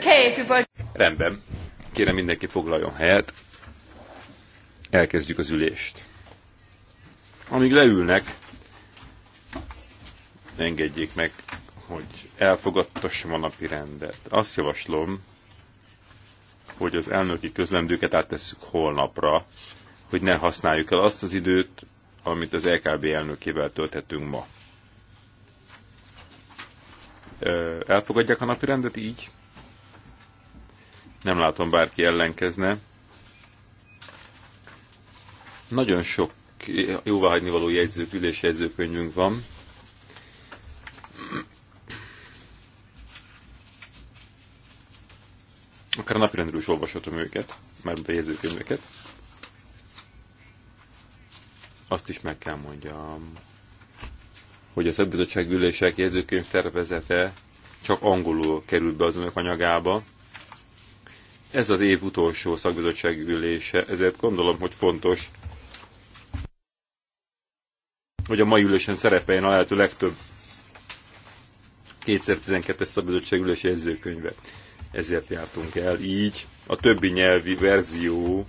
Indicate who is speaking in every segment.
Speaker 1: okay if everybody...
Speaker 2: Rendben. Kérem mindenki foglaljon helyet. Elkezdjük az ülést. Amíg leülnek, engedjék meg, hogy elfogadtassam a napi rendet. Azt javaslom, hogy az elnöki közlemdőket áttesszük holnapra, hogy ne használjuk el azt az időt, amit az LKB elnökével tölthetünk ma elfogadják a napi rendet így? Nem látom bárki ellenkezne. Nagyon sok jóváhagyni való jegyzők, ülésjegyzőkönyvünk van. Akár napirendről is olvashatom őket, már jegyzőkönyveket. Azt is meg kell mondjam, hogy a szakbizottság ülések jegyzőkönyv tervezete csak angolul kerül be az önök anyagába, ez az év utolsó szakbizottsági ülése, ezért gondolom, hogy fontos, hogy a mai ülésen szerepeljen a lehető legtöbb 2012-es szakbizottsági ülés jegyzőkönyve. Ezért jártunk el így. A többi nyelvi verzió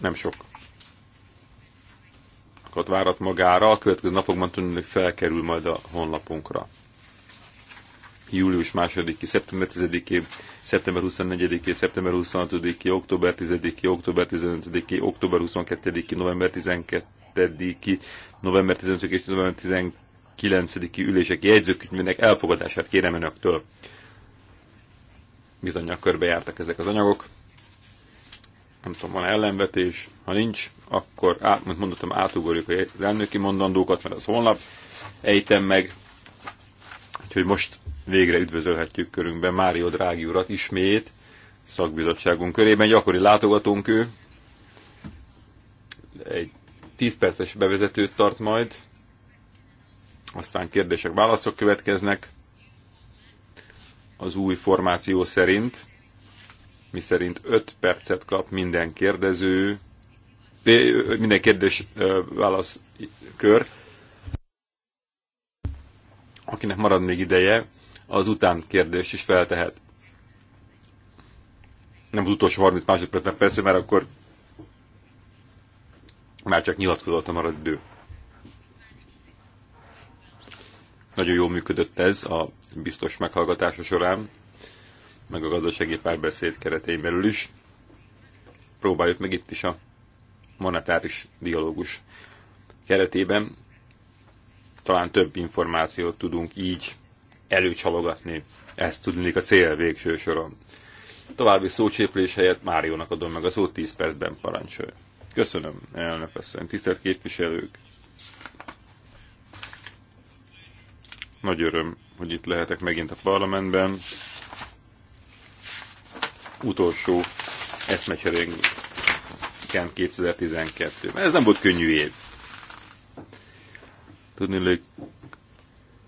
Speaker 2: nem sok ott várat magára, a következő napokban tudni, felkerül majd a honlapunkra. Július 2-i, szeptember 10-én szeptember 24-i, szeptember 26-i, október 10-i, október 15-i, október 22-i, november 12-i, november 15-i és november 19-i ülések jegyzőkönyvének elfogadását kérem önöktől. Bizony, körbe jártak ezek az anyagok. Nem tudom, van ellenvetés. Ha nincs, akkor, át, mint mondottam, átugorjuk az elnöki mondandókat, mert az holnap ejtem meg. Úgyhogy most végre üdvözölhetjük körünkben Mário Drági urat ismét szakbizottságunk körében. Gyakori látogatónk ő. Egy 10 perces bevezetőt tart majd, aztán kérdések, válaszok következnek az új formáció szerint, mi szerint 5 percet kap minden kérdező, minden kérdés válaszkör. Akinek marad még ideje, az után kérdést is feltehet. Nem az utolsó 30 másodpercben persze, mert akkor már csak a marad idő. Nagyon jól működött ez a biztos meghallgatása során, meg a gazdasági párbeszéd keretein belül is. Próbáljuk meg itt is a monetáris dialógus keretében. Talán több információt tudunk így előcsalogatni. Ez tudnék a cél végső soron. További szócséplés helyett Máriónak adom meg a szót 10 percben parancsolja. Köszönöm, elnök asszony. Tisztelt képviselők! Nagy öröm, hogy itt lehetek megint a parlamentben. Utolsó eszmecserénk 2012 Ez nem volt könnyű év. Tudni, hogy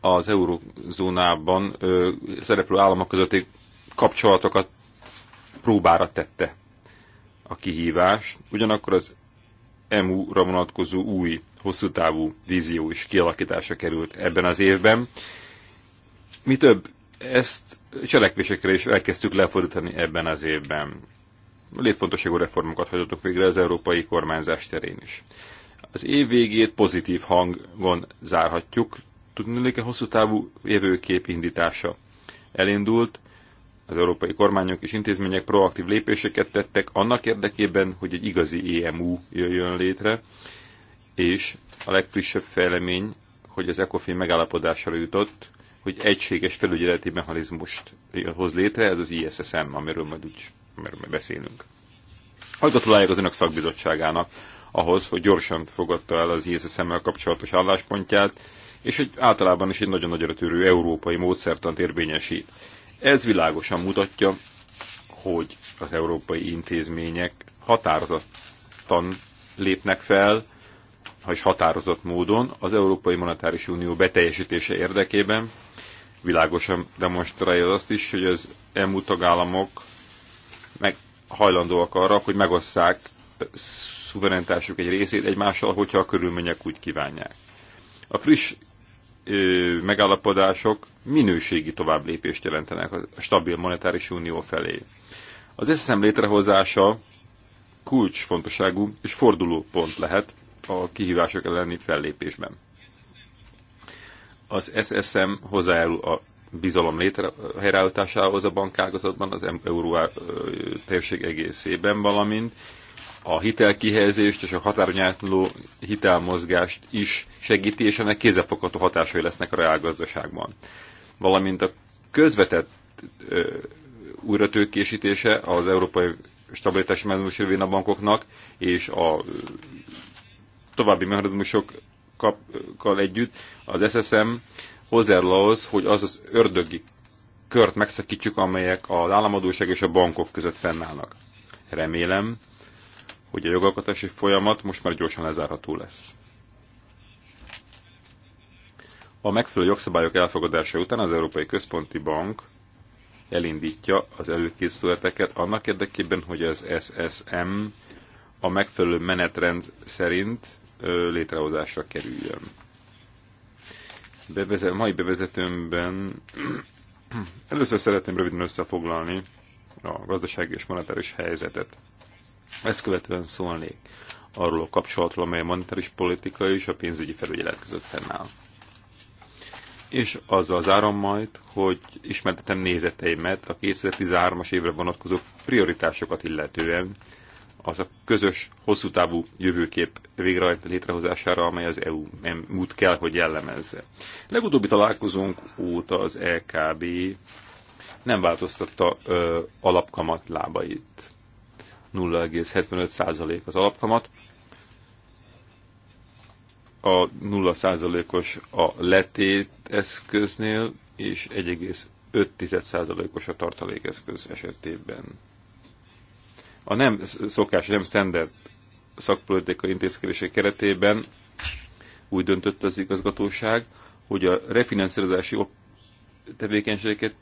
Speaker 2: az eurozónában ö, szereplő államok közötti kapcsolatokat próbára tette a kihívás. Ugyanakkor az EMU-ra vonatkozó új, hosszú távú vízió is kialakításra került ebben az évben. Mi több, ezt cselekvésekre is elkezdtük lefordítani ebben az évben. Létfontosságú reformokat hajtottuk végre az európai kormányzás terén is. Az év végét pozitív hangon zárhatjuk, tudni, a hosszú távú jövőkép indítása elindult, az európai kormányok és intézmények proaktív lépéseket tettek annak érdekében, hogy egy igazi EMU jöjjön létre, és a legfrissebb fejlemény, hogy az ECOFIN megállapodásra jutott, hogy egységes felügyeleti mechanizmust hoz létre, ez az ISSM, amiről majd úgy amiről majd beszélünk. Hallgatulálják az önök szakbizottságának ahhoz, hogy gyorsan fogadta el az ISSM-mel kapcsolatos álláspontját, és egy, általában is egy nagyon nagyra törő európai módszertant érvényesít. Ez világosan mutatja, hogy az európai intézmények határozottan lépnek fel, ha is határozott módon az Európai Monetáris Unió beteljesítése érdekében. Világosan demonstrálja azt is, hogy az EMU tagállamok meg hajlandóak arra, hogy megosszák szuverenitásuk egy részét egymással, hogyha a körülmények úgy kívánják. A friss ö, megállapodások minőségi továbblépést jelentenek a stabil monetáris unió felé. Az SSM létrehozása kulcsfontosságú és fordulópont lehet a kihívások elleni fellépésben. Az SSM hozzájárul a bizalom létrehelyreállításához a bankágazatban, az euró térség egészében, valamint a hitelkihelyezést és a határon átnyúló hitelmozgást is segíti, és ennek kézefogható hatásai lesznek a reálgazdaságban. Valamint a közvetett ö, újratőkésítése az Európai Stabilitási Mechanizmus a bankoknak, és a további mechanizmusokkal együtt az SSM hozzájárul ahhoz, hogy az az ördögi kört megszakítsuk, amelyek az államadóság és a bankok között fennállnak. Remélem, hogy a jogalkotási folyamat most már gyorsan lezárható lesz. A megfelelő jogszabályok elfogadása után az Európai Központi Bank elindítja az előkészületeket annak érdekében, hogy az SSM a megfelelő menetrend szerint létrehozásra kerüljön. Beveze, mai bevezetőmben először szeretném röviden összefoglalni a gazdasági és monetáris helyzetet ezt követően szólnék arról a kapcsolatról, amely a monetáris politika és a pénzügyi felügyelet között fennáll. És azzal zárom majd, hogy ismertetem nézeteimet a 2013-as évre vonatkozó prioritásokat illetően, az a közös, hosszú távú jövőkép végrehajt létrehozására, amely az EU út kell, hogy jellemezze. Legutóbbi találkozónk óta az LKB e nem változtatta ö, alapkamat lábait 0,75% az alapkamat, a 0%-os a letét eszköznél, és 1,5%-os a tartalékeszköz esetében. A nem szokás, nem standard szakpolitikai intézkedések keretében úgy döntött az igazgatóság, hogy a refinanszírozási tevékenységeket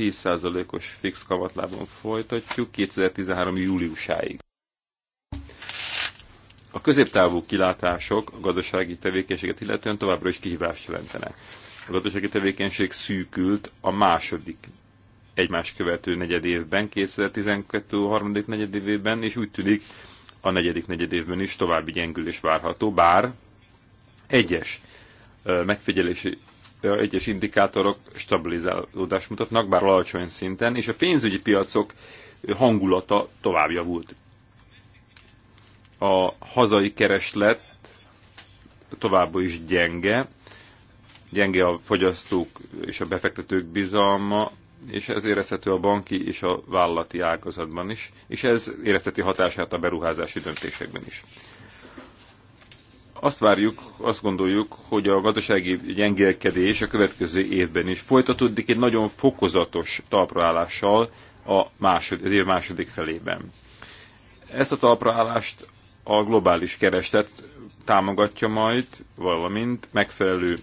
Speaker 2: 10%-os fix kamatlábon folytatjuk 2013. júliusáig. A középtávú kilátások a gazdasági tevékenységet illetően továbbra is kihívást jelentenek. A gazdasági tevékenység szűkült a második egymás követő negyed évben, 2012 harmadik negyed évben, és úgy tűnik a negyedik negyed évben is további gyengülés várható, bár egyes megfigyelési egyes indikátorok stabilizálódást mutatnak, bár alacsony szinten, és a pénzügyi piacok hangulata tovább javult. A hazai kereslet továbbra is gyenge, gyenge a fogyasztók és a befektetők bizalma, és ez érezhető a banki és a vállalati ágazatban is, és ez érezheti hatását a beruházási döntésekben is. Azt várjuk, azt gondoljuk, hogy a gazdasági gyengélkedés a következő évben is folytatódik egy nagyon fokozatos talpraállással a másod, az év második felében. Ezt a talpraállást a globális kereslet támogatja majd, valamint megfelelő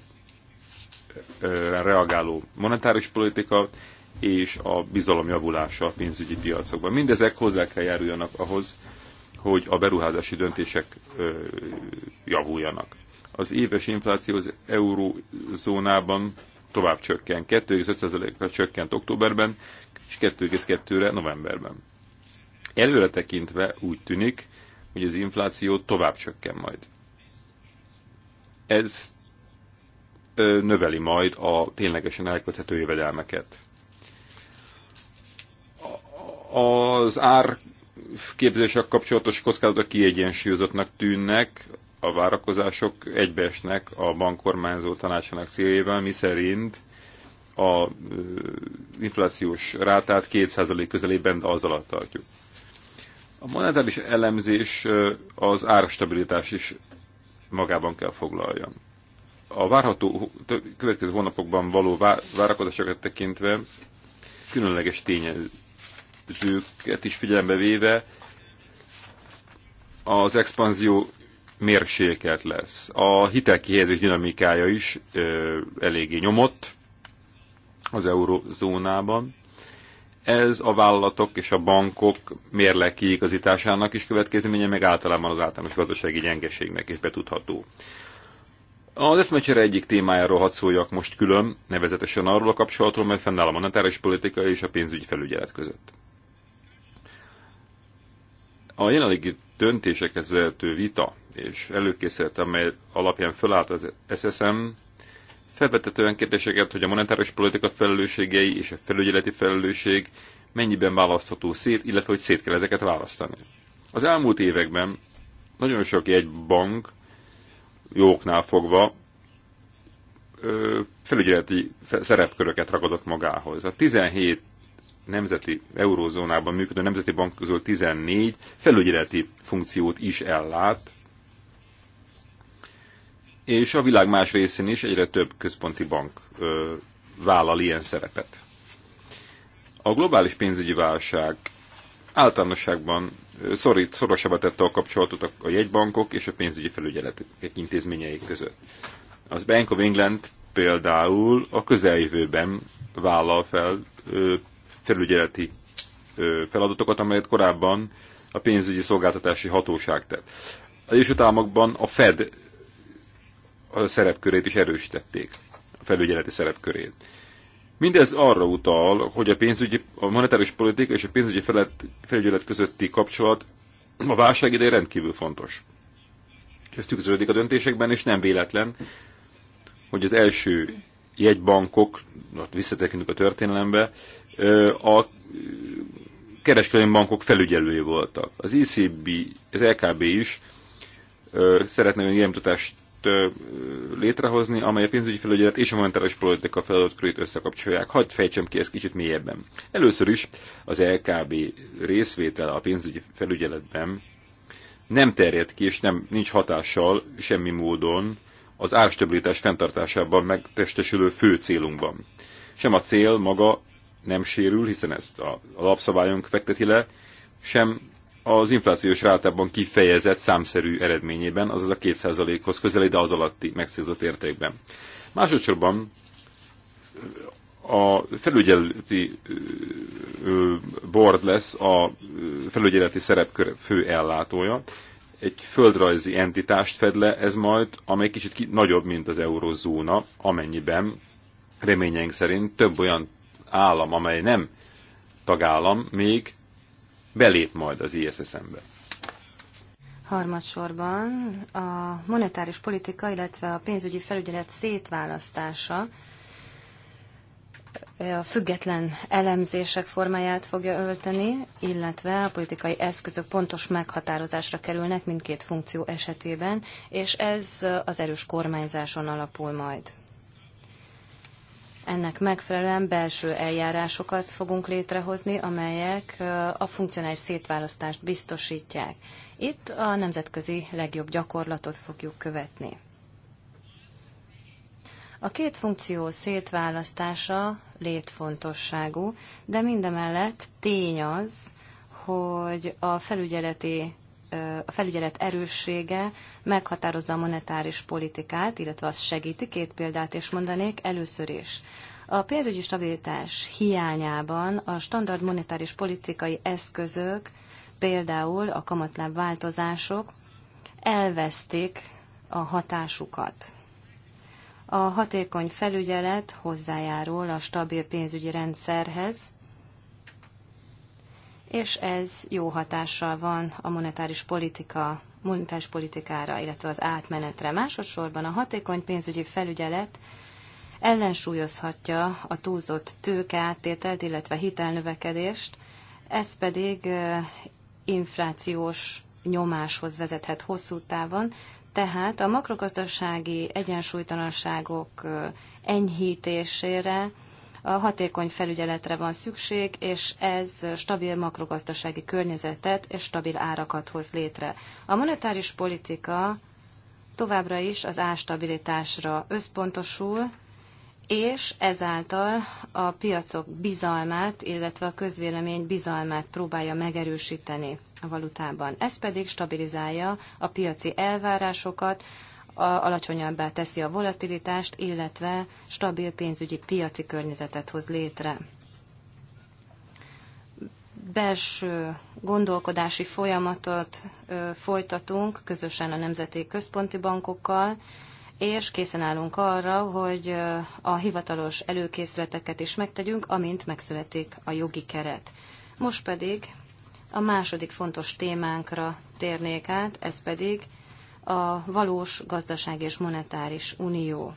Speaker 2: reagáló monetáris politika és a bizalom javulása a pénzügyi piacokban. Mindezek hozzá kell járuljanak ahhoz, hogy a beruházási döntések javuljanak. Az éves infláció az eurózónában tovább csökken. 2,5%-ra csökkent októberben, és 2,2-re novemberben. Előre tekintve úgy tűnik, hogy az infláció tovább csökken majd. Ez növeli majd a ténylegesen elköthető jövedelmeket. Az ár képzések kapcsolatos kockázatok kiegyensúlyozottnak tűnnek, a várakozások egybeesnek a bankkormányzó tanácsának céljével, miszerint a inflációs rátát 2% közelében az alatt tartjuk. A monetáris elemzés az árstabilitás is magában kell foglalja. A várható következő hónapokban való várakozásokat tekintve különleges tényező tényezőket is figyelembe véve az expanzió mérsékelt lesz. A hitelkihelyezés dinamikája is ö, eléggé nyomott az eurozónában. Ez a vállalatok és a bankok mérlek kiigazításának is következménye, meg általában az általános gazdasági gyengeségnek is betudható. Az eszmecsere egyik témájáról hadd szóljak most külön, nevezetesen arról a kapcsolatról, mert fennáll a monetáris politika és a pénzügyi felügyelet között. A jelenlegi döntésekhez vezető vita és előkészület, amely alapján fölállt az SSM, felvetett olyan kérdéseket, hogy a monetáris politika felelősségei és a felügyeleti felelősség mennyiben választható szét, illetve hogy szét kell ezeket választani. Az elmúlt években nagyon sok egy bank jóknál fogva felügyeleti szerepköröket ragadott magához. A 17 nemzeti eurózónában működő nemzeti bank közül 14 felügyeleti funkciót is ellát, és a világ más részén is egyre több központi bank ö, vállal ilyen szerepet. A globális pénzügyi válság általánosságban szorít, szorosabbat tette a kapcsolatot a jegybankok és a pénzügyi felügyeletek intézményei között. Az Bank of England például a közeljövőben vállal fel felügyeleti feladatokat, amelyet korábban a pénzügyi szolgáltatási hatóság tett. Az Egyesült Államokban a Fed a szerepkörét is erősítették, a felügyeleti szerepkörét. Mindez arra utal, hogy a pénzügyi, a monetáris politika és a pénzügyi felügyelet közötti kapcsolat a válság idején rendkívül fontos. És ez tükröződik a döntésekben, és nem véletlen, hogy az első jegybankok, ott visszatekintünk a történelembe, a kereskedelmi bankok felügyelői voltak. Az ECB, az LKB e is szeretne egy irányítatást létrehozni, amely a pénzügyi felügyelet és a monetáris politika körét összekapcsolják. Hadd fejtsem ki ezt kicsit mélyebben. Először is az LKB e részvétel a pénzügyi felügyeletben nem terjed ki, és nem, nincs hatással semmi módon az árstabilitás fenntartásában megtestesülő fő célunkban. Sem a cél maga nem sérül, hiszen ezt a alapszabályunk fekteti le, sem az inflációs rátában kifejezett számszerű eredményében, azaz a 2%-hoz közeli, de az alatti megszélzott értékben. Másodszorban a felügyeleti board lesz a felügyeleti szerepkör fő ellátója, egy földrajzi entitást fed le ez majd, amely kicsit ki, nagyobb, mint az eurozóna, amennyiben reményeink szerint több olyan állam, amely nem tagállam, még belép majd az ISSM-be.
Speaker 1: Harmadsorban a monetáris politika, illetve a pénzügyi felügyelet szétválasztása a független elemzések formáját fogja ölteni, illetve a politikai eszközök pontos meghatározásra kerülnek mindkét funkció esetében, és ez az erős kormányzáson alapul majd. Ennek megfelelően belső eljárásokat fogunk létrehozni, amelyek a funkcionális szétválasztást biztosítják. Itt a nemzetközi legjobb gyakorlatot fogjuk követni. A két funkció szétválasztása létfontosságú, de mindemellett tény az, hogy a felügyeleti a felügyelet erőssége meghatározza a monetáris politikát, illetve azt segíti, két példát is mondanék, először is. A pénzügyi stabilitás hiányában a standard monetáris politikai eszközök, például a kamatláb változások elvesztik a hatásukat. A hatékony felügyelet hozzájárul a stabil pénzügyi rendszerhez, és ez jó hatással van a monetáris politika monetáris politikára, illetve az átmenetre. Másodszorban a hatékony pénzügyi felügyelet ellensúlyozhatja a túlzott áttételt, illetve hitelnövekedést, ez pedig inflációs nyomáshoz vezethet hosszú távon, tehát a makrogazdasági egyensúlytalanságok enyhítésére a hatékony felügyeletre van szükség, és ez stabil makrogazdasági környezetet és stabil árakat hoz létre. A monetáris politika továbbra is az ástabilitásra összpontosul, és ezáltal a piacok bizalmát, illetve a közvélemény bizalmát próbálja megerősíteni a valutában. Ez pedig stabilizálja a piaci elvárásokat, a alacsonyabbá teszi a volatilitást, illetve stabil pénzügyi piaci környezetet hoz létre. Belső gondolkodási folyamatot folytatunk közösen a Nemzeti Központi Bankokkal, és készen állunk arra, hogy a hivatalos előkészületeket is megtegyünk, amint megszületik a jogi keret. Most pedig a második fontos témánkra térnék át, ez pedig a valós gazdaság és monetáris unió.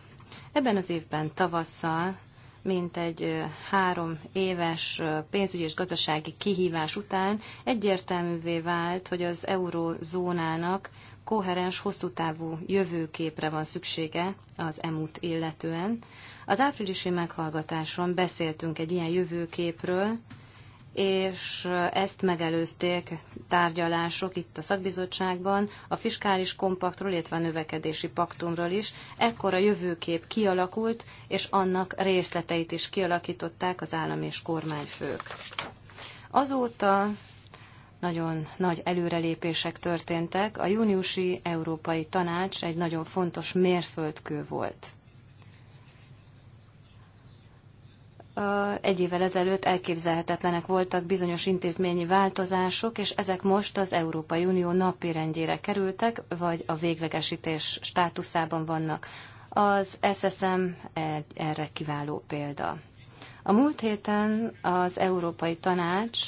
Speaker 1: Ebben az évben tavasszal mint egy három éves pénzügyi és gazdasági kihívás után egyértelművé vált, hogy az eurózónának koherens, hosszú távú jövőképre van szüksége az emut illetően. Az áprilisi meghallgatáson beszéltünk egy ilyen jövőképről, és ezt megelőzték tárgyalások itt a szakbizottságban, a fiskális kompaktról, illetve a növekedési paktumról is. Ekkor a jövőkép kialakult, és annak részleteit is kialakították az állam és kormányfők. Azóta nagyon nagy előrelépések történtek. A júniusi Európai Tanács egy nagyon fontos mérföldkő volt. Egy évvel ezelőtt elképzelhetetlenek voltak bizonyos intézményi változások, és ezek most az Európai Unió napirendjére kerültek, vagy a véglegesítés státuszában vannak. Az SSM erre kiváló példa. A múlt héten az Európai Tanács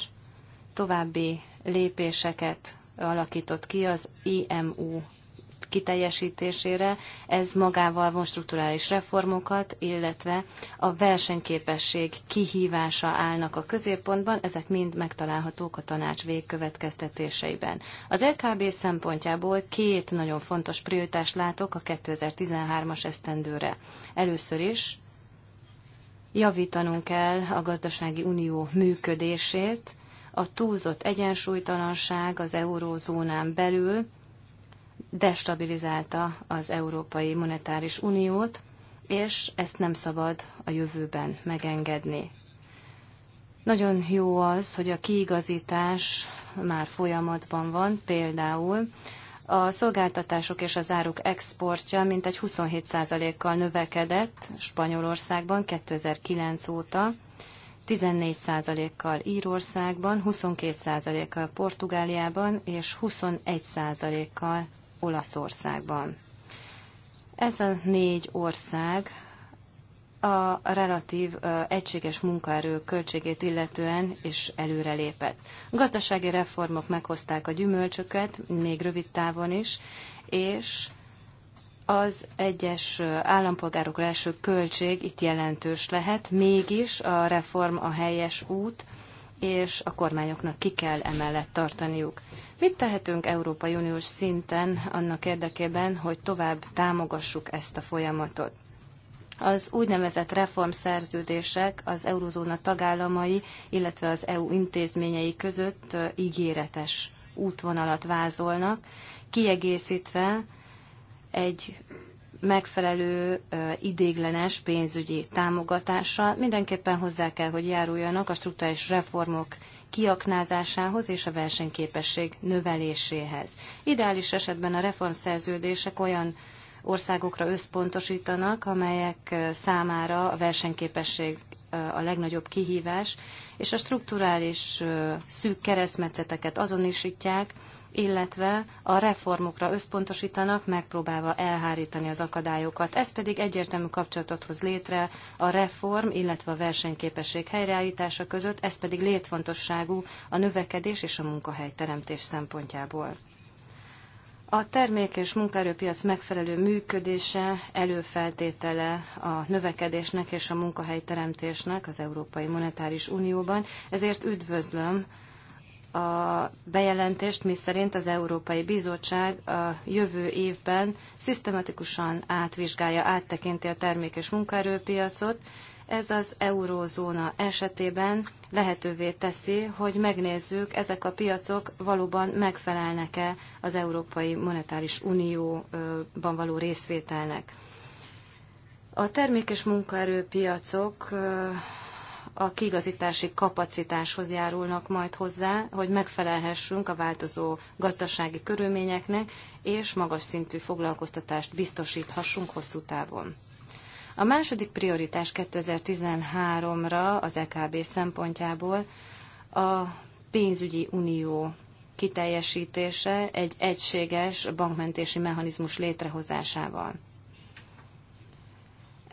Speaker 1: további lépéseket alakított ki az IMU kiteljesítésére. Ez magával von strukturális reformokat, illetve a versenyképesség kihívása állnak a középpontban, ezek mind megtalálhatók a tanács végkövetkeztetéseiben. Az LKB szempontjából két nagyon fontos prioritást látok a 2013-as esztendőre. Először is javítanunk kell a gazdasági unió működését, a túlzott egyensúlytalanság az eurózónán belül destabilizálta az Európai Monetáris Uniót, és ezt nem szabad a jövőben megengedni. Nagyon jó az, hogy a kiigazítás már folyamatban van, például a szolgáltatások és az áruk exportja mintegy 27%-kal növekedett Spanyolországban 2009 óta, 14%-kal Írországban, 22%-kal Portugáliában és 21%-kal Olaszországban. Ez a négy ország a relatív egységes munkaerő költségét illetően is előrelépett. A gazdasági reformok meghozták a gyümölcsöket, még rövid távon is, és az egyes állampolgárokra első költség itt jelentős lehet, mégis a reform a helyes út, és a kormányoknak ki kell emellett tartaniuk. Mit tehetünk Európai Uniós szinten annak érdekében, hogy tovább támogassuk ezt a folyamatot? Az úgynevezett reformszerződések az eurozóna tagállamai, illetve az EU intézményei között ígéretes útvonalat vázolnak, kiegészítve egy megfelelő idéglenes pénzügyi támogatással mindenképpen hozzá kell, hogy járuljanak a struktúrális reformok kiaknázásához és a versenyképesség növeléséhez. Ideális esetben a reformszerződések olyan országokra összpontosítanak, amelyek számára a versenyképesség a legnagyobb kihívás, és a strukturális szűk keresztmetszeteket azonosítják, illetve a reformokra összpontosítanak, megpróbálva elhárítani az akadályokat. Ez pedig egyértelmű kapcsolatot hoz létre a reform, illetve a versenyképesség helyreállítása között, ez pedig létfontosságú a növekedés és a munkahelyteremtés szempontjából. A termék és munkaerőpiac megfelelő működése előfeltétele a növekedésnek és a munkahelyteremtésnek az Európai Monetáris Unióban, ezért üdvözlöm a bejelentést, mi szerint az Európai Bizottság a jövő évben szisztematikusan átvizsgálja, áttekinti a termék és munkaerőpiacot. Ez az eurózóna esetében lehetővé teszi, hogy megnézzük, ezek a piacok valóban megfelelnek-e az Európai Monetáris Unióban való részvételnek. A termék és munkaerőpiacok a kigazítási kapacitáshoz járulnak majd hozzá, hogy megfelelhessünk a változó gazdasági körülményeknek, és magas szintű foglalkoztatást biztosíthassunk hosszú távon. A második prioritás 2013-ra az EKB szempontjából a pénzügyi unió kiteljesítése egy egységes bankmentési mechanizmus létrehozásával.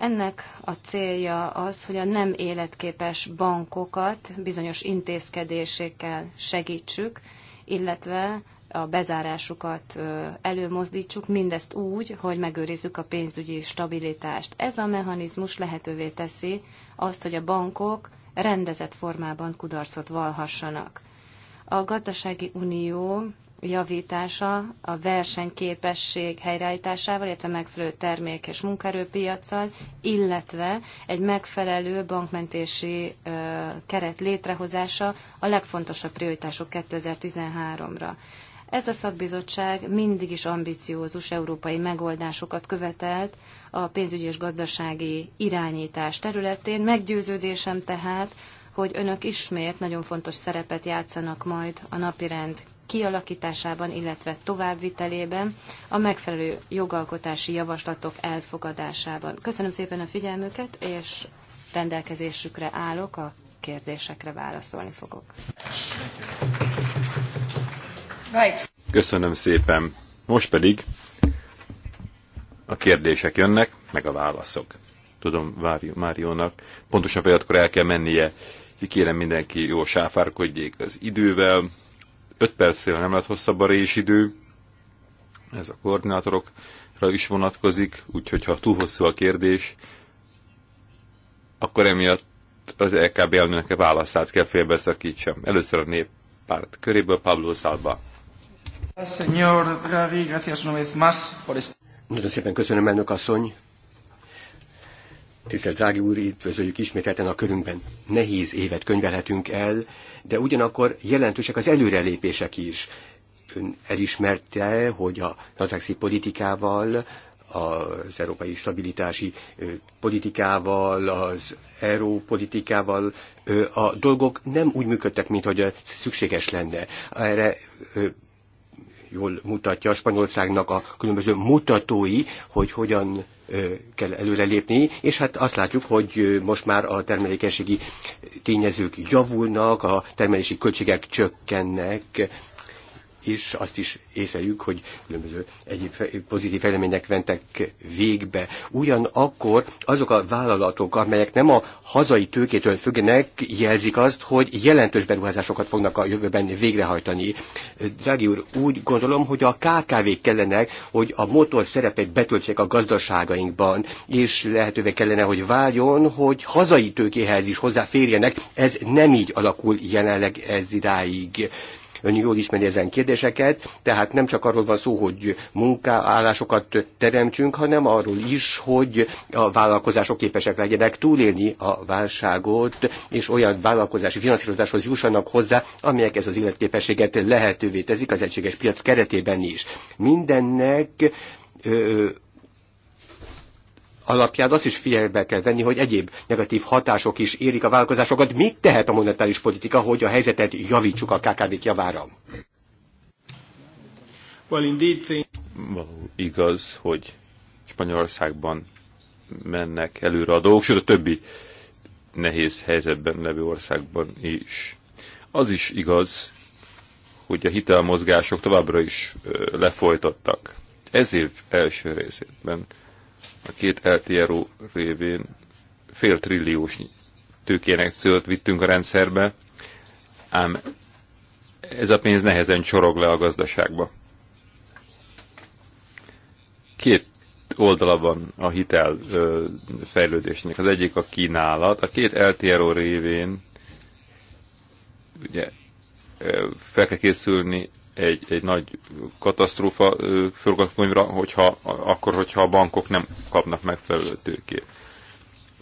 Speaker 1: Ennek a célja az, hogy a nem életképes bankokat bizonyos intézkedésekkel segítsük, illetve a bezárásukat előmozdítsuk, mindezt úgy, hogy megőrizzük a pénzügyi stabilitást. Ez a mechanizmus lehetővé teszi azt, hogy a bankok rendezett formában kudarcot valhassanak. A gazdasági unió javítása a versenyképesség helyreállításával, illetve megfelelő termék és munkaerőpiacsal, illetve egy megfelelő bankmentési keret létrehozása a legfontosabb prioritások 2013-ra. Ez a szakbizottság mindig is ambiciózus európai megoldásokat követelt a pénzügyi és gazdasági irányítás területén. Meggyőződésem tehát, hogy önök ismét nagyon fontos szerepet játszanak majd a napirend kialakításában, illetve továbbvitelében, a megfelelő jogalkotási javaslatok elfogadásában. Köszönöm szépen a figyelmüket, és rendelkezésükre állok, a kérdésekre válaszolni fogok.
Speaker 2: Köszönöm szépen. Most pedig a kérdések jönnek, meg a válaszok. Tudom, Máriónak pontosan fejlődkor el kell mennie, kérem mindenki jól sáfárkodjék az idővel, 5 percél nem lehet hosszabb a idő? ez a koordinátorokra is vonatkozik, úgyhogy ha túl hosszú a kérdés, akkor emiatt az LKB a válaszát kell félbeszakítsam. Először a néppárt köréből Pablo Szalba.
Speaker 3: Señor gracias una vez más por Nagyon szépen köszönöm, elnök asszony, Tisztelt Drági úr, üdvözöljük ismételten a körünkben. Nehéz évet könyvelhetünk el, de ugyanakkor jelentősek az előrelépések is. Ön elismerte, hogy a nadrágszi politikával az európai stabilitási politikával, az euró politikával a dolgok nem úgy működtek, mint hogy szükséges lenne. Erre jól mutatja a Spanyolországnak a különböző mutatói, hogy hogyan kell előrelépni, és hát azt látjuk, hogy most már a termelékenységi tényezők javulnak, a termelési költségek csökkennek, és azt is észeljük, hogy különböző egyéb pozitív fejlemények mentek végbe. Ugyanakkor azok a vállalatok, amelyek nem a hazai tőkétől függenek, jelzik azt, hogy jelentős beruházásokat fognak a jövőben végrehajtani. Drági úr, úgy gondolom, hogy a kkv kellenek, kellene, hogy a motor szerepet betöltsék a gazdaságainkban, és lehetővé kellene, hogy váljon, hogy hazai tőkéhez is hozzáférjenek. Ez nem így alakul jelenleg ez idáig ön jól ismeri ezen kérdéseket, tehát nem csak arról van szó, hogy munkaállásokat teremtsünk, hanem arról is, hogy a vállalkozások képesek legyenek túlélni a válságot, és olyan vállalkozási finanszírozáshoz jussanak hozzá, amelyek ez az életképességet lehetővé teszik az egységes piac keretében is. Mindennek ö, alapján azt is figyelbe kell venni, hogy egyéb negatív hatások is érik a vállalkozásokat. Mit tehet a monetáris politika, hogy a helyzetet javítsuk a KKV-k javára? Well, indeed,
Speaker 2: Való igaz, hogy Spanyolországban mennek előre a dolgok, sőt a többi nehéz helyzetben levő országban is. Az is igaz, hogy a hitelmozgások továbbra is lefolytottak. Ez év első részében a két LTRO révén fél trilliós tőkének célt vittünk a rendszerbe, ám ez a pénz nehezen csorog le a gazdaságba. Két oldala van a hitel ö, fejlődésnek. Az egyik a kínálat. A két LTRO révén ugye fel kell készülni egy, egy nagy katasztrófa forgatókönyvre, hogyha, akkor, hogyha a bankok nem kapnak megfelelő tőkét.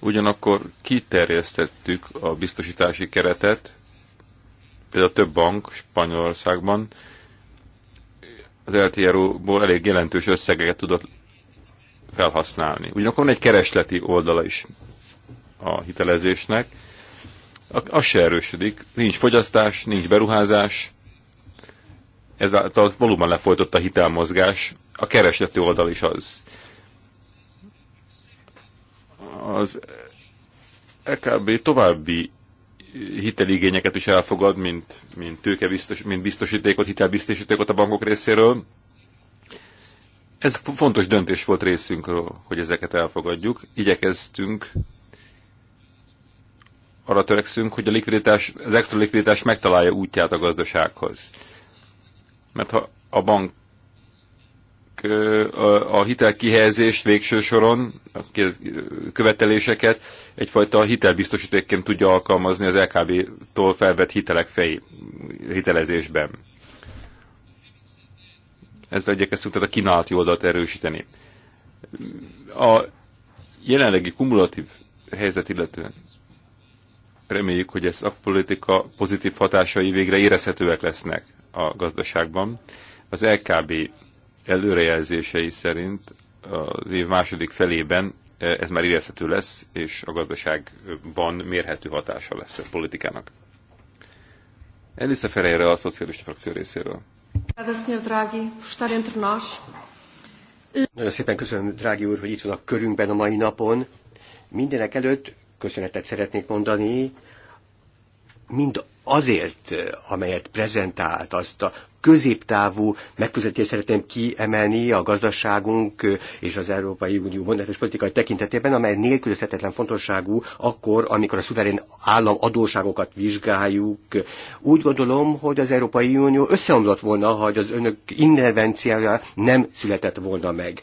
Speaker 2: Ugyanakkor kiterjesztettük a biztosítási keretet, például több bank Spanyolországban az LTRO-ból elég jelentős összegeket tudott felhasználni. Ugyanakkor van egy keresleti oldala is a hitelezésnek, az se erősödik, nincs fogyasztás, nincs beruházás, ezáltal valóban lefolytott a hitelmozgás, a keresleti oldal is az. Az EKB további hiteligényeket is elfogad, mint, mint tőke biztos, mint biztosítékot, hitelbiztosítékot a bankok részéről. Ez fontos döntés volt részünkről, hogy ezeket elfogadjuk. Igyekeztünk, arra törekszünk, hogy a likviditás, az extra likviditás megtalálja útját a gazdasághoz mert ha a bank a hitelkihelyezést végső soron, a követeléseket egyfajta hitelbiztosítékként tudja alkalmazni az LKB-tól felvett hitelek fej, hitelezésben. Ez igyekeztünk tehát a kínálati oldalt erősíteni. A jelenlegi kumulatív helyzet illetően reméljük, hogy ez a politika pozitív hatásai végre érezhetőek lesznek a gazdaságban. Az LKB előrejelzései szerint az év második felében eh, ez már érezhető lesz, és a gazdaságban mérhető hatása lesz a politikának. Elisza Ferreira a szocialista frakció részéről.
Speaker 3: Nagyon szépen köszönöm, drági úr, hogy itt van a körünkben a mai napon. Mindenek előtt köszönetet szeretnék mondani mind azért, amelyet prezentált, azt a középtávú megközelítést szeretném kiemelni a gazdaságunk és az Európai Unió monetáris politikai tekintetében, amely nélkülözhetetlen fontosságú akkor, amikor a szuverén állam adóságokat vizsgáljuk. Úgy gondolom, hogy az Európai Unió összeomlott volna, ha az önök intervenciája nem született volna meg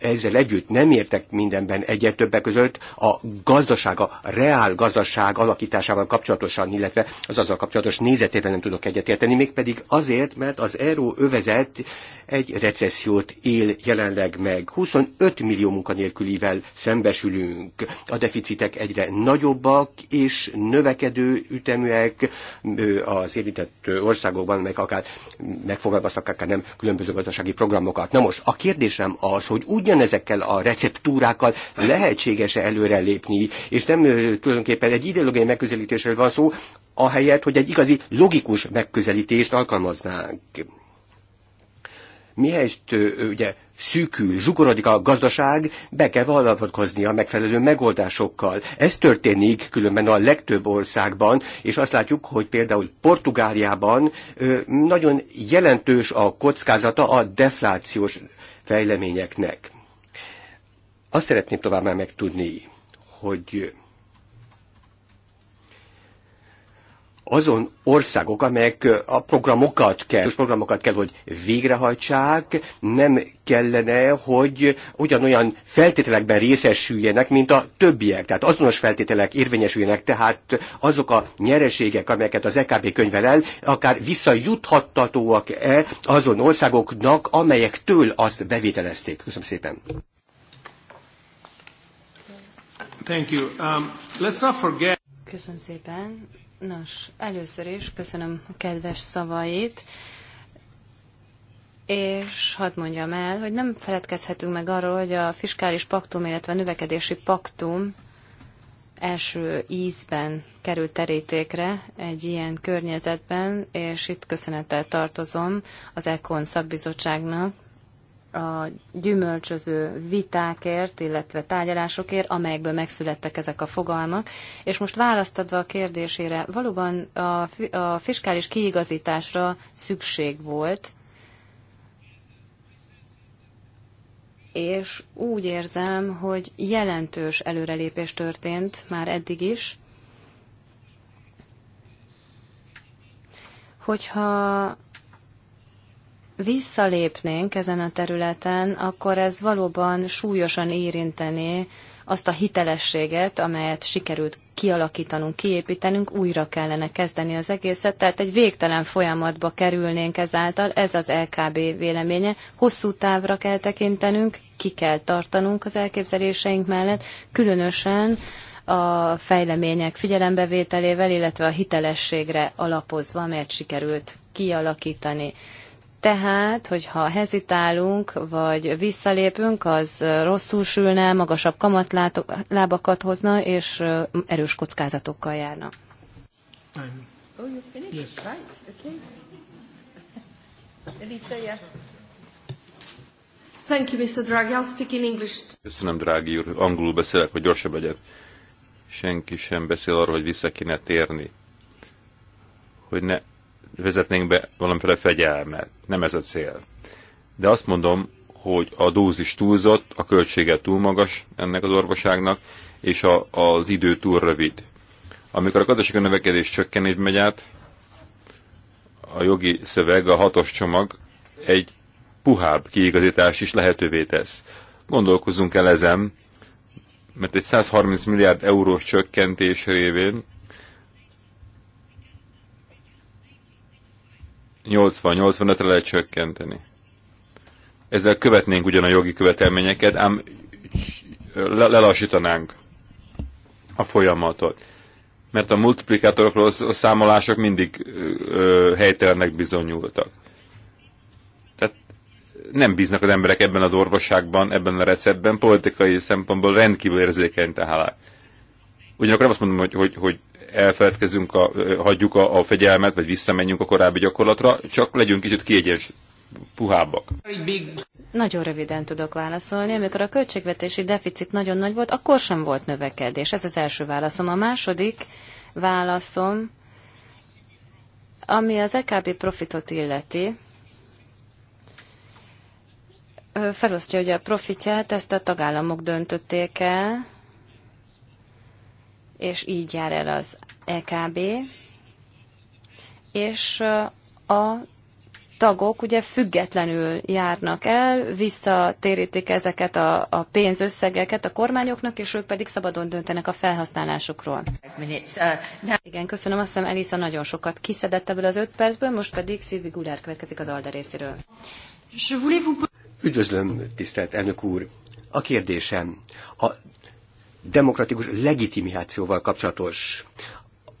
Speaker 3: ezzel együtt nem értek mindenben egyet többek között a gazdaság, a reál gazdaság alakításával kapcsolatosan, illetve az azzal kapcsolatos nézetében nem tudok egyetérteni, mégpedig azért, mert az euró övezet egy recessziót él jelenleg meg. 25 millió munkanélkülivel szembesülünk. A deficitek egyre nagyobbak és növekedő üteműek az érintett országokban, meg akár megfogalmaztak akár nem különböző gazdasági programokat. Na most, a kérdésem az, hogy úgy ugyanezekkel a receptúrákkal lehetséges-e előrelépni, és nem tulajdonképpen egy ideológiai megközelítésről van szó, ahelyett, hogy egy igazi logikus megközelítést alkalmaznánk. Mihelyest ugye szűkül, zsugorodik a gazdaság, be kell valavatkozni a megfelelő megoldásokkal. Ez történik különben a legtöbb országban, és azt látjuk, hogy például Portugáliában nagyon jelentős a kockázata a deflációs fejleményeknek. Azt szeretném továbbá megtudni, hogy azon országok, amelyek a programokat kell, és programokat kell, hogy végrehajtsák, nem kellene, hogy ugyanolyan feltételekben részesüljenek, mint a többiek. Tehát azonos feltételek érvényesüljenek, tehát azok a nyereségek, amelyeket az EKB könyvel el, akár visszajuthattatóak-e azon országoknak, amelyektől azt bevételezték. Köszönöm szépen.
Speaker 1: Thank you. Um, let's not forget... Köszönöm szépen. Nos, először is köszönöm a kedves szavait, és hadd mondjam el, hogy nem feledkezhetünk meg arról, hogy a fiskális paktum, illetve a növekedési paktum első ízben került terítékre egy ilyen környezetben, és itt köszönettel tartozom az ECON szakbizottságnak, a gyümölcsöző vitákért, illetve tárgyalásokért, amelyekből megszülettek ezek a fogalmak. És most választadva a kérdésére, valóban a, a fiskális kiigazításra szükség volt, és úgy érzem, hogy jelentős előrelépés történt már eddig is. Hogyha visszalépnénk ezen a területen, akkor ez valóban súlyosan érinteni azt a hitelességet, amelyet sikerült kialakítanunk, kiépítenünk, újra kellene kezdeni az egészet, tehát egy végtelen folyamatba kerülnénk ezáltal, ez az LKB véleménye, hosszú távra kell tekintenünk, ki kell tartanunk az elképzeléseink mellett, különösen a fejlemények figyelembevételével, illetve a hitelességre alapozva, amelyet sikerült kialakítani. Tehát, hogyha hezitálunk, vagy visszalépünk, az rosszul sülne, magasabb kamatlábakat hozna, és erős kockázatokkal járna. Oh, Thank you, Mr. Draghi. I'll speak in English.
Speaker 2: Köszönöm, Drági úr. Angolul beszélek, hogy gyorsabb legyek. Senki sem beszél arról, hogy vissza kéne térni. Hogy ne vezetnénk be valamiféle fegyelmet. Nem ez a cél. De azt mondom, hogy a dózis túlzott, a költsége túl magas ennek az orvoságnak, és a, az idő túl rövid. Amikor a gazdasági növekedés csökkenés megy át, a jogi szöveg, a hatos csomag egy puhább kiigazítás is lehetővé tesz. Gondolkozzunk el ezen, mert egy 130 milliárd eurós csökkentés révén 80-85-re lehet csökkenteni. Ezzel követnénk ugyan a jogi követelményeket, ám lelassítanánk a folyamatot. Mert a multiplikátorokról a számolások mindig ö, helytelenek bizonyultak. Tehát nem bíznak az emberek ebben az orvosságban, ebben a receptben, politikai szempontból rendkívül érzékeny tehát. Ugyanakkor nem azt mondom, hogy, hogy, hogy elfeledkezünk, a, hagyjuk a, a fegyelmet, vagy visszamenjünk a korábbi gyakorlatra, csak legyünk kicsit kiegyens, puhábbak.
Speaker 1: Nagyon röviden tudok válaszolni. Amikor a költségvetési deficit nagyon nagy volt, akkor sem volt növekedés. Ez az első válaszom. A második válaszom, ami az EKB profitot illeti, felosztja hogy a profitját, ezt a tagállamok döntötték el, és így jár el az EKB, és a tagok ugye függetlenül járnak el, visszatérítik ezeket a, a pénzösszegeket a kormányoknak, és ők pedig szabadon döntenek a felhasználásukról. Igen, köszönöm, azt hiszem Elisa nagyon sokat kiszedett ebből az öt percből, most pedig Szilvi Gulár következik az Alda részéről.
Speaker 3: Üdvözlöm, tisztelt elnök úr! A kérdésem, a demokratikus legitimációval kapcsolatos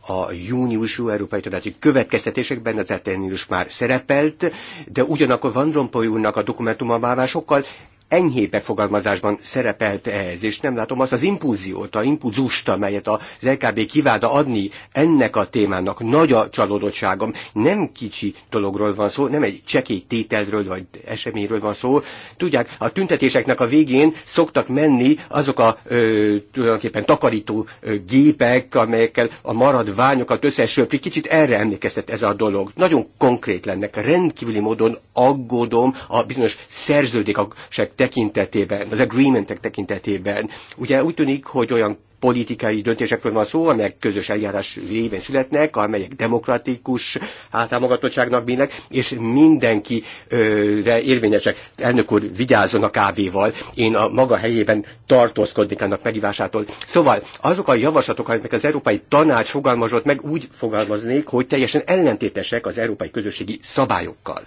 Speaker 3: a júniusú Európai Tanácsi következtetésekben az Atenéus már szerepelt, de ugyanakkor Van Rompuy úrnak a dokumentuma már sokkal enyhébb fogalmazásban szerepelt ehhez, és nem látom azt az impulziót, a impulzust, amelyet az LKB kiváda adni ennek a témának. Nagy a csalódottságom. Nem kicsi dologról van szó, nem egy csekély tételről vagy eseményről van szó. Tudják, a tüntetéseknek a végén szoktak menni azok a ö, tulajdonképpen takarító ö, gépek, amelyekkel a maradványokat összesöpri. Kicsit erre emlékeztet ez a dolog. Nagyon konkrét lennek, rendkívüli módon aggódom a bizonyos szerződések tekintetében, az agreementek tekintetében. Ugye úgy tűnik, hogy olyan politikai döntésekről van szó, amelyek közös eljárás révén születnek, amelyek demokratikus átámogatottságnak bírnak, és mindenkire érvényesek. Elnök úr, vigyázzon a kávéval, én a maga helyében tartózkodnék annak megívásától. Szóval azok a javaslatok, amelyek az Európai Tanács fogalmazott meg, úgy fogalmaznék, hogy teljesen ellentétesek az európai közösségi szabályokkal.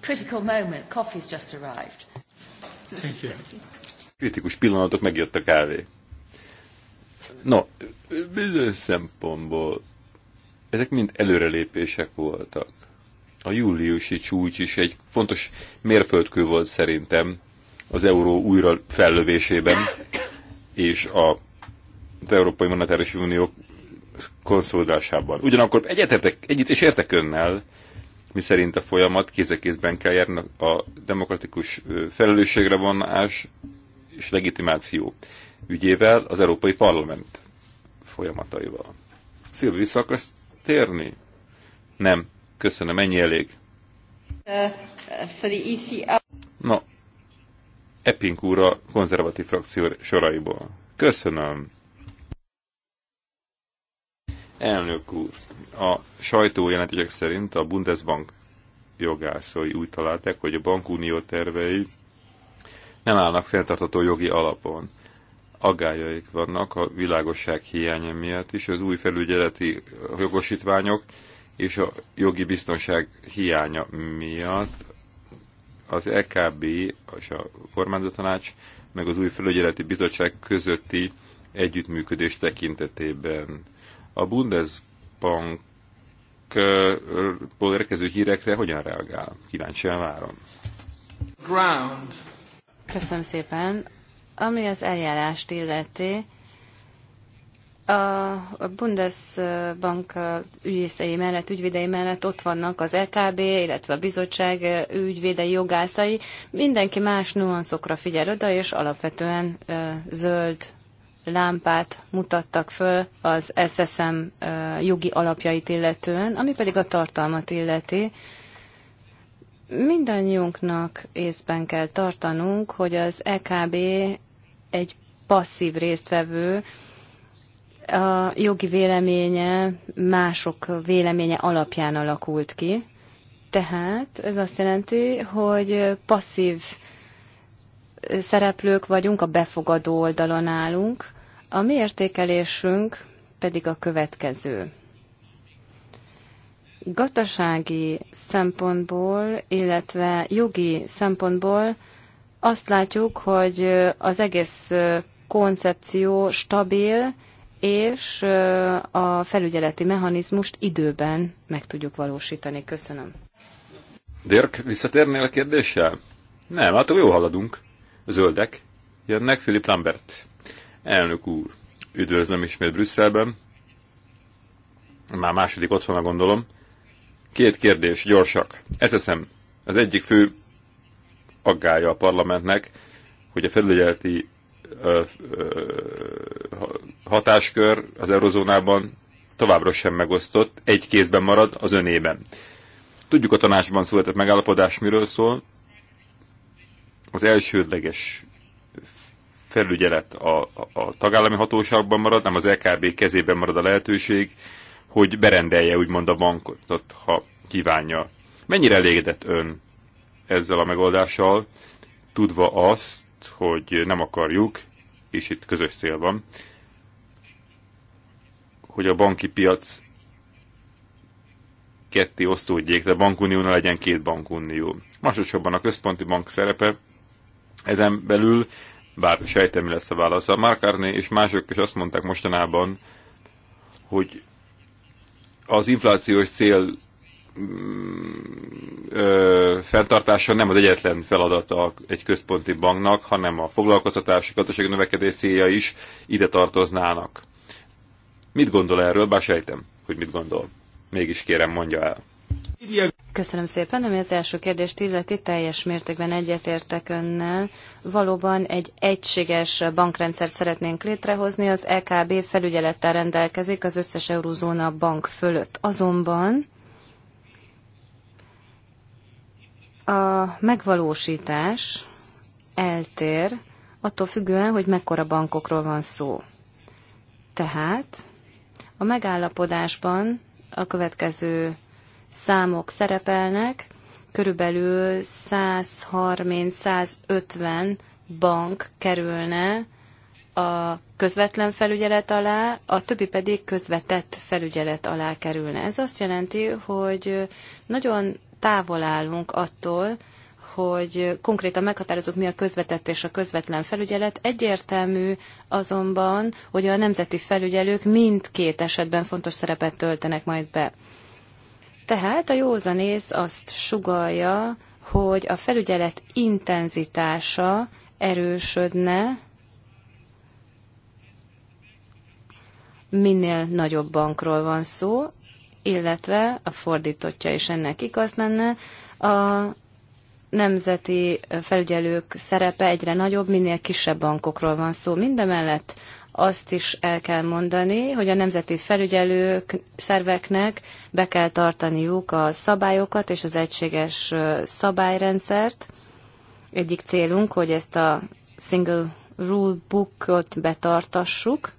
Speaker 1: Critical moment, coffee's just arrived.
Speaker 3: Thank you. Kritikus pillanatok,
Speaker 2: megjött a kávé. No, bizonyos szempontból ezek mind előrelépések voltak. A júliusi csúcs is egy fontos mérföldkő volt szerintem az euró újra fellövésében, és a, az Európai Monetáris Unió konszolidásában. Ugyanakkor egyetértek, egyet és értek önnel, szerint a folyamat kézekézben kell járni a demokratikus felelősségre vonás és legitimáció ügyével az Európai Parlament folyamataival. Szilvi, vissza akarsz térni? Nem, köszönöm, ennyi elég.
Speaker 3: Uh,
Speaker 1: uh, e
Speaker 2: Na, Epping úr a konzervatív frakció soraiból. Köszönöm. Elnök úr, a sajtójelentések szerint a Bundesbank jogászai úgy találták, hogy a bankunió tervei nem állnak fenntartható jogi alapon. Agályaik vannak a világosság hiánya miatt is, az új felügyeleti jogosítványok és a jogi biztonság hiánya miatt az EKB és a kormányzatanács meg az új felügyeleti bizottság közötti együttműködés tekintetében a Bundesbankból érkező hírekre hogyan reagál? Kíváncsian várom.
Speaker 1: Ground. Köszönöm szépen. Ami az eljárást illeti, a Bundesbank ügyészei mellett, ügyvédei mellett ott vannak az LKB, illetve a bizottság ügyvédei, jogászai. Mindenki más nuanszokra figyel oda, és alapvetően zöld lámpát mutattak föl az SSM jogi alapjait illetően, ami pedig a tartalmat illeti. Mindannyiunknak észben kell tartanunk, hogy az EKB egy passzív résztvevő, a jogi véleménye mások véleménye alapján alakult ki. Tehát ez azt jelenti, hogy passzív szereplők vagyunk, a befogadó oldalon állunk, a mi értékelésünk pedig a következő. Gazdasági szempontból, illetve jogi szempontból azt látjuk, hogy az egész koncepció stabil, és a felügyeleti mechanizmust időben meg tudjuk valósítani. Köszönöm.
Speaker 2: Dirk, visszatérnél a kérdéssel? Nem, hát jó haladunk zöldek jönnek, Philip Lambert. Elnök úr, üdvözlöm ismét Brüsszelben. Már második otthona gondolom. Két kérdés, gyorsak. Ez eszem, az egyik fő aggája a parlamentnek, hogy a felügyeleti hatáskör az eurozónában továbbra sem megosztott, egy kézben marad az önében. Tudjuk a tanácsban született megállapodás miről szól, az elsődleges felügyelet a, a, a tagállami hatóságban marad, nem az LKB kezében marad a lehetőség, hogy berendelje úgymond a bankot, ha kívánja. Mennyire elégedett ön ezzel a megoldással, tudva azt, hogy nem akarjuk, és itt közös cél van, hogy a banki piac ketté osztódjék, de bankunióna legyen két bankunió. Másodszorban a központi bank szerepe ezen belül, bár sejtem, mi lesz a válasz, a Markarné és mások is azt mondták mostanában, hogy az inflációs cél mm, ö, fenntartása nem az egyetlen feladata egy központi banknak, hanem a foglalkoztatási gazdaság növekedés célja is ide tartoznának. Mit gondol erről? Bár sejtem, hogy mit gondol. Mégis kérem, mondja el.
Speaker 1: Köszönöm szépen, ami az első kérdést illeti, teljes mértékben egyetértek önnel. Valóban egy egységes bankrendszer szeretnénk létrehozni, az EKB felügyelettel rendelkezik az összes eurózóna bank fölött. Azonban a megvalósítás eltér attól függően, hogy mekkora bankokról van szó. Tehát a megállapodásban a következő számok szerepelnek, körülbelül 130-150 bank kerülne a közvetlen felügyelet alá, a többi pedig közvetett felügyelet alá kerülne. Ez azt jelenti, hogy nagyon távol állunk attól, hogy konkrétan meghatározunk, mi a közvetett és a közvetlen felügyelet. Egyértelmű azonban, hogy a nemzeti felügyelők mindkét esetben fontos szerepet töltenek majd be. Tehát a józanész azt sugalja, hogy a felügyelet intenzitása erősödne, minél nagyobb bankról van szó, illetve a fordítottja is ennek igaz lenne, a nemzeti felügyelők szerepe egyre nagyobb, minél kisebb bankokról van szó. Mindemellett azt is el kell mondani, hogy a nemzeti felügyelők szerveknek be kell tartaniuk a szabályokat és az egységes szabályrendszert. Egyik célunk, hogy ezt a single rule bookot betartassuk.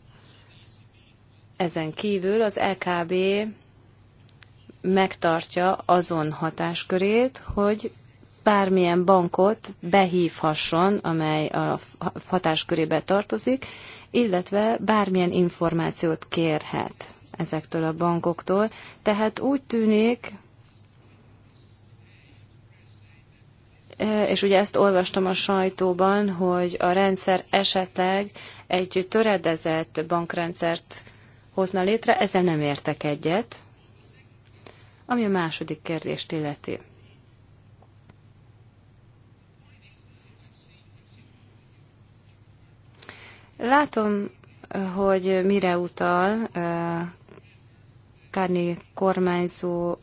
Speaker 1: Ezen kívül az LKB megtartja azon hatáskörét, hogy bármilyen bankot behívhasson, amely a hatáskörébe tartozik, illetve bármilyen információt kérhet ezektől a bankoktól. Tehát úgy tűnik, e, és ugye ezt olvastam a sajtóban, hogy a rendszer esetleg egy töredezett bankrendszert hozna létre, ezzel nem értek egyet. Ami a második kérdést illeti. Látom, hogy mire utal Kárnyi kormányzó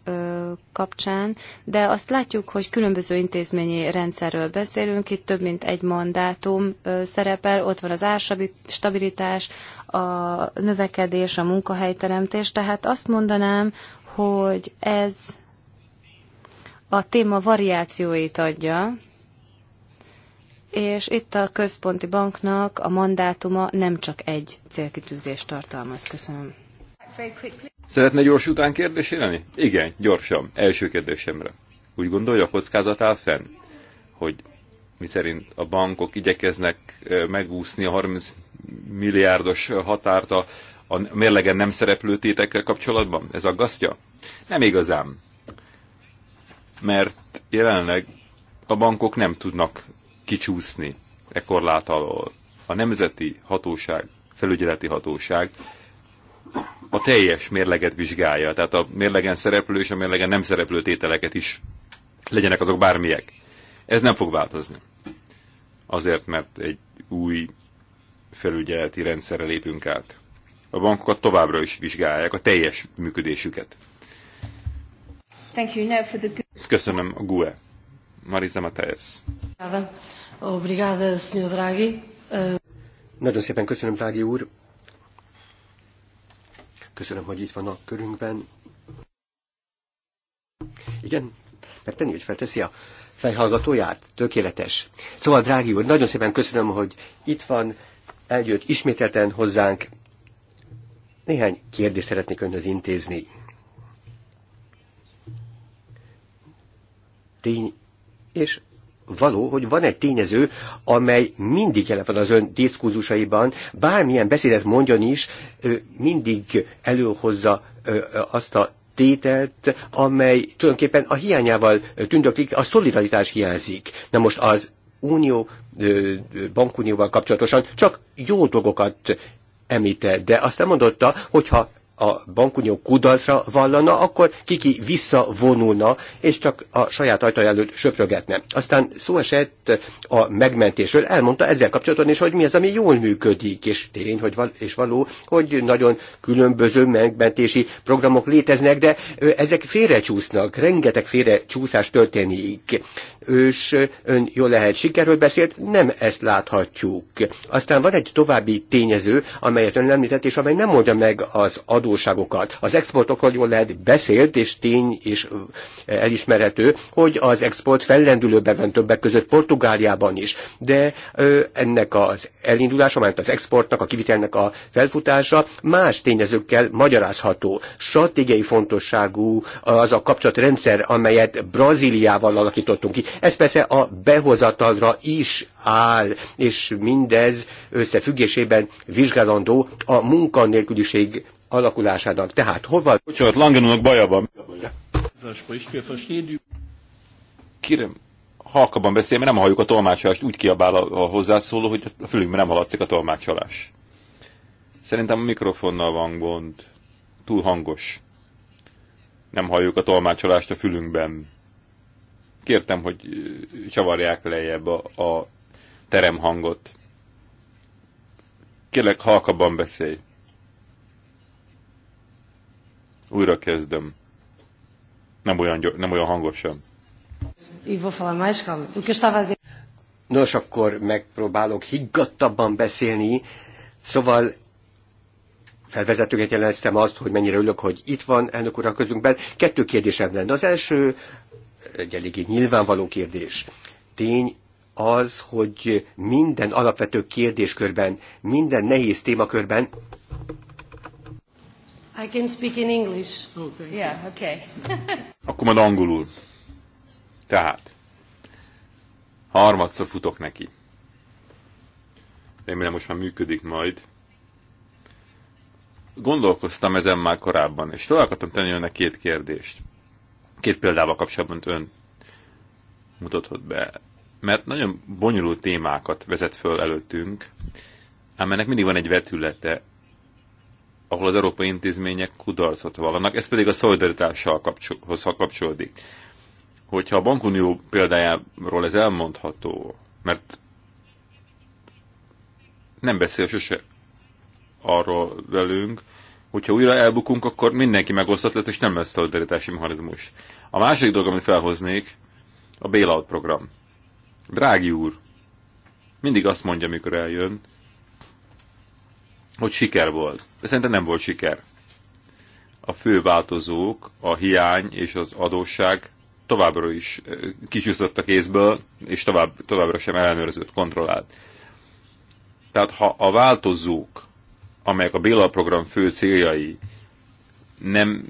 Speaker 1: kapcsán, de azt látjuk, hogy különböző intézményi rendszerről beszélünk, itt több mint egy mandátum szerepel, ott van az árstabilitás, a növekedés, a munkahelyteremtés, tehát azt mondanám, hogy ez a téma variációit adja, és itt a központi banknak a mandátuma nem csak egy célkitűzést tartalmaz. Köszönöm.
Speaker 2: Szeretne gyors után kérdés élni? Igen, gyorsan, első kérdésemre. Úgy gondolja, a kockázat áll fenn, hogy mi szerint a bankok igyekeznek megúszni a 30 milliárdos határt a, a mérlegen nem szereplő tétekkel kapcsolatban? Ez aggasztja? Nem igazán. Mert jelenleg a bankok nem tudnak kicsúszni e korlát alól. A nemzeti hatóság, felügyeleti hatóság a teljes mérleget vizsgálja, tehát a mérlegen szereplő és a mérlegen nem szereplő tételeket is legyenek azok bármilyek. Ez nem fog változni. Azért, mert egy új felügyeleti rendszerre lépünk át. A bankokat továbbra is vizsgálják a teljes működésüket. Köszönöm a GUE Marisa
Speaker 3: eh, Nagyon szépen köszönöm, Drági úr. Köszönöm, hogy itt van a körünkben. Igen, mert tenni, hogy felteszi a fejhallgatóját. Tökéletes. Szóval, drági úr, nagyon szépen köszönöm, hogy itt van, eljött ismételten hozzánk. Néhány kérdést szeretnék önhöz intézni. Tény és való, hogy van egy tényező, amely mindig jelen van az ön diskurzusaiban, bármilyen beszédet mondjon is, mindig előhozza azt a tételt, amely tulajdonképpen a hiányával tündöklik, a szolidaritás hiányzik. Na most az unió, bankunióval kapcsolatosan csak jó dolgokat említett, de azt nem mondotta, hogyha a bankunió kudarcra vallana, akkor kiki visszavonulna, és csak a saját ajtaja előtt söprögetne. Aztán szó esett a megmentésről, elmondta ezzel kapcsolatban is, hogy mi az, ami jól működik, és tény, hogy val- és való, hogy nagyon különböző megmentési programok léteznek, de ezek félrecsúsznak, rengeteg félrecsúszás történik. És ön jól lehet sikerről beszélt, nem ezt láthatjuk. Aztán van egy további tényező, amelyet ön említett, és amely nem mondja meg az adó adóságokat. Az exportokról jól lehet beszélt, és tény és elismerhető, hogy az export fellendülőben van többek között Portugáliában is, de ennek az elindulása, mert az exportnak, a kivitelnek a felfutása más tényezőkkel magyarázható. Stratégiai fontosságú az a kapcsolatrendszer, amelyet Brazíliával alakítottunk ki. Ez persze a behozatalra is áll, és mindez összefüggésében vizsgálandó a munkanélküliség alakulásának. Tehát hova... Bocsánat, Langenónak baja van.
Speaker 2: Kérem, halkabban beszélj, mert nem halljuk a tolmácsolást. Úgy kiabál a, a hozzászóló, hogy a fülünkben nem haladszik a tolmácsolás. Szerintem a mikrofonnal van gond. Túl hangos. Nem halljuk a tolmácsolást a fülünkben. Kértem, hogy csavarják lejjebb a, a teremhangot. Kérlek, halkabban beszélj. Újra
Speaker 3: kezdem. Nem olyan, nem olyan hangosan.
Speaker 1: E
Speaker 3: Nos, akkor megpróbálok higgadtabban beszélni. Szóval felvezetőket jeleztem azt, hogy mennyire ülök, hogy itt van elnök urak közünkben. Kettő kérdésem lenne. Az első egy eléggé nyilvánvaló kérdés. Tény az, hogy minden alapvető kérdéskörben, minden nehéz témakörben
Speaker 1: I can speak in English. Oh, thank you. okay.
Speaker 3: Akkor majd angolul. Tehát.
Speaker 2: Harmadszor futok neki. Remélem most már működik majd. Gondolkoztam ezen már korábban, és fel akartam tenni önnek két kérdést. Két példával kapcsolatban ön mutatott be. Mert nagyon bonyolult témákat vezet föl előttünk, ám ennek mindig van egy vetülete, ahol az európai intézmények kudarcot vallanak, ez pedig a szolidaritással kapcsolódik. Hogyha a bankunió példájáról ez elmondható, mert nem beszél sose arról velünk, hogyha újra elbukunk, akkor mindenki megosztott lesz, és nem lesz szolidaritási mechanizmus. A második dolog, amit felhoznék, a bailout program. Drági úr, mindig azt mondja, mikor eljön, hogy siker volt. De szerintem nem volt siker. A fő változók, a hiány és az adósság továbbra is kicsúszott a kézből, és tovább, továbbra sem ellenőrzött, kontrollált. Tehát ha a változók, amelyek a Béla program fő céljai nem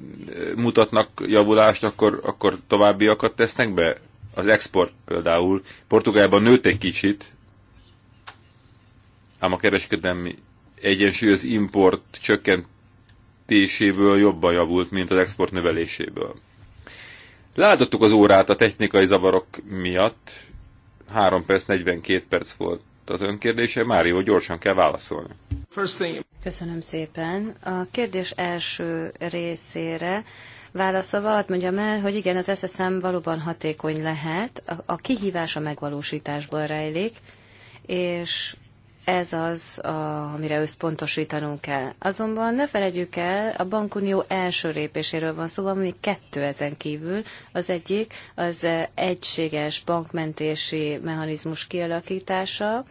Speaker 2: mutatnak javulást, akkor, akkor továbbiakat tesznek be? Az export például Portugálban nőtt egy kicsit, ám a kereskedelmi egyensúly az import csökkentéséből jobban javult, mint az export növeléséből. Látottuk az órát a technikai zavarok miatt, 3 perc 42 perc volt az önkérdése, Mário, gyorsan kell válaszolni.
Speaker 1: Köszönöm szépen. A kérdés első részére válaszolva hát mondjam el, hogy igen, az SSM valóban hatékony lehet, a, a kihívás a megvalósításban rejlik, és ez az, a, amire összpontosítanunk kell. Azonban ne felejtjük el, a bankunió első lépéséről van szó, ami kettő ezen kívül. Az egyik az egységes bankmentési mechanizmus kialakítása,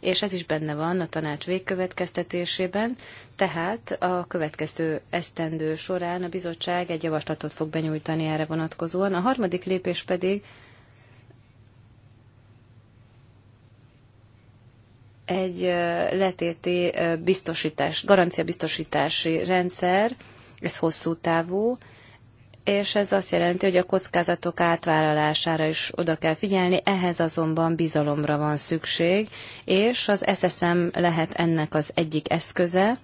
Speaker 1: és ez is benne van a tanács végkövetkeztetésében, tehát a következő esztendő során a bizottság egy javaslatot fog benyújtani erre vonatkozóan. A harmadik lépés pedig egy letéti biztosítás, garancia biztosítási rendszer, ez hosszú távú, és ez azt jelenti, hogy a kockázatok átvállalására is oda kell figyelni, ehhez azonban bizalomra van szükség, és az SSM lehet ennek az egyik eszköze.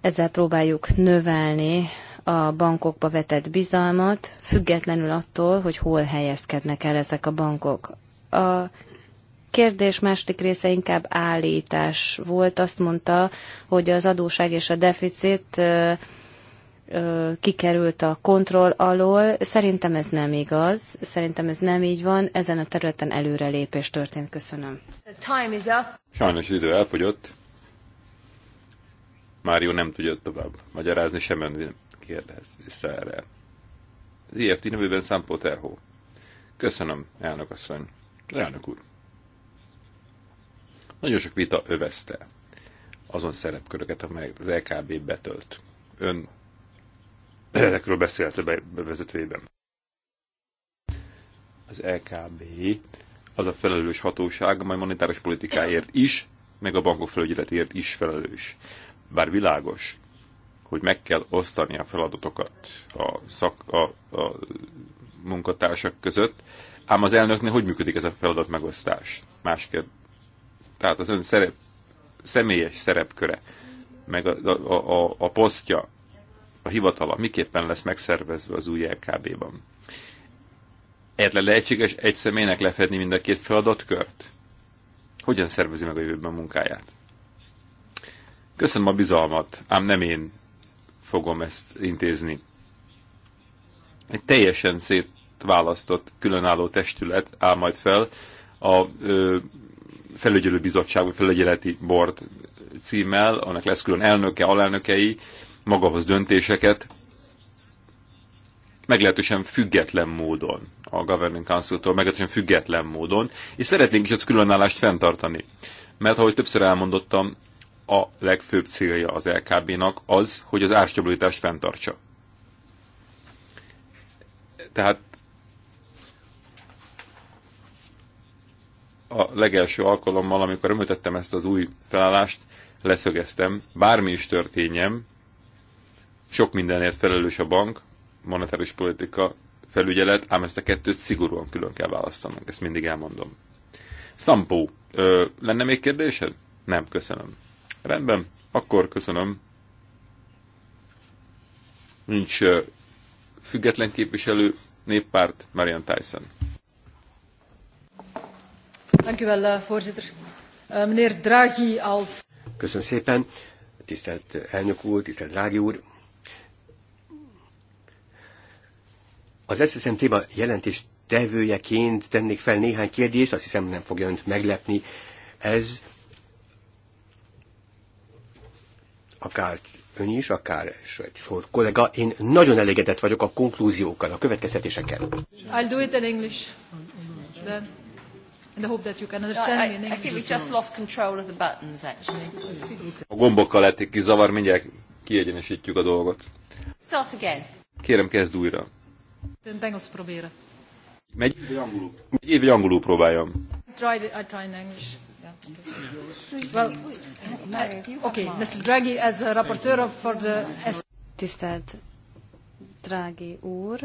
Speaker 1: Ezzel próbáljuk növelni a bankokba vetett bizalmat, függetlenül attól, hogy hol helyezkednek el ezek a bankok. A kérdés második része inkább állítás volt. Azt mondta, hogy az adóság és a deficit kikerült a kontroll alól. Szerintem ez nem igaz, szerintem ez nem így van, ezen a területen előrelépés történt. Köszönöm.
Speaker 2: The time is up. Sajnos az idő elfogyott. Mário nem tudja tovább magyarázni, semmen kérdez vissza erre. Az IFT nevében Szampó Terhó. Köszönöm, elnök asszony. Elnök úr. Nagyon sok vita övezte azon szerepköröket, amelyek az LKB betölt. Ön ezekről beszélt a bevezetőjében. Az LKB az a felelős hatóság, amely monetáris politikáért is, meg a bankok felügyeletért is felelős. Bár világos, hogy meg kell osztani a feladatokat a, szak, a, a munkatársak között, ám az elnöknél hogy működik ez a feladat megosztás, Másképp tehát az ön szerep, személyes szerepköre, meg a, a, a, a posztja, a hivatala miképpen lesz megszervezve az új LKB-ban? Egyetlen lehetséges egy személynek lefedni mind a két feladatkört? Hogyan szervezi meg a jövőben a munkáját? Köszönöm a bizalmat, ám nem én fogom ezt intézni. Egy teljesen szétválasztott, különálló testület áll majd fel a ö, felügyelő bizottság, vagy felügyeleti board címmel, annak lesz külön elnöke, alelnökei, magahoz döntéseket, meglehetősen független módon, a Governing Council-tól meglehetősen független módon, és szeretnénk is ezt különállást fenntartani. Mert ahogy többször elmondottam, a legfőbb célja az LKB-nak az, hogy az árstabilitást fenntartsa. Tehát a legelső alkalommal, amikor említettem ezt az új felállást, leszögeztem, bármi is történjem, sok mindenért felelős a bank, monetáris politika, felügyelet, ám ezt a kettőt szigorúan külön kell választanunk, ezt mindig elmondom. Szampó, ö, lenne még kérdésed? Nem, köszönöm. Rendben, akkor köszönöm. Nincs ö, független képviselő, néppárt, Marian Tyson.
Speaker 3: Eh, eh, Köszönöm szépen, tisztelt elnök úr, tisztelt Draghi úr. Az SSM téma jelentés tevőjeként tennék fel néhány kérdést, azt hiszem nem fogja önt meglepni. Ez akár ön is, akár egy sor kollega, én nagyon elégedett vagyok a konklúziókkal, a következtetésekkel. I'll do it in English. Then. And I hope that you can understand no, I, me. I think we just lost control of the buttons, actually. A gombokkal
Speaker 2: lették kizavar, mindjárt kiegyenesítjük a dolgot. Start again. Kérem, kezd újra.
Speaker 3: Engels probéra.
Speaker 2: Megy? Egy év angolul próbáljam.
Speaker 3: I tried, I tried in English. Well,
Speaker 1: okay, Mr. Draghi, as a rapporteur for the... Tisztelt Draghi úr,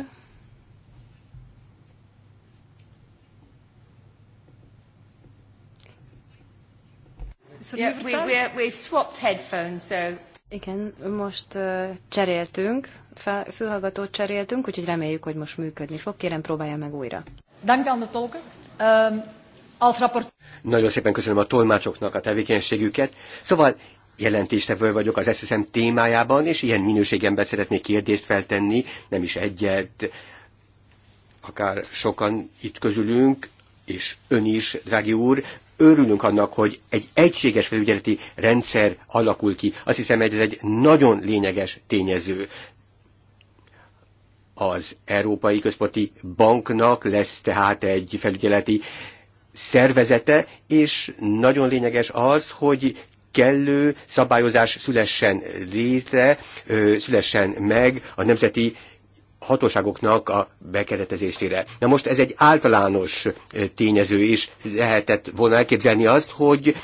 Speaker 3: Yeah, we,
Speaker 1: we've swapped headphones, so... Igen, most uh, cseréltünk, fülhallgatót cseréltünk, úgyhogy reméljük, hogy most működni fog. Kérem, próbálja meg újra. Danke an de
Speaker 3: ehm, als rapport... Nagyon szépen köszönöm a tolmácsoknak a tevékenységüket. Szóval jelentéstevő vagyok az SSM témájában, és ilyen minőségemben szeretnék kérdést feltenni, nem is egyet, akár sokan itt közülünk, és ön is, drági úr, örülünk annak, hogy egy egységes felügyeleti rendszer alakul ki. Azt hiszem, hogy ez egy nagyon lényeges tényező az Európai Központi Banknak lesz tehát egy felügyeleti szervezete, és nagyon lényeges az, hogy kellő szabályozás szülessen létre, szülessen meg a nemzeti hatóságoknak a bekeretezésére. Na most ez egy általános tényező is. Lehetett volna elképzelni azt, hogy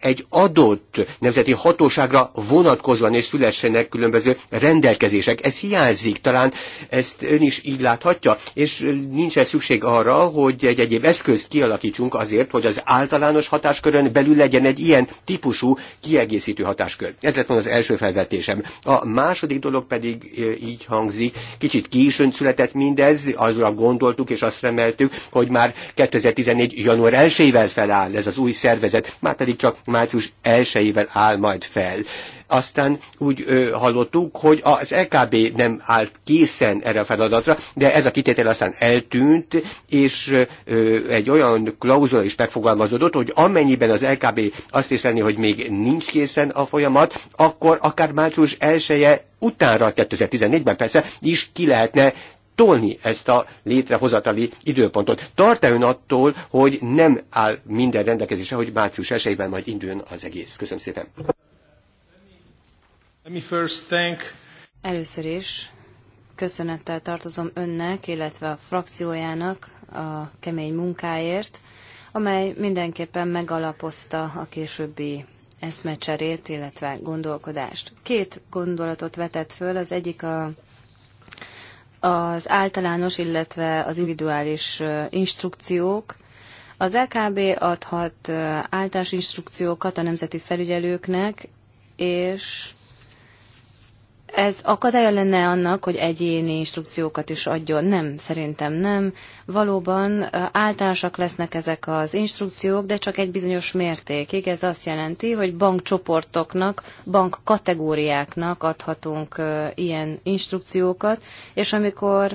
Speaker 3: egy adott nemzeti hatóságra vonatkozóan és szülessenek különböző rendelkezések. Ez hiányzik, talán ezt ön is így láthatja, és -e szükség arra, hogy egy egyéb eszközt kialakítsunk azért, hogy az általános hatáskörön belül legyen egy ilyen típusú kiegészítő hatáskör. Ez lett volna az első felvetésem. A második dolog pedig így hangzik, Kicsit későn született mindez, azra gondoltuk és azt reméltük, hogy már 2014. január 1-ével feláll ez az új szervezet, már pedig csak március 1-ével áll majd fel. Aztán úgy ö, hallottuk, hogy az LKB nem állt készen erre a feladatra, de ez a kitétel aztán eltűnt, és ö, egy olyan klauzula is megfogalmazódott, hogy amennyiben az LKB azt hiszeni, hogy még nincs készen a folyamat, akkor akár március elsője utánra, 2014-ben persze, is ki lehetne tolni ezt a létrehozatali időpontot. Tart-e ön attól, hogy nem áll minden rendelkezésre, hogy március esélyben majd induljon az egész? Köszönöm szépen.
Speaker 1: Először is köszönettel tartozom önnek, illetve a frakciójának a kemény munkáért, amely mindenképpen megalapozta a későbbi eszmecserét, illetve gondolkodást. Két gondolatot vetett föl, az egyik a, az általános, illetve az individuális instrukciók. Az LKB adhat általános instrukciókat a nemzeti felügyelőknek, és ez akadálya lenne annak, hogy egyéni instrukciókat is adjon? Nem, szerintem nem. Valóban általánosak lesznek ezek az instrukciók, de csak egy bizonyos mértékig. Ez azt jelenti, hogy bankcsoportoknak, bankkategóriáknak adhatunk ilyen instrukciókat, és amikor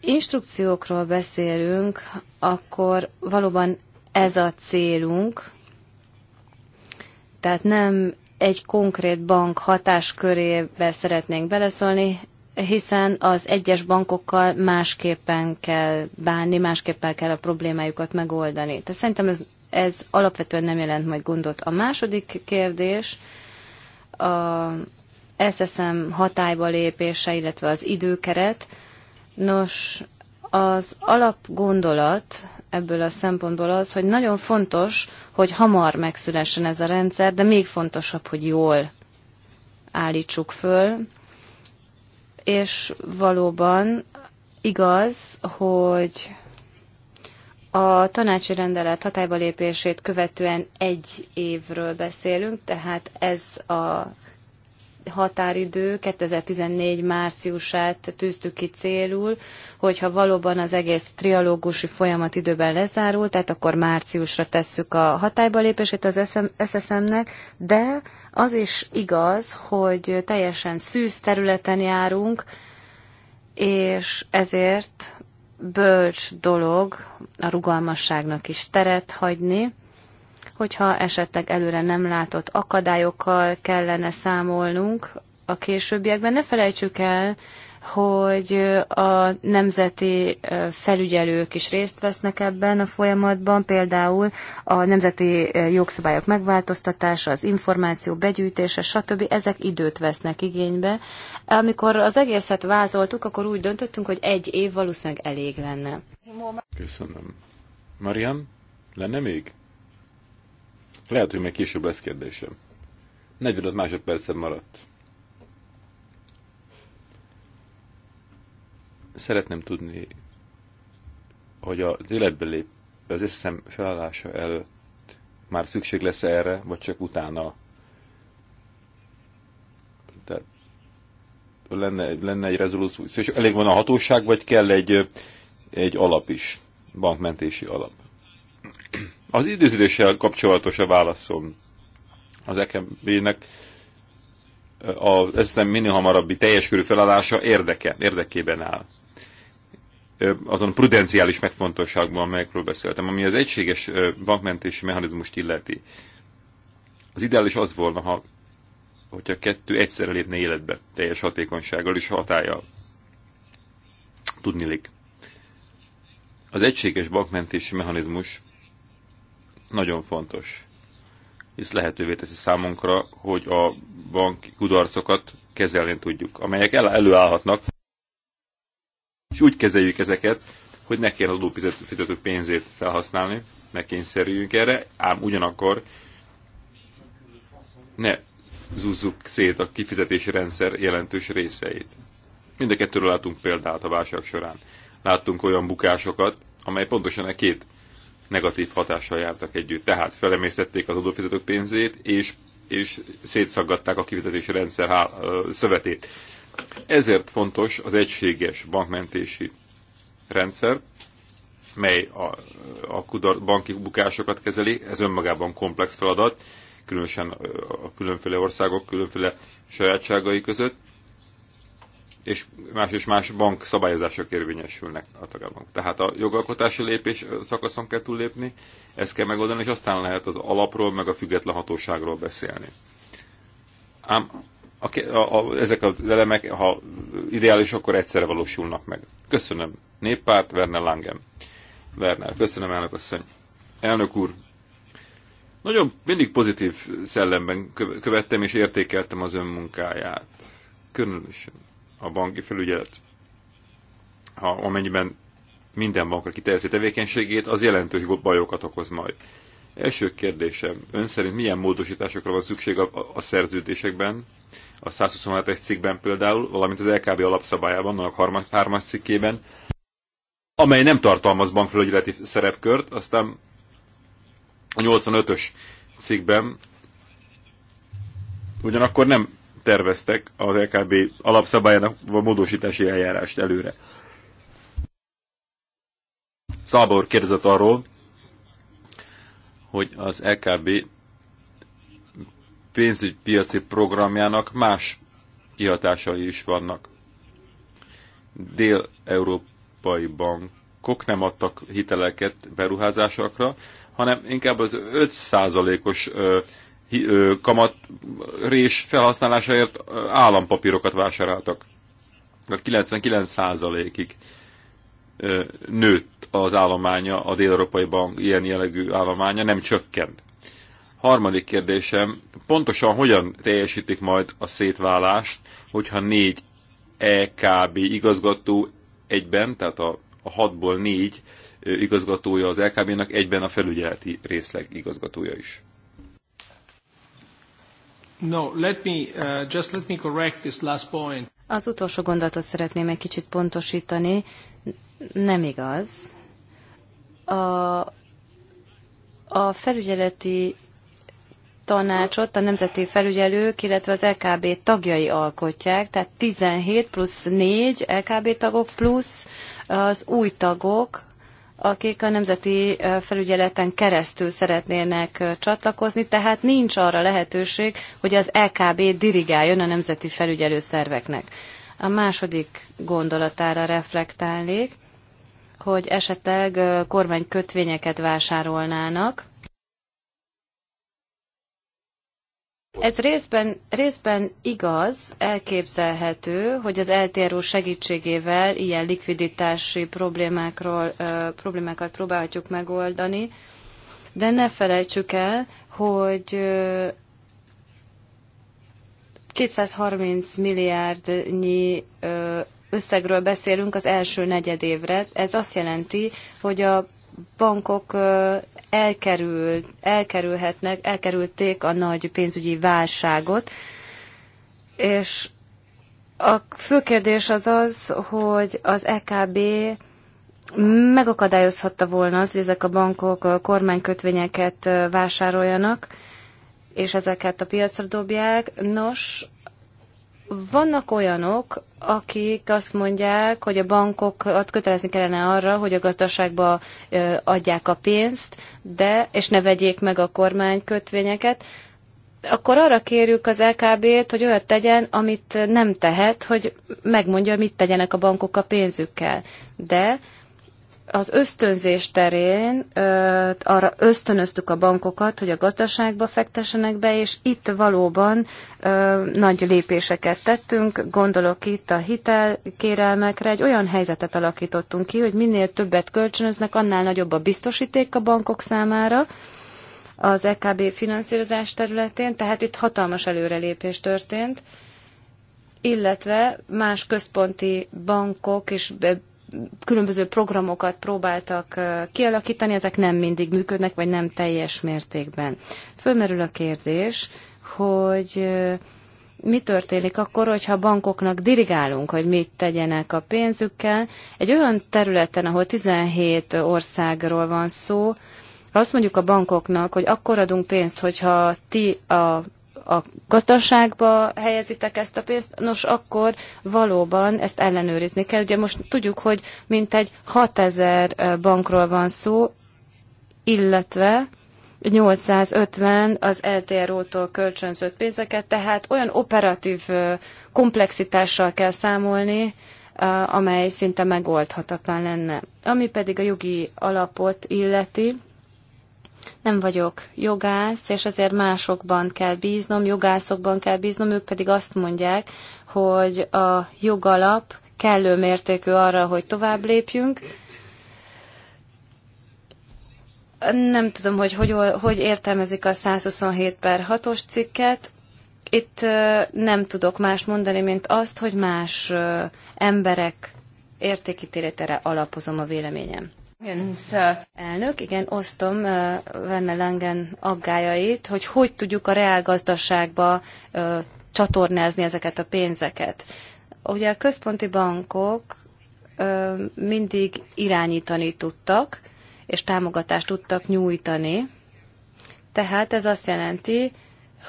Speaker 1: instrukciókról beszélünk, akkor valóban ez a célunk, tehát nem egy konkrét bank hatáskörébe szeretnénk beleszólni, hiszen az egyes bankokkal másképpen kell bánni, másképpen kell a problémájukat megoldani. Tehát szerintem ez, ez alapvetően nem jelent majd gondot. A második kérdés a SSM hatályba lépése, illetve az időkeret. Nos, az alapgondolat ebből a szempontból az, hogy nagyon fontos, hogy hamar megszülessen ez a rendszer, de még fontosabb, hogy jól állítsuk föl. És valóban igaz, hogy a tanácsi rendelet hatályba lépését követően egy évről beszélünk, tehát ez a határidő 2014 márciusát tűztük ki célul, hogyha valóban az egész trialógusi folyamat időben lezárul, tehát akkor márciusra tesszük a hatályba lépését az SSM-nek, de az is igaz, hogy teljesen szűz területen járunk, és ezért bölcs dolog a rugalmasságnak is teret hagyni, hogyha esetleg előre nem látott akadályokkal kellene számolnunk a későbbiekben. Ne felejtsük el, hogy a nemzeti felügyelők is részt vesznek ebben a folyamatban, például a nemzeti jogszabályok megváltoztatása, az információ begyűjtése, stb. Ezek időt vesznek igénybe. Amikor az egészet vázoltuk, akkor úgy döntöttünk, hogy egy év valószínűleg elég lenne.
Speaker 2: Köszönöm. Mariam, lenne még? Lehet, hogy még később lesz kérdésem. 45 másodpercem maradt. Szeretném tudni, hogy az életbe lép, az eszem felállása előtt már szükség lesz erre, vagy csak utána. Tehát lenne, lenne egy rezolúció, és elég van a hatóság, vagy kell egy, egy alap is, bankmentési alap. Az időzítéssel kapcsolatos a válaszom az EKB-nek az hiszem minél hamarabbi teljes körű feladása érdeke, érdekében áll. Azon prudenciális megfontosságban, amelyekről beszéltem, ami az egységes bankmentési mechanizmust illeti. Az ideális az volna, ha, hogyha kettő egyszerre lépne életbe, teljes hatékonysággal és hatája Tudnilik. Az egységes bankmentési mechanizmus nagyon fontos, hisz lehetővé teszi számunkra, hogy a banki kudarcokat kezelni tudjuk, amelyek el- előállhatnak, és úgy kezeljük ezeket, hogy ne kell adófizetők pénzét felhasználni, ne kényszerüljünk erre, ám ugyanakkor ne zúzzuk szét a kifizetési rendszer jelentős részeit. Mind a kettőről látunk példát a válság során. Láttunk olyan bukásokat, amely pontosan a két negatív hatással jártak együtt. Tehát felemésztették az adófizetők pénzét, és, és szétszaggatták a kifizetési rendszer há, szövetét. Ezért fontos az egységes bankmentési rendszer, mely a, a kudar, banki bukásokat kezeli, ez önmagában komplex feladat, különösen a különféle országok különféle sajátságai között, és más és más bank szabályozások érvényesülnek a tagállamok. Tehát a jogalkotási lépés szakaszon kell túllépni, ezt kell megoldani, és aztán lehet az alapról, meg a független hatóságról beszélni. Ám a, a, a, ezek az elemek, ha ideális, akkor egyszerre valósulnak meg. Köszönöm. Néppárt, Werner langem, Werner, köszönöm, elnök asszony. Elnök úr, nagyon mindig pozitív szellemben követtem és értékeltem az ön munkáját. Különösen a banki felügyelet. Ha amennyiben minden bankra kiterjeszti tevékenységét, az jelentős bajokat okoz majd. Első kérdésem, ön szerint milyen módosításokra van szükség a, a, a szerződésekben, a 127-es cikkben például, valamint az LKB alapszabályában, annak 3. 3 cikkében, amely nem tartalmaz bankfelügyeleti szerepkört, aztán a 85-ös cikkben ugyanakkor nem terveztek az LKB alapszabályának a módosítási eljárást előre. Szábor kérdezett arról, hogy az LKB pénzügypiaci programjának más kihatásai is vannak. Dél-európai bankok nem adtak hiteleket beruházásokra, hanem inkább az 5%-os kamat rés felhasználásáért állampapírokat vásároltak. Tehát 99%-ig nőtt az állománya, a dél-európai bank ilyen jellegű állománya, nem csökkent. Harmadik kérdésem, pontosan hogyan teljesítik majd a szétválást, hogyha négy EKB igazgató egyben, tehát a, a hatból négy igazgatója az LKB-nak, e egyben a felügyeleti részleg igazgatója is.
Speaker 3: No, let me, uh, just let me correct this last point.
Speaker 1: Az utolsó gondolatot szeretném egy kicsit pontosítani. Nem igaz. A, a felügyeleti tanácsot a nemzeti felügyelők, illetve az LKB tagjai alkotják, tehát 17 plusz 4 LKB tagok plusz az új tagok, akik a nemzeti felügyeleten keresztül szeretnének csatlakozni, tehát nincs arra lehetőség, hogy az EKB dirigáljon a nemzeti felügyelő szerveknek. A második gondolatára reflektálnék, hogy esetleg kormánykötvényeket vásárolnának, Ez részben, részben igaz, elképzelhető, hogy az eltérő segítségével ilyen likviditási problémákról, problémákat próbálhatjuk megoldani, de ne felejtsük el, hogy 230 milliárdnyi összegről beszélünk az első negyedévre. Ez azt jelenti, hogy a bankok elkerül, elkerülhetnek, elkerülték a nagy pénzügyi válságot, és a fő kérdés az az, hogy az EKB megakadályozhatta volna az, hogy ezek a bankok a kormánykötvényeket vásároljanak, és ezeket a piacra dobják. Nos, vannak olyanok, akik azt mondják, hogy a bankokat kötelezni kellene arra, hogy a gazdaságba adják a pénzt, de, és ne vegyék meg a kormány kötvényeket, akkor arra kérjük az LKB-t, hogy olyat tegyen, amit nem tehet, hogy megmondja, mit tegyenek a bankok a pénzükkel. De az ösztönzés terén ö, arra ösztönöztük a bankokat, hogy a gazdaságba fektessenek be, és itt valóban ö, nagy lépéseket tettünk. Gondolok itt a hitelkérelmekre. Egy olyan helyzetet alakítottunk ki, hogy minél többet kölcsönöznek, annál nagyobb a biztosíték a bankok számára az EKB finanszírozás területén, tehát itt hatalmas előrelépés történt illetve más központi bankok is különböző programokat próbáltak kialakítani, ezek nem mindig működnek, vagy nem teljes mértékben. Fölmerül a kérdés, hogy mi történik akkor, hogyha bankoknak dirigálunk, hogy mit tegyenek a pénzükkel. Egy olyan területen, ahol 17 országról van szó, ha azt mondjuk a bankoknak, hogy akkor adunk pénzt, hogyha ti a a gazdaságba helyezitek ezt a pénzt, nos akkor valóban ezt ellenőrizni kell. Ugye most tudjuk, hogy mintegy 6000 bankról van szó, illetve 850 az LTRO-tól kölcsönzött pénzeket, tehát olyan operatív komplexitással kell számolni, amely szinte megoldhatatlan lenne. Ami pedig a jogi alapot illeti, nem vagyok jogász, és ezért másokban kell bíznom, jogászokban kell bíznom, ők pedig azt mondják, hogy a jogalap kellő mértékű arra, hogy tovább lépjünk. Nem tudom, hogy hogy, hogy értelmezik a 127 per 6-os cikket. Itt nem tudok más mondani, mint azt, hogy más emberek értékítéletére alapozom a véleményem. Uh, Elnök, igen, osztom uh, Werner Langen aggájait, hogy hogy tudjuk a reálgazdaságba uh, csatornázni ezeket a pénzeket. Ugye a központi bankok mindig irányítani tudtak, és támogatást tudtak nyújtani. Tehát ez azt jelenti,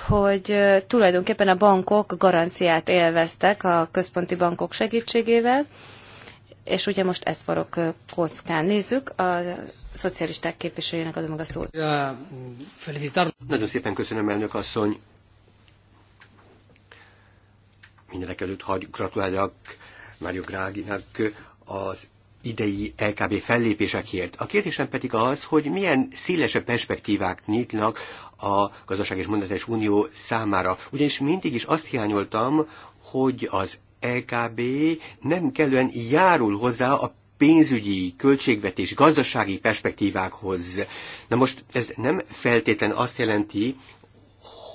Speaker 1: hogy tulajdonképpen a bankok garanciát élveztek a központi bankok segítségével, és ugye most ez forog kockán. Nézzük, a szocialisták képviselőjének adom meg a szót.
Speaker 3: Nagyon szépen köszönöm, elnök asszony. Mindenek előtt hagy gratuláljak Mário Gráginak az idei LKB fellépésekért. A kérdésem pedig az, hogy milyen szélesebb perspektívák nyitnak a Gazdaság és Monetáris Unió számára. Ugyanis mindig is azt hiányoltam, hogy az EKB nem kellően járul hozzá a pénzügyi, költségvetés, gazdasági perspektívákhoz. Na most ez nem feltétlen azt jelenti,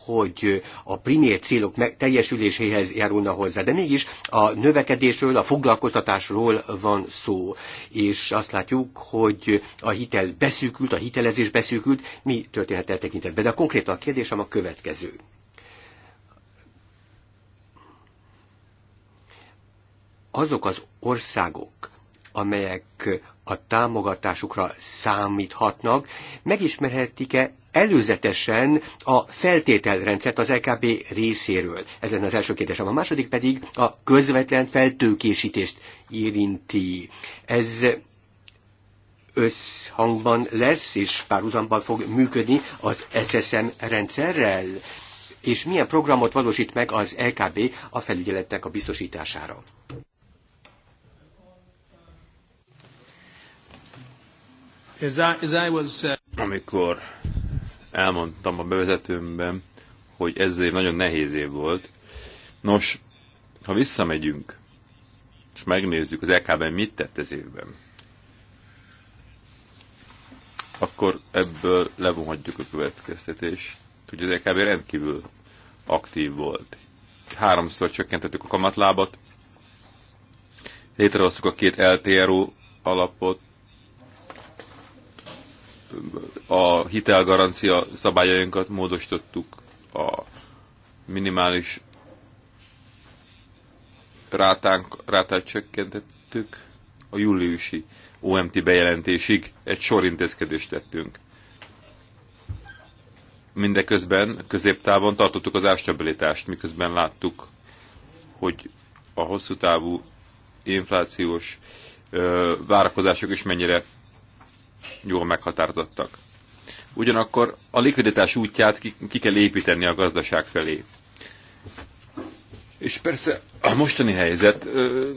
Speaker 3: hogy a primér célok teljesüléséhez járulna hozzá, de mégis a növekedésről, a foglalkoztatásról van szó. És azt látjuk, hogy a hitel beszűkült, a hitelezés beszűkült, mi történhet el tekintetben. De a konkrétan a kérdésem a következő. azok az országok, amelyek a támogatásukra számíthatnak, megismerhetik-e előzetesen a feltételrendszert az LKB részéről. Ez lenne az első kérdésem. A második pedig a közvetlen feltőkésítést érinti. Ez összhangban lesz és párhuzamban fog működni az SSM rendszerrel? És milyen programot valósít meg az LKB a felügyeletnek a biztosítására?
Speaker 2: Uh, Amikor elmondtam a bevezetőmben, hogy ez év nagyon nehéz év volt, nos, ha visszamegyünk, és megnézzük az ekb mit tett ez évben, akkor ebből levonhatjuk a következtetést, hogy az EKB rendkívül aktív volt. Háromszor csökkentettük a kamatlábat, létrehoztuk a két LTRO alapot, a hitelgarancia szabályainkat módosítottuk a minimális rátánk, rátát csökkentettük a júliusi OMT bejelentésig egy sor intézkedést tettünk. Mindeközben középtávon tartottuk az árstabilitást, miközben láttuk, hogy a hosszú távú inflációs ö, várakozások is mennyire jól meghatározottak. Ugyanakkor a likviditás útját ki, ki kell építeni a gazdaság felé. És persze a mostani helyzet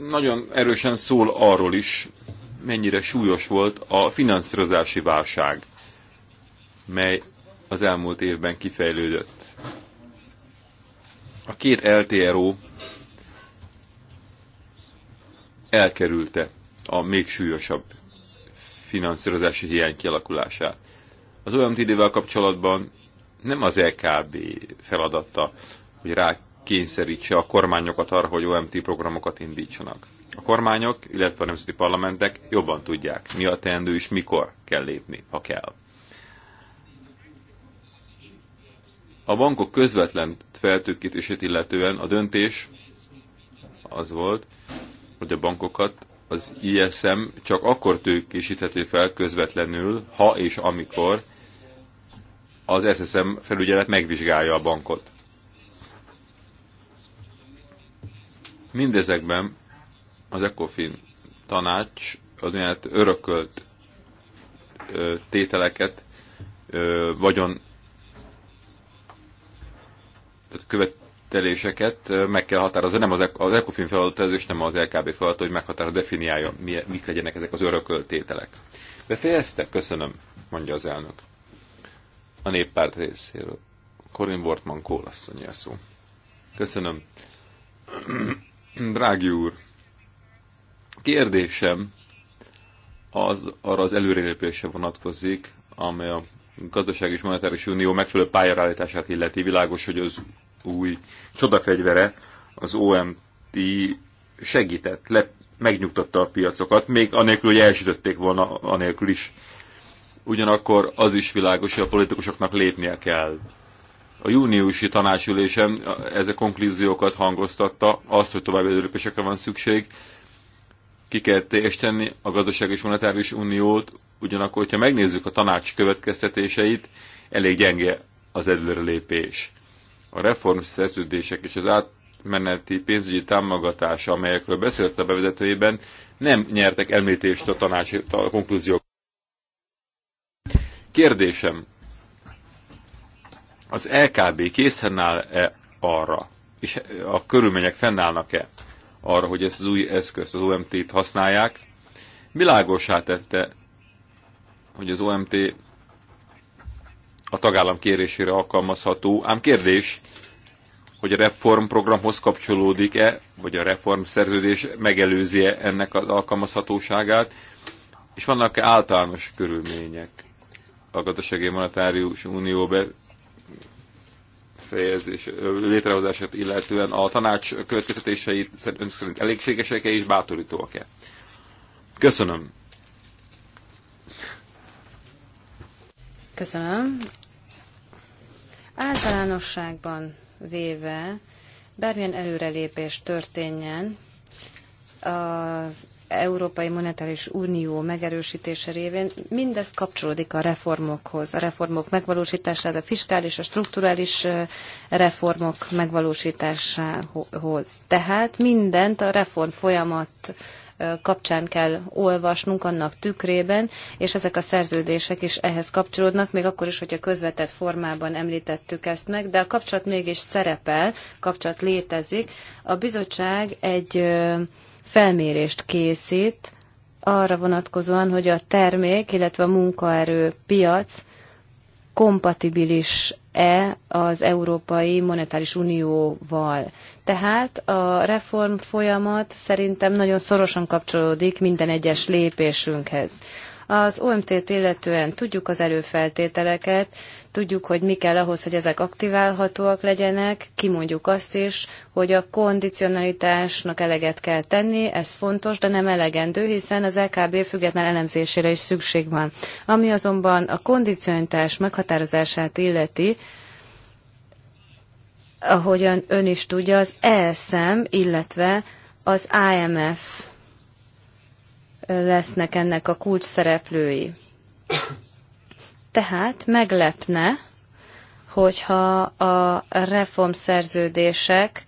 Speaker 2: nagyon erősen szól arról is, mennyire súlyos volt a finanszírozási válság, mely az elmúlt évben kifejlődött. A két LTRO elkerülte a még súlyosabb finanszírozási hiány kialakulását. Az OMTD-vel kapcsolatban nem az LKB e feladata, hogy rá kényszerítse a kormányokat arra, hogy OMT programokat indítsanak. A kormányok, illetve a nemzeti parlamentek jobban tudják, mi a teendő és mikor kell lépni, ha kell. A bankok közvetlen feltőkítését illetően a döntés az volt, hogy a bankokat az ISM csak akkor tőkésíthető fel közvetlenül, ha és amikor az SSM felügyelet megvizsgálja a bankot. Mindezekben az ECOFIN tanács az olyan örökölt ö, tételeket, ö, vagyon tehát követ, követeléseket meg kell határozni. Nem az, e az ECOFIN feladata ez, is nem az LKB feladata, hogy meghatározza, definiálja, mik legyenek ezek az örököltételek. Befejezte? Köszönöm, mondja az elnök. A néppárt részéről. Corin Wortman Kólasszony a szó. Köszönöm. Drági úr, kérdésem az arra az előrelépésre vonatkozik, amely a gazdaság és monetáris unió megfelelő pályára állítását illeti. Világos, hogy az új csodafegyvere, az OMT segített, le, megnyugtatta a piacokat, még anélkül, hogy elsütötték volna, anélkül is. Ugyanakkor az is világos, hogy a politikusoknak lépnie kell. A júniusi tanácsülésen ezek konklúziókat hangoztatta, azt, hogy további lépésekre van szükség, ki kell tenni a gazdaság és monetáris uniót, ugyanakkor, hogyha megnézzük a tanács következtetéseit, elég gyenge az előrelépés a reformszerződések és az átmeneti pénzügyi támogatása, amelyekről beszélt a bevezetőjében, nem nyertek említést a tanácsi a konklúziók. Kérdésem, az LKB készen áll-e arra, és a körülmények fennállnak-e arra, hogy ezt az új eszközt, az OMT-t használják? Világosá tette, hogy az OMT a tagállam kérésére alkalmazható, ám kérdés, hogy a reformprogramhoz kapcsolódik-e, vagy a reformszerződés megelőzi-e ennek az alkalmazhatóságát, és vannak -e általános körülmények a gazdasági monetárius unió befejezés, létrehozását illetően a tanács következtetései szerint, szerint elégségesek-e és bátorítóak-e? Köszönöm.
Speaker 1: Köszönöm általánosságban véve bármilyen előrelépés történjen az Európai Monetáris Unió megerősítése révén, mindez kapcsolódik a reformokhoz, a reformok megvalósításához, a fiskális, a strukturális reformok megvalósításához. Tehát mindent a reform folyamat kapcsán kell olvasnunk annak tükrében, és ezek a szerződések is ehhez kapcsolódnak, még akkor is, hogyha közvetett formában említettük ezt meg, de a kapcsolat mégis szerepel, kapcsolat létezik. A bizottság egy felmérést készít arra vonatkozóan, hogy a termék, illetve a munkaerő piac kompatibilis e az Európai Monetáris Unióval. Tehát a reform folyamat szerintem nagyon szorosan kapcsolódik minden egyes lépésünkhez. Az OMT-t illetően tudjuk az előfeltételeket, tudjuk, hogy mi kell ahhoz, hogy ezek aktiválhatóak legyenek, kimondjuk azt is, hogy a kondicionalitásnak eleget kell tenni, ez fontos, de nem elegendő, hiszen az LKB független elemzésére is szükség van. Ami azonban a kondicionalitás meghatározását illeti, ahogyan ön is tudja, az ESM, illetve az IMF lesznek ennek a kulcs szereplői. Tehát meglepne, hogyha a reformszerződések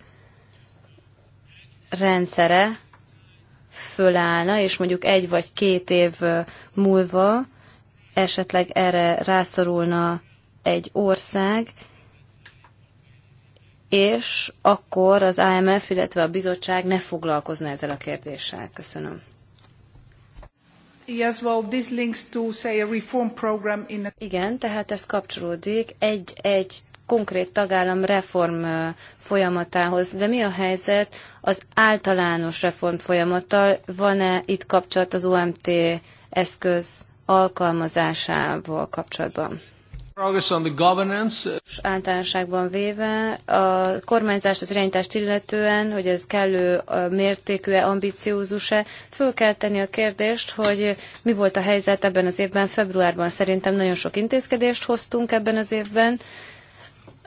Speaker 1: rendszere fölállna, és mondjuk egy vagy két év múlva esetleg erre rászorulna egy ország, és akkor az IMF, illetve a bizottság ne foglalkozna ezzel a kérdéssel. Köszönöm. Igen, tehát ez kapcsolódik egy-egy konkrét tagállam reform folyamatához. De mi a helyzet az általános reform folyamattal? Van-e itt kapcsolat az OMT eszköz alkalmazásával kapcsolatban? Progress on the governance. Uh, És általánosságban véve a kormányzást, az irányítást illetően, hogy ez kellő mértékű-e, ambiciózus-e, föl kell tenni a kérdést, hogy mi volt a helyzet ebben az évben, februárban szerintem nagyon sok intézkedést hoztunk ebben az évben,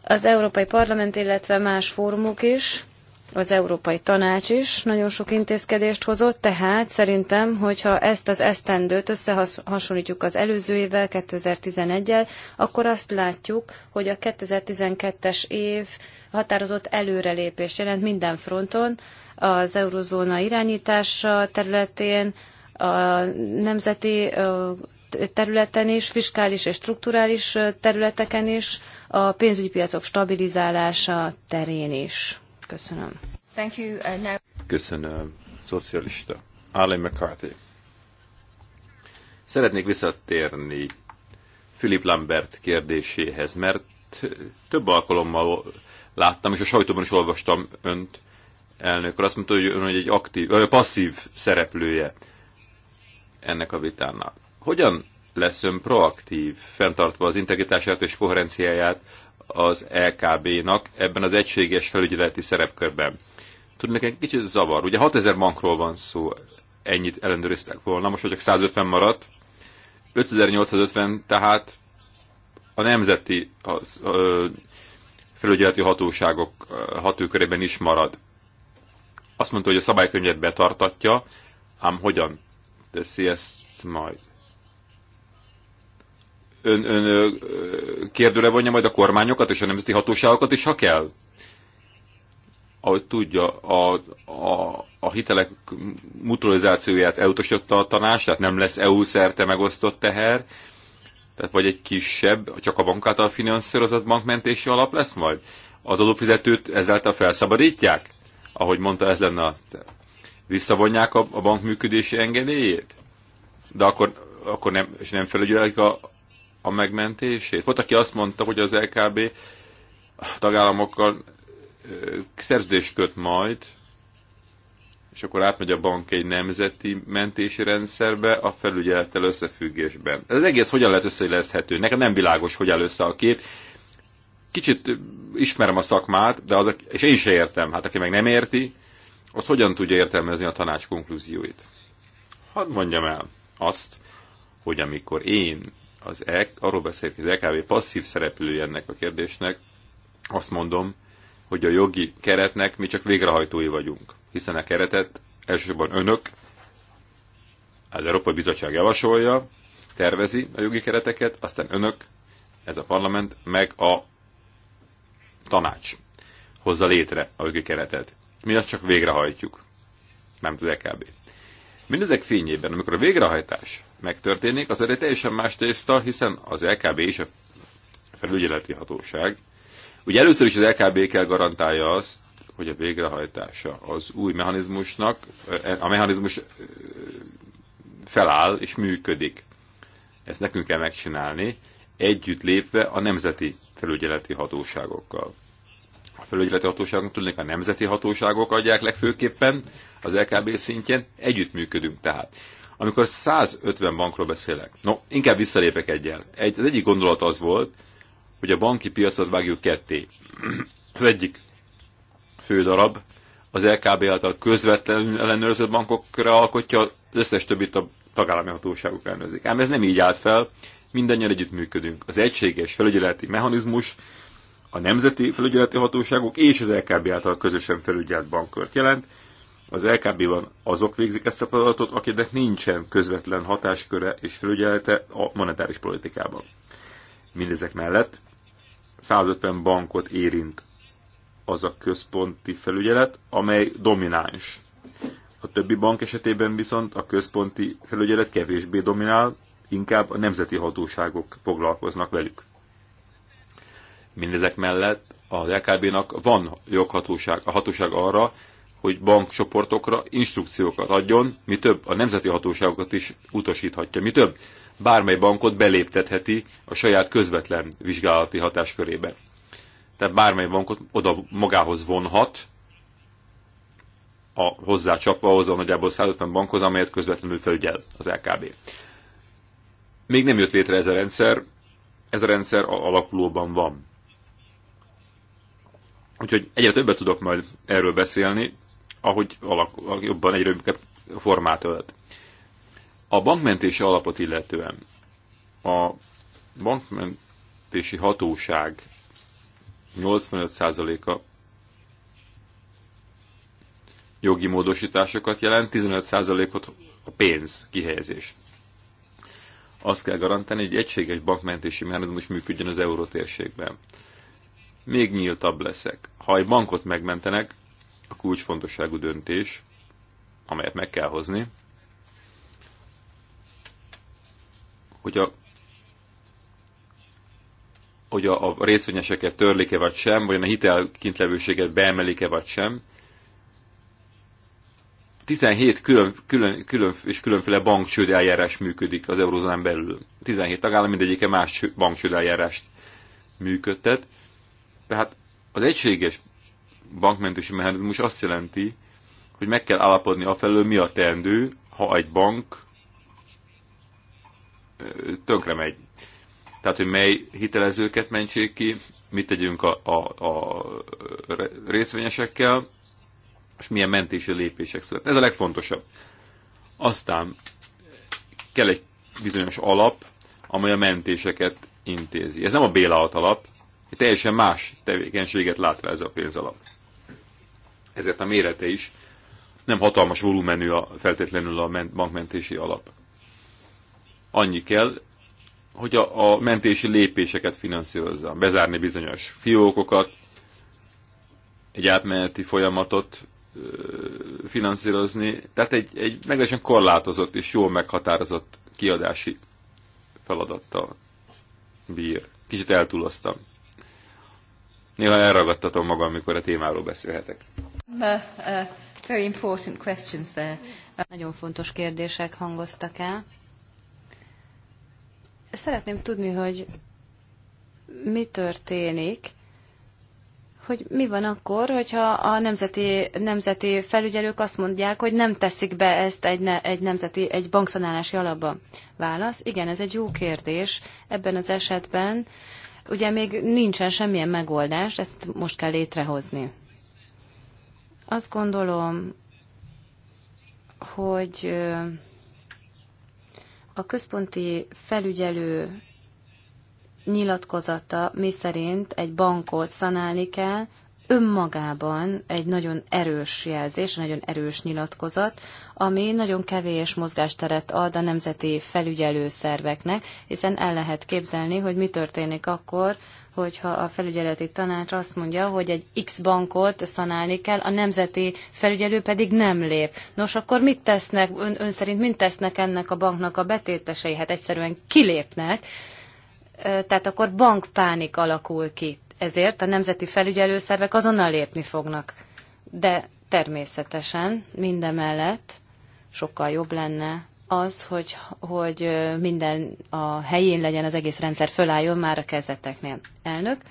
Speaker 1: az Európai Parlament, illetve más fórumok is az Európai Tanács is nagyon sok intézkedést hozott, tehát szerintem, hogyha ezt az esztendőt összehasonlítjuk az előző évvel, 2011-el, akkor azt látjuk, hogy a 2012-es év határozott előrelépés jelent minden fronton, az eurozóna irányítása területén, a nemzeti területen is, fiskális és strukturális területeken is, a pénzügyi piacok stabilizálása terén is. Köszönöm. Thank you, uh, now...
Speaker 2: Köszönöm, szocialista. Arlen McCarthy. Szeretnék visszatérni Philip Lambert kérdéséhez, mert több alkalommal láttam, és a sajtóban is olvastam önt, elnök Azt mondta, hogy ön hogy egy aktív, ö, passzív szereplője ennek a vitának. Hogyan lesz ön proaktív, fenntartva az integritását és koherenciáját az LKB-nak ebben az egységes felügyeleti szerepkörben. Tudni nekem kicsit zavar. Ugye 6000 bankról van szó, ennyit ellenőriztek volna, most csak 150 maradt. 5850 tehát a nemzeti az, ö, felügyeleti hatóságok hatókörében is marad. Azt mondta, hogy a szabálykönyvet betartatja, ám hogyan teszi ezt majd? ön, ön kérdőre vonja majd a kormányokat és a nemzeti hatóságokat is, ha kell? Ahogy tudja, a, a, a hitelek mutualizációját elutasította a tanács, tehát nem lesz EU szerte megosztott teher, tehát vagy egy kisebb, csak a bank által finanszírozott bankmentési alap lesz majd? Az adófizetőt ezáltal felszabadítják? Ahogy mondta, ez lenne a... Visszavonják a, a bank működési engedélyét? De akkor, akkor nem, és nem felügyelik a, a megmentését? Volt, aki azt mondta, hogy az LKB tagállamokkal szerződést köt majd, és akkor átmegy a bank egy nemzeti mentési rendszerbe a felügyelettel összefüggésben. Ez az egész hogyan lehet összeilleszthető? Nekem nem világos, hogy először össze a kép. Kicsit ismerem a szakmát, de az, és én se értem. Hát aki meg nem érti, az hogyan tudja értelmezni a tanács konklúzióit? Hadd mondjam el azt, hogy amikor én az EK, arról beszélek, hogy az EKB passzív szereplője ennek a kérdésnek, azt mondom, hogy a jogi keretnek mi csak végrehajtói vagyunk, hiszen a keretet elsősorban önök, az Európai Bizottság javasolja, tervezi a jogi kereteket, aztán önök, ez a parlament, meg a tanács hozza létre a jogi keretet. Mi azt csak végrehajtjuk, nem az EKB. Mindezek fényében, amikor a végrehajtás megtörténik, az egy teljesen más tészta, hiszen az LKB és a felügyeleti hatóság. Ugye először is az LKB kell garantálja azt, hogy a végrehajtása az új mechanizmusnak, e, a mechanizmus e, feláll és működik. Ezt nekünk kell megcsinálni, együtt lépve a nemzeti felügyeleti hatóságokkal. A felügyeleti hatóságok tudnék a nemzeti hatóságok adják legfőképpen az LKB szintjén, együttműködünk tehát amikor 150 bankról beszélek. No, inkább visszalépek egyel. Egy, az egyik gondolat az volt, hogy a banki piacot vágjuk ketté. Az egyik fő darab az LKB által közvetlenül ellenőrzött bankokra alkotja, az összes többit a tagállami hatóságok ellenőrzik. Ám ez nem így állt fel, mindannyian együttműködünk. Az egységes felügyeleti mechanizmus a nemzeti felügyeleti hatóságok és az LKB által közösen felügyelt bankkört jelent, az LKB-ban azok végzik ezt a feladatot, akiknek nincsen közvetlen hatásköre és felügyelete a monetáris politikában. Mindezek mellett 150 bankot érint az a központi felügyelet, amely domináns. A többi bank esetében viszont a központi felügyelet kevésbé dominál, inkább a nemzeti hatóságok foglalkoznak velük. Mindezek mellett a LKB-nak van joghatóság, a hatóság arra, hogy bankcsoportokra instrukciókat adjon, mi több, a nemzeti hatóságokat is utasíthatja, mi több, bármely bankot beléptetheti a saját közvetlen vizsgálati hatáskörébe. Tehát bármely bankot oda magához vonhat, a hozzácsapva ahhoz a nagyjából 150 bankhoz, amelyet közvetlenül felügyel az LKB. Még nem jött létre ez a rendszer, ez a rendszer alakulóban van. Úgyhogy egyre többet tudok majd erről beszélni, ahogy alak, jobban egy rövidebb formát ölt. A bankmentési alapot illetően a bankmentési hatóság 85%-a jogi módosításokat jelent, 15%-ot a pénz kihelyezés. Azt kell garantálni, hogy egy egységes bankmentési mechanizmus működjön az eurótérségben. Még nyíltabb leszek. Ha egy bankot megmentenek, a kulcsfontosságú döntés, amelyet meg kell hozni, hogy a hogy a, a részvényeseket törlik-e vagy sem, vagy a hitelkintlevőséget beemelik-e vagy sem. 17 külön, külön, külön és különféle bankcsőd eljárás működik az eurózónán belül. 17 tagállam mindegyike más bankcsőd eljárást működtet. Tehát az egységes bankmentési mechanizmus azt jelenti, hogy meg kell állapodni afelől, mi a teendő, ha egy bank tönkre megy. Tehát, hogy mely hitelezőket mentsék ki, mit tegyünk a, a, a részvényesekkel, és milyen mentési lépések születnek. Ez a legfontosabb. Aztán kell egy bizonyos alap, amely a mentéseket intézi. Ez nem a bailout alap, egy teljesen más tevékenységet lát rá ez a pénzalap ezért a mérete is nem hatalmas volumenű a, feltétlenül a bankmentési alap. Annyi kell, hogy a, a mentési lépéseket finanszírozza, bezárni bizonyos fiókokat, egy átmeneti folyamatot ö, finanszírozni, tehát egy, egy meglehetősen korlátozott és jól meghatározott kiadási feladattal bír. Kicsit eltúloztam. Néha elragadtatom magam, amikor a témáról beszélhetek
Speaker 1: very important questions there. Nagyon fontos kérdések hangoztak el. Szeretném tudni, hogy mi történik, hogy mi van akkor, hogyha a nemzeti, nemzeti felügyelők azt mondják, hogy nem teszik be ezt egy, ne, egy nemzeti, egy bankszanálási alapba? Válasz, igen, ez egy jó kérdés. Ebben az esetben ugye még nincsen semmilyen megoldás, ezt most kell létrehozni. Azt gondolom, hogy a központi felügyelő nyilatkozata, mi szerint egy bankot szanálni kell, önmagában egy nagyon erős jelzés, nagyon erős nyilatkozat, ami nagyon kevés mozgásteret ad a nemzeti felügyelő szerveknek, hiszen el lehet képzelni, hogy mi történik akkor, hogyha a felügyeleti tanács azt mondja, hogy egy X bankot szanálni kell, a nemzeti felügyelő pedig nem lép. Nos, akkor mit tesznek, ön, ön szerint mit tesznek ennek a banknak a betétesei? Hát egyszerűen kilépnek, tehát akkor bankpánik alakul ki. Ezért a nemzeti felügyelőszervek azonnal lépni fognak. De természetesen mindemellett sokkal jobb lenne az, hogy, hogy minden a helyén legyen, az egész rendszer fölálljon már a kezdeteknél. Elnök,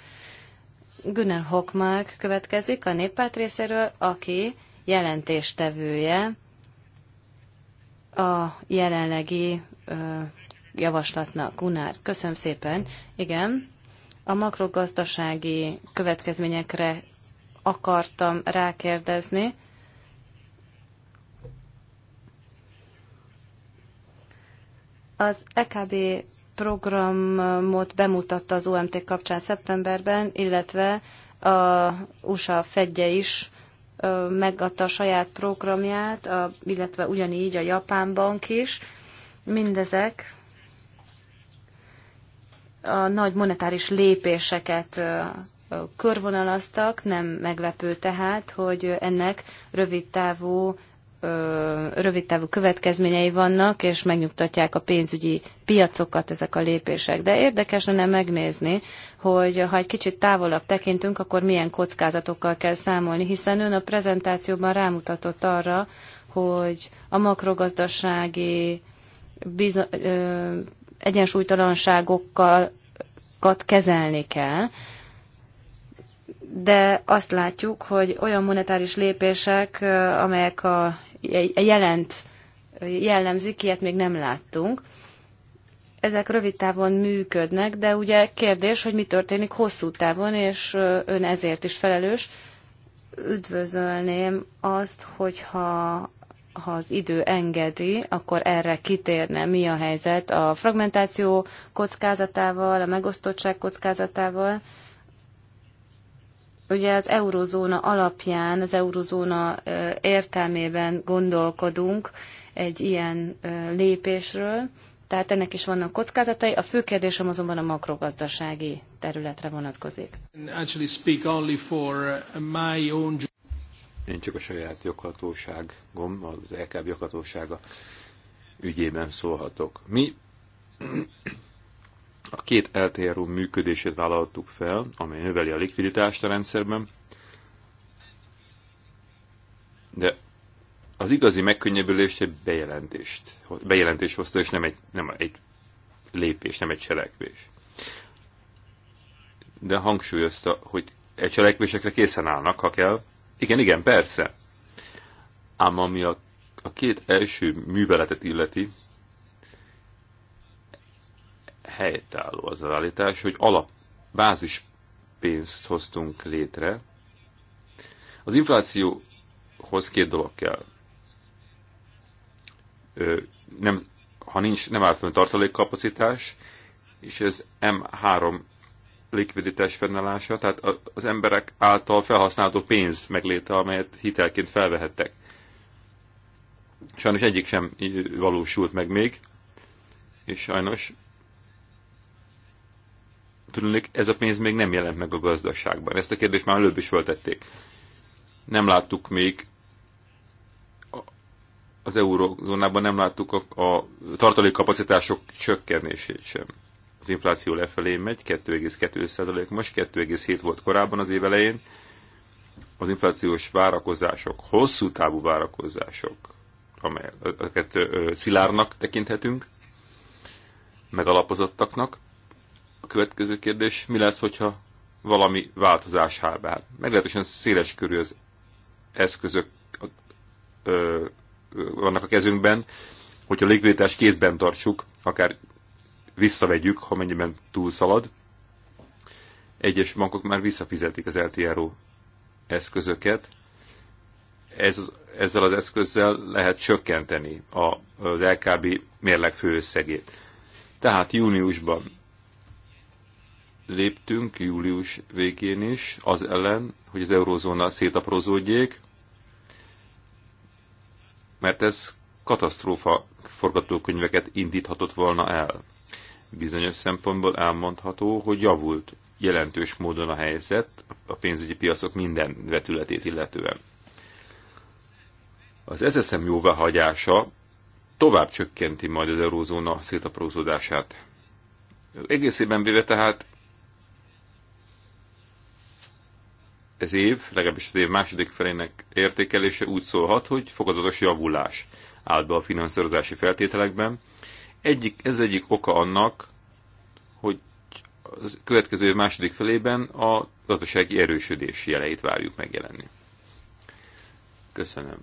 Speaker 1: Gunnar Hockmark következik a néppárt részéről, aki jelentéstevője a jelenlegi ö, javaslatnak. Gunnar, köszönöm szépen. Igen, a makrogazdasági következményekre akartam rákérdezni. Az EKB programot bemutatta az OMT kapcsán szeptemberben, illetve a USA fedje is megadta a saját programját, a, illetve ugyanígy a Japán Bank is. Mindezek a nagy monetáris lépéseket körvonalaztak, nem meglepő tehát, hogy ennek rövid távú rövidtávú következményei vannak, és megnyugtatják a pénzügyi piacokat ezek a lépések. De érdekes lenne megnézni, hogy ha egy kicsit távolabb tekintünk, akkor milyen kockázatokkal kell számolni, hiszen ön a prezentációban rámutatott arra, hogy a makrogazdasági bizo- ö, egyensúlytalanságokkal kezelni kell, de azt látjuk, hogy olyan monetáris lépések, amelyek a jelent, jellemzik, ilyet még nem láttunk. Ezek rövid távon működnek, de ugye kérdés, hogy mi történik hosszú távon, és ön ezért is felelős. Üdvözölném azt, hogyha ha az idő engedi, akkor erre kitérne, mi a helyzet a fragmentáció kockázatával, a megosztottság kockázatával, ugye az eurozóna alapján, az eurozóna értelmében gondolkodunk egy ilyen lépésről, tehát ennek is vannak kockázatai, a fő kérdésem azonban a makrogazdasági területre vonatkozik.
Speaker 2: Uh, Én csak a saját joghatóságom, az LKB joghatósága ügyében szólhatok. Mi a két LTRO működését vállaltuk fel, amely növeli a likviditást a rendszerben, de az igazi megkönnyebbülést egy bejelentést, bejelentés hozta, és nem egy, nem egy lépés, nem egy cselekvés. De hangsúlyozta, hogy egy cselekvésekre készen állnak, ha kell. Igen, igen, persze. Ám ami a, a két első műveletet illeti, helytálló az a állítás, hogy alap, bázis pénzt hoztunk létre. Az inflációhoz két dolog kell. Ö, nem, ha nincs, nem áll fönn tartalékkapacitás, és ez M3 likviditás fennállása, tehát az emberek által felhasználható pénz megléte, amelyet hitelként felvehettek. Sajnos egyik sem valósult meg még, és sajnos tűnik ez a pénz még nem jelent meg a gazdaságban. Ezt a kérdést már előbb is föltették. Nem láttuk még az eurozónában nem láttuk a, a tartalékkapacitások csökkenését sem. Az infláció lefelé megy, 2,2% most, 2,7 volt korábban az év elején. Az inflációs várakozások, hosszú távú várakozások, amelyeket szilárnak tekinthetünk, megalapozottaknak, a következő kérdés, mi lesz, hogyha valami változás hárbár? Meglehetősen széles körű az eszközök ö, ö, vannak a kezünkben, hogyha a likviditást kézben tartsuk, akár visszavegyük, ha mennyiben túlszalad. Egyes bankok már visszafizetik az LTRO eszközöket. Ez, ezzel az eszközzel lehet csökkenteni a, az LKB mérleg főösszegét. Tehát júniusban léptünk július végén is az ellen, hogy az eurózóna szétaprozódjék, mert ez katasztrófa forgatókönyveket indíthatott volna el. Bizonyos szempontból elmondható, hogy javult jelentős módon a helyzet a pénzügyi piacok minden vetületét illetően. Az SSM jóváhagyása tovább csökkenti majd az eurózóna szétaprózódását. Egészében véve tehát ez év, legalábbis az év második felének értékelése úgy szólhat, hogy fokozatos javulás állt be a finanszírozási feltételekben. Egyik, ez egyik oka annak, hogy a következő év második felében a gazdasági erősödés jeleit várjuk megjelenni. Köszönöm.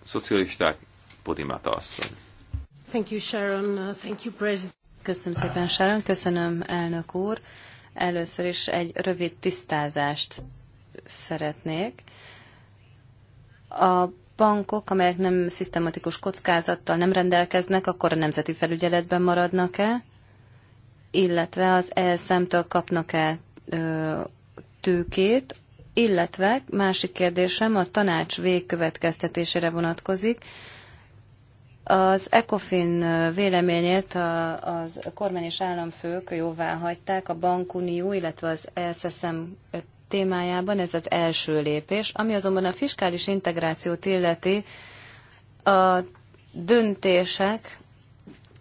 Speaker 2: Szocialisták, Podimata asszony.
Speaker 1: Thank you, Sharon. Uh, thank you, President. Köszönöm szépen, Sharon. Köszönöm, elnök úr. Először is egy rövid tisztázást szeretnék. A bankok, amelyek nem szisztematikus kockázattal nem rendelkeznek, akkor a nemzeti felügyeletben maradnak-e, illetve az ESM-től kapnak-e tőkét, illetve másik kérdésem a tanács végkövetkeztetésére vonatkozik. Az ECOFIN véleményét a, az kormány és államfők jóvá hagyták, a bankunió, illetve az e SSM témájában, ez az első lépés. Ami azonban a fiskális integrációt illeti, a döntések,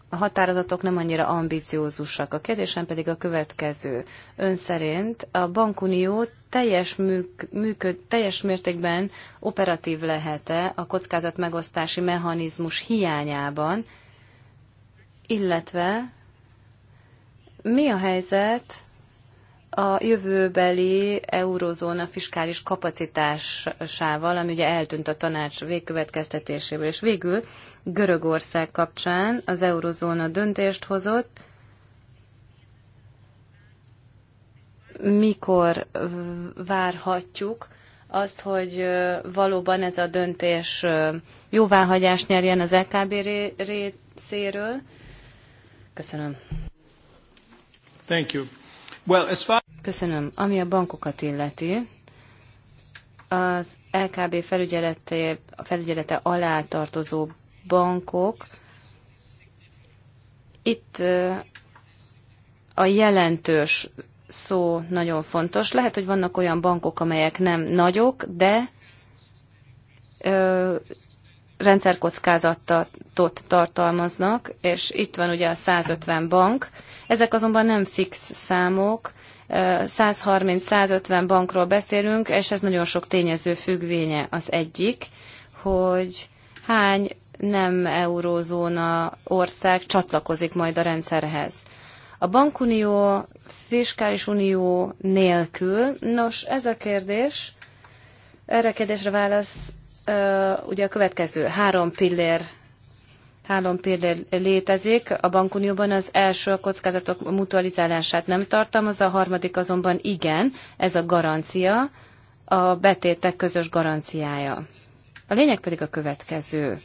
Speaker 1: a határozatok nem annyira ambiciózusak. A kérdésem pedig a következő. Ön szerint a bankunió teljes, műk, működ, teljes mértékben operatív lehet-e a kockázatmegosztási mechanizmus hiányában, illetve mi a helyzet a jövőbeli eurozóna fiskális kapacitásával, ami ugye eltűnt a tanács végkövetkeztetéséből, és végül Görögország kapcsán az eurozóna döntést hozott, mikor várhatjuk azt, hogy valóban ez a döntés jóváhagyást nyerjen az LKB részéről. Köszönöm. Thank you. Well, as far Köszönöm. Ami a bankokat illeti, az LKB felügyelete, felügyelete alá tartozó bankok, itt a jelentős szó nagyon fontos. Lehet, hogy vannak olyan bankok, amelyek nem nagyok, de ö, rendszerkockázatot tartalmaznak, és itt van ugye a 150 bank. Ezek azonban nem fix számok, 130-150 bankról beszélünk, és ez nagyon sok tényező függvénye az egyik, hogy hány nem eurózóna ország csatlakozik majd a rendszerhez. A bankunió, fiskális unió nélkül, nos, ez a kérdés, erre a kérdésre válasz ugye a következő három pillér Három példa létezik. A bankunióban az első a kockázatok mutualizálását nem tartalmazza, a harmadik azonban igen, ez a garancia, a betétek közös garanciája. A lényeg pedig a következő.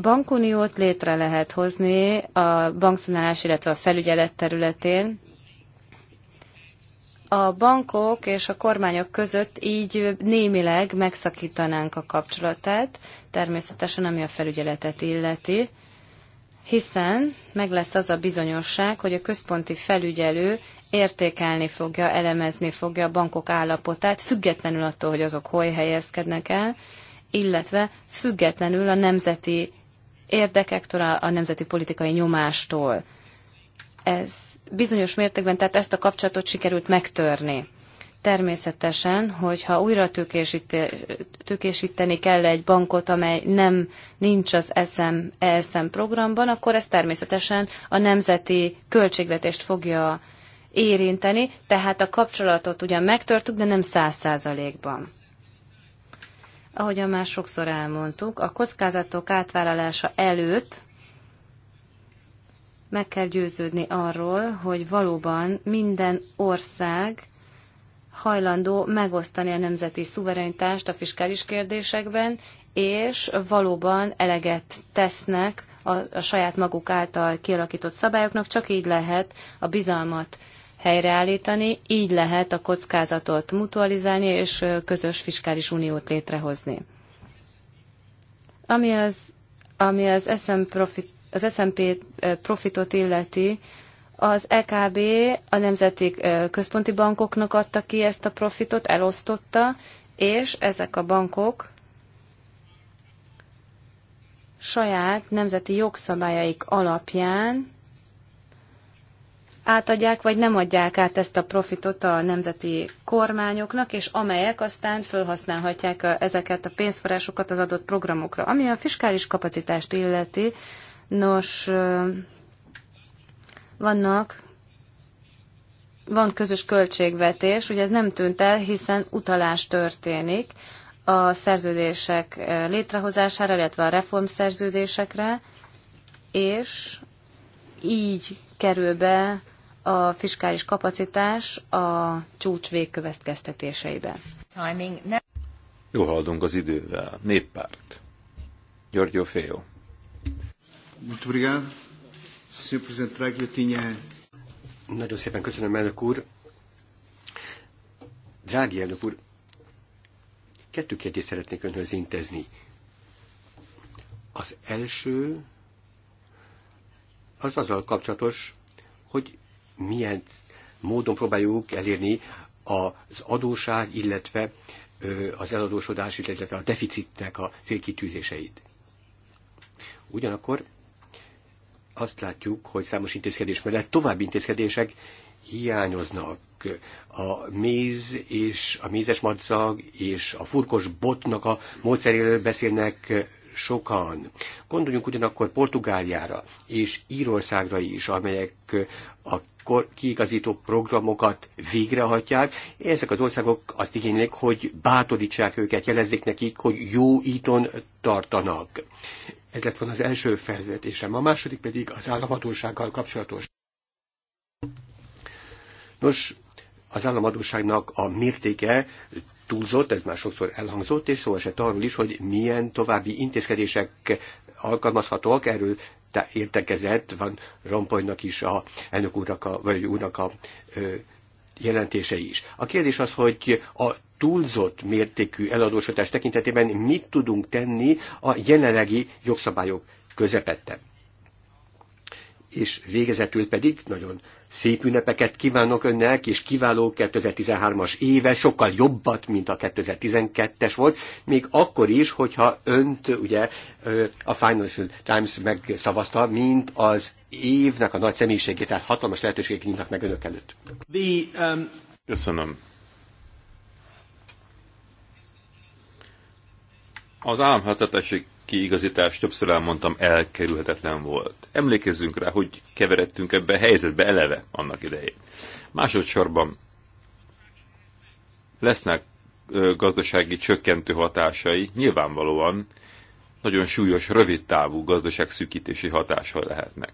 Speaker 1: Bankuniót létre lehet hozni a bankszonálás, illetve a felügyelet területén, a bankok és a kormányok között így némileg megszakítanánk a kapcsolatát, természetesen ami a felügyeletet illeti, hiszen meg lesz az a bizonyosság, hogy a központi felügyelő értékelni fogja, elemezni fogja a bankok állapotát, függetlenül attól, hogy azok hol helyezkednek el, illetve függetlenül a nemzeti érdekektől, a nemzeti politikai nyomástól ez bizonyos mértékben, tehát ezt a kapcsolatot sikerült megtörni. Természetesen, hogyha újra tőkésíteni kell egy bankot, amely nem nincs az SM, ESM programban, akkor ez természetesen a nemzeti költségvetést fogja érinteni, tehát a kapcsolatot ugyan megtörtük, de nem száz százalékban. Ahogyan már sokszor elmondtuk, a kockázatok átvállalása előtt meg kell győződni arról, hogy valóban minden ország hajlandó megosztani a nemzeti szuverenitást a fiskális kérdésekben, és valóban eleget tesznek a, a saját maguk által kialakított szabályoknak, csak így lehet a bizalmat helyreállítani, így lehet a kockázatot mutualizálni és közös fiskális uniót létrehozni. Ami az, ami az SM Profit az S&P profitot illeti, az EKB a nemzeti központi bankoknak adta ki ezt a profitot, elosztotta, és ezek a bankok saját nemzeti jogszabályaik alapján átadják, vagy nem adják át ezt a profitot a nemzeti kormányoknak, és amelyek aztán felhasználhatják ezeket a pénzforrásokat az adott programokra. Ami a fiskális kapacitást illeti, Nos, vannak van közös költségvetés, ugye ez nem tűnt el, hiszen utalás történik a szerződések létrehozására, illetve a reformszerződésekre, és így kerül be a fiskális kapacitás a csúcs végkövetkeztetéseibe.
Speaker 3: Timing. Ne-
Speaker 2: Jó haladunk az idővel. Néppárt. Györgyó Féjó.
Speaker 3: Muito obrigado. Sr. Presidente, tinha... Nagyon szépen köszönöm, elnök úr. Drági elnök úr, kettő kérdést szeretnék önhöz intézni. Az első az azzal kapcsolatos, hogy milyen módon próbáljuk elérni az adóság, illetve az eladósodás, illetve a deficitnek a célkitűzéseit. Ugyanakkor azt látjuk, hogy számos intézkedés mellett további intézkedések hiányoznak. A méz és a mézes madzag és a furkos botnak a módszeréről beszélnek sokan. Gondoljunk ugyanakkor Portugáliára és Írországra is, amelyek a akkor kiigazító programokat végrehajtják. Ezek az országok azt igénylik, hogy bátorítsák őket, jelezzék nekik, hogy jó íton tartanak. Ez lett volna az első felvetésem. A második pedig az államhatósággal kapcsolatos. Nos, az államadóságnak a mértéke túlzott, ez már sokszor elhangzott, és szó esett arról is, hogy milyen további intézkedések alkalmazhatóak, erről értekezett, van Rompolynak is a elnök úrnak a, vagy úrnak a ö, jelentése is. A kérdés az, hogy a túlzott mértékű eladósodás tekintetében mit tudunk tenni a jelenlegi jogszabályok közepette és végezetül pedig nagyon szép ünnepeket kívánok önnek, és kiváló 2013-as éve, sokkal jobbat, mint a 2012-es volt, még akkor is, hogyha önt ugye a Financial Times megszavazta, mint az évnek a nagy személyiségét, tehát hatalmas lehetőségek nyílnak meg önök előtt. The, um... Köszönöm.
Speaker 2: Az államháztartási kiigazítás, többször elmondtam, elkerülhetetlen volt. Emlékezzünk rá, hogy keveredtünk ebbe a helyzetbe eleve annak idején. Másodszorban lesznek gazdasági csökkentő hatásai, nyilvánvalóan nagyon súlyos, rövidtávú gazdaságszűkítési hatással lehetnek.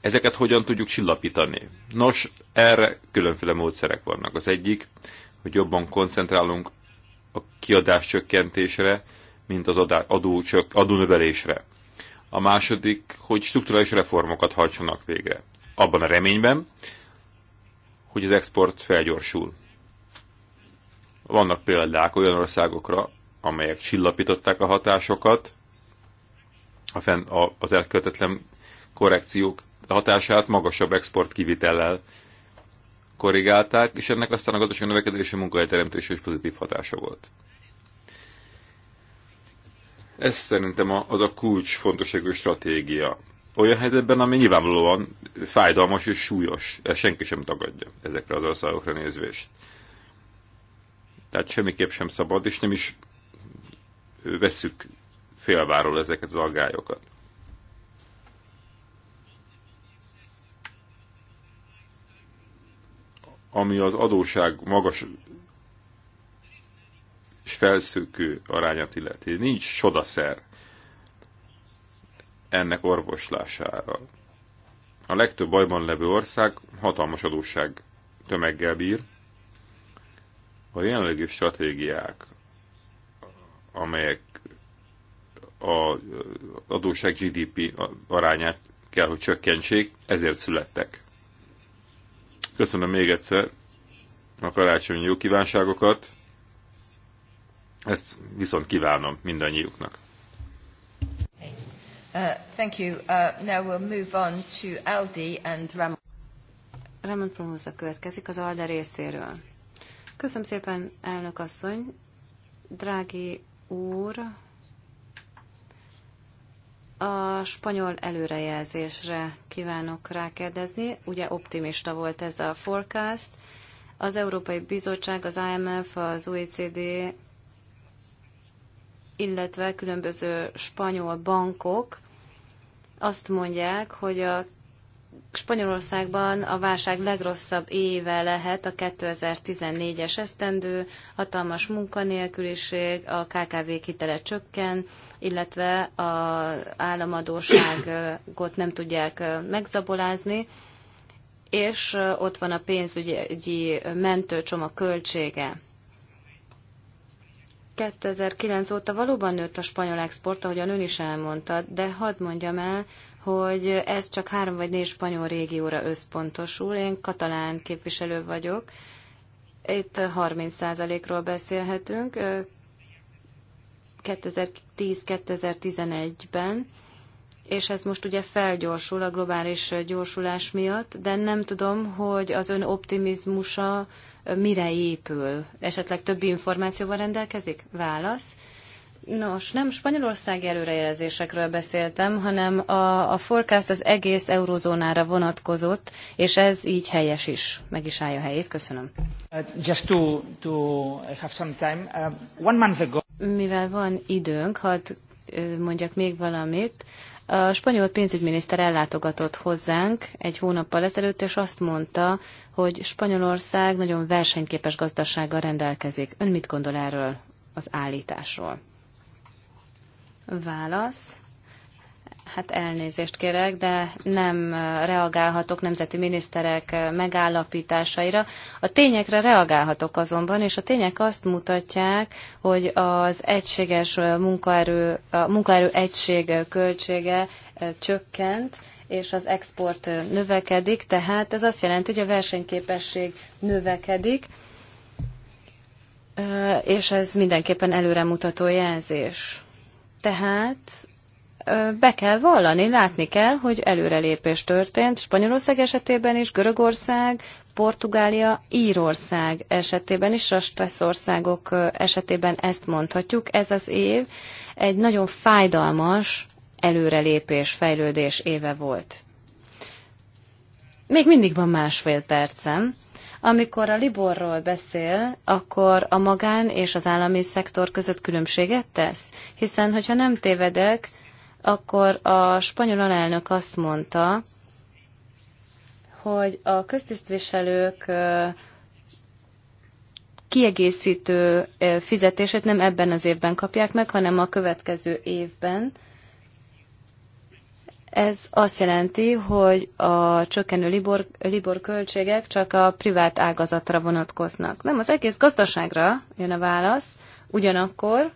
Speaker 2: Ezeket hogyan tudjuk csillapítani? Nos, erre különféle módszerek vannak. Az egyik, hogy jobban koncentrálunk a kiadás csökkentésre, mint az adá, adó, adónövelésre. A második, hogy strukturális reformokat hajtsanak végre. Abban a reményben, hogy az export felgyorsul. Vannak példák olyan országokra, amelyek csillapították a hatásokat, a fenn, a, az elkötetlen korrekciók hatását magasabb exportkivitellel korrigálták, és ennek aztán a gazdaság növekedési munkahelyteremtés is pozitív hatása volt. Ez szerintem az a kulcs fontosságú stratégia. Olyan helyzetben, ami nyilvánvalóan fájdalmas és súlyos. Ezt senki sem tagadja ezekre az országokra nézvést. Tehát semmiképp sem szabad, és nem is veszük félváról ezeket az aggályokat. Ami az adóság magas és felszökő arányat illeti. Nincs sodaszer ennek orvoslására. A legtöbb bajban levő ország hatalmas adósság tömeggel bír. A jelenlegi stratégiák, amelyek az adósság GDP arányát kell, hogy csökkentsék, ezért születtek. Köszönöm még egyszer a karácsonyi jó kívánságokat, ezt viszont kívánom mindannyiuknak.
Speaker 1: Uh, thank you. Uh, now we'll move on to Aldi and Ramon. Ramon Promóza következik az Alda részéről. Köszönöm szépen, elnök asszony. Drági úr, a spanyol előrejelzésre kívánok rákérdezni. Ugye optimista volt ez a forecast. Az Európai Bizottság, az IMF, az OECD illetve különböző spanyol bankok azt mondják, hogy a Spanyolországban a válság legrosszabb éve lehet a 2014-es esztendő, hatalmas munkanélküliség, a KKV hitele csökken, illetve az államadóságot nem tudják megzabolázni, és ott van a pénzügyi mentőcsomag költsége. 2009 óta valóban nőtt a spanyol export, ahogyan ön is elmondta, de hadd mondjam el, hogy ez csak három vagy négy spanyol régióra összpontosul. Én katalán képviselő vagyok, itt 30%-ról beszélhetünk. 2010-2011-ben és ez most ugye felgyorsul a globális gyorsulás miatt, de nem tudom, hogy az ön optimizmusa mire épül. Esetleg több információval rendelkezik? Válasz. Nos, nem Spanyolország előrejelzésekről beszéltem, hanem a, a forecast az egész eurozónára vonatkozott, és ez így helyes is. Meg is állja a helyét. Köszönöm. Uh, just to, to have some time. Uh, one month ago... Mivel van időnk, hadd uh, mondjak még valamit. A spanyol pénzügyminiszter ellátogatott hozzánk egy hónappal ezelőtt, és azt mondta, hogy Spanyolország nagyon versenyképes gazdasággal rendelkezik. Ön mit gondol erről az állításról? Válasz. Hát elnézést kérek, de nem reagálhatok nemzeti miniszterek megállapításaira. A tényekre reagálhatok azonban, és a tények azt mutatják, hogy az egységes munkaerő, a munkaerő egység költsége csökkent, és az export növekedik, tehát ez azt jelenti, hogy a versenyképesség növekedik, és ez mindenképpen előremutató jelzés. Tehát be kell vallani, látni kell, hogy előrelépés történt. Spanyolország esetében is, Görögország, Portugália, Írország esetében is, a stresszországok esetében ezt mondhatjuk. Ez az év egy nagyon fájdalmas előrelépés, fejlődés éve volt. Még mindig van másfél percem. Amikor a Liborról beszél, akkor a magán és az állami szektor között különbséget tesz? Hiszen, hogyha nem tévedek, akkor a spanyol alelnök azt mondta, hogy a köztisztviselők kiegészítő fizetését nem ebben az évben kapják meg, hanem a következő évben. Ez azt jelenti, hogy a csökkenő libor, libor költségek csak a privát ágazatra vonatkoznak. Nem, az egész gazdaságra jön a válasz, ugyanakkor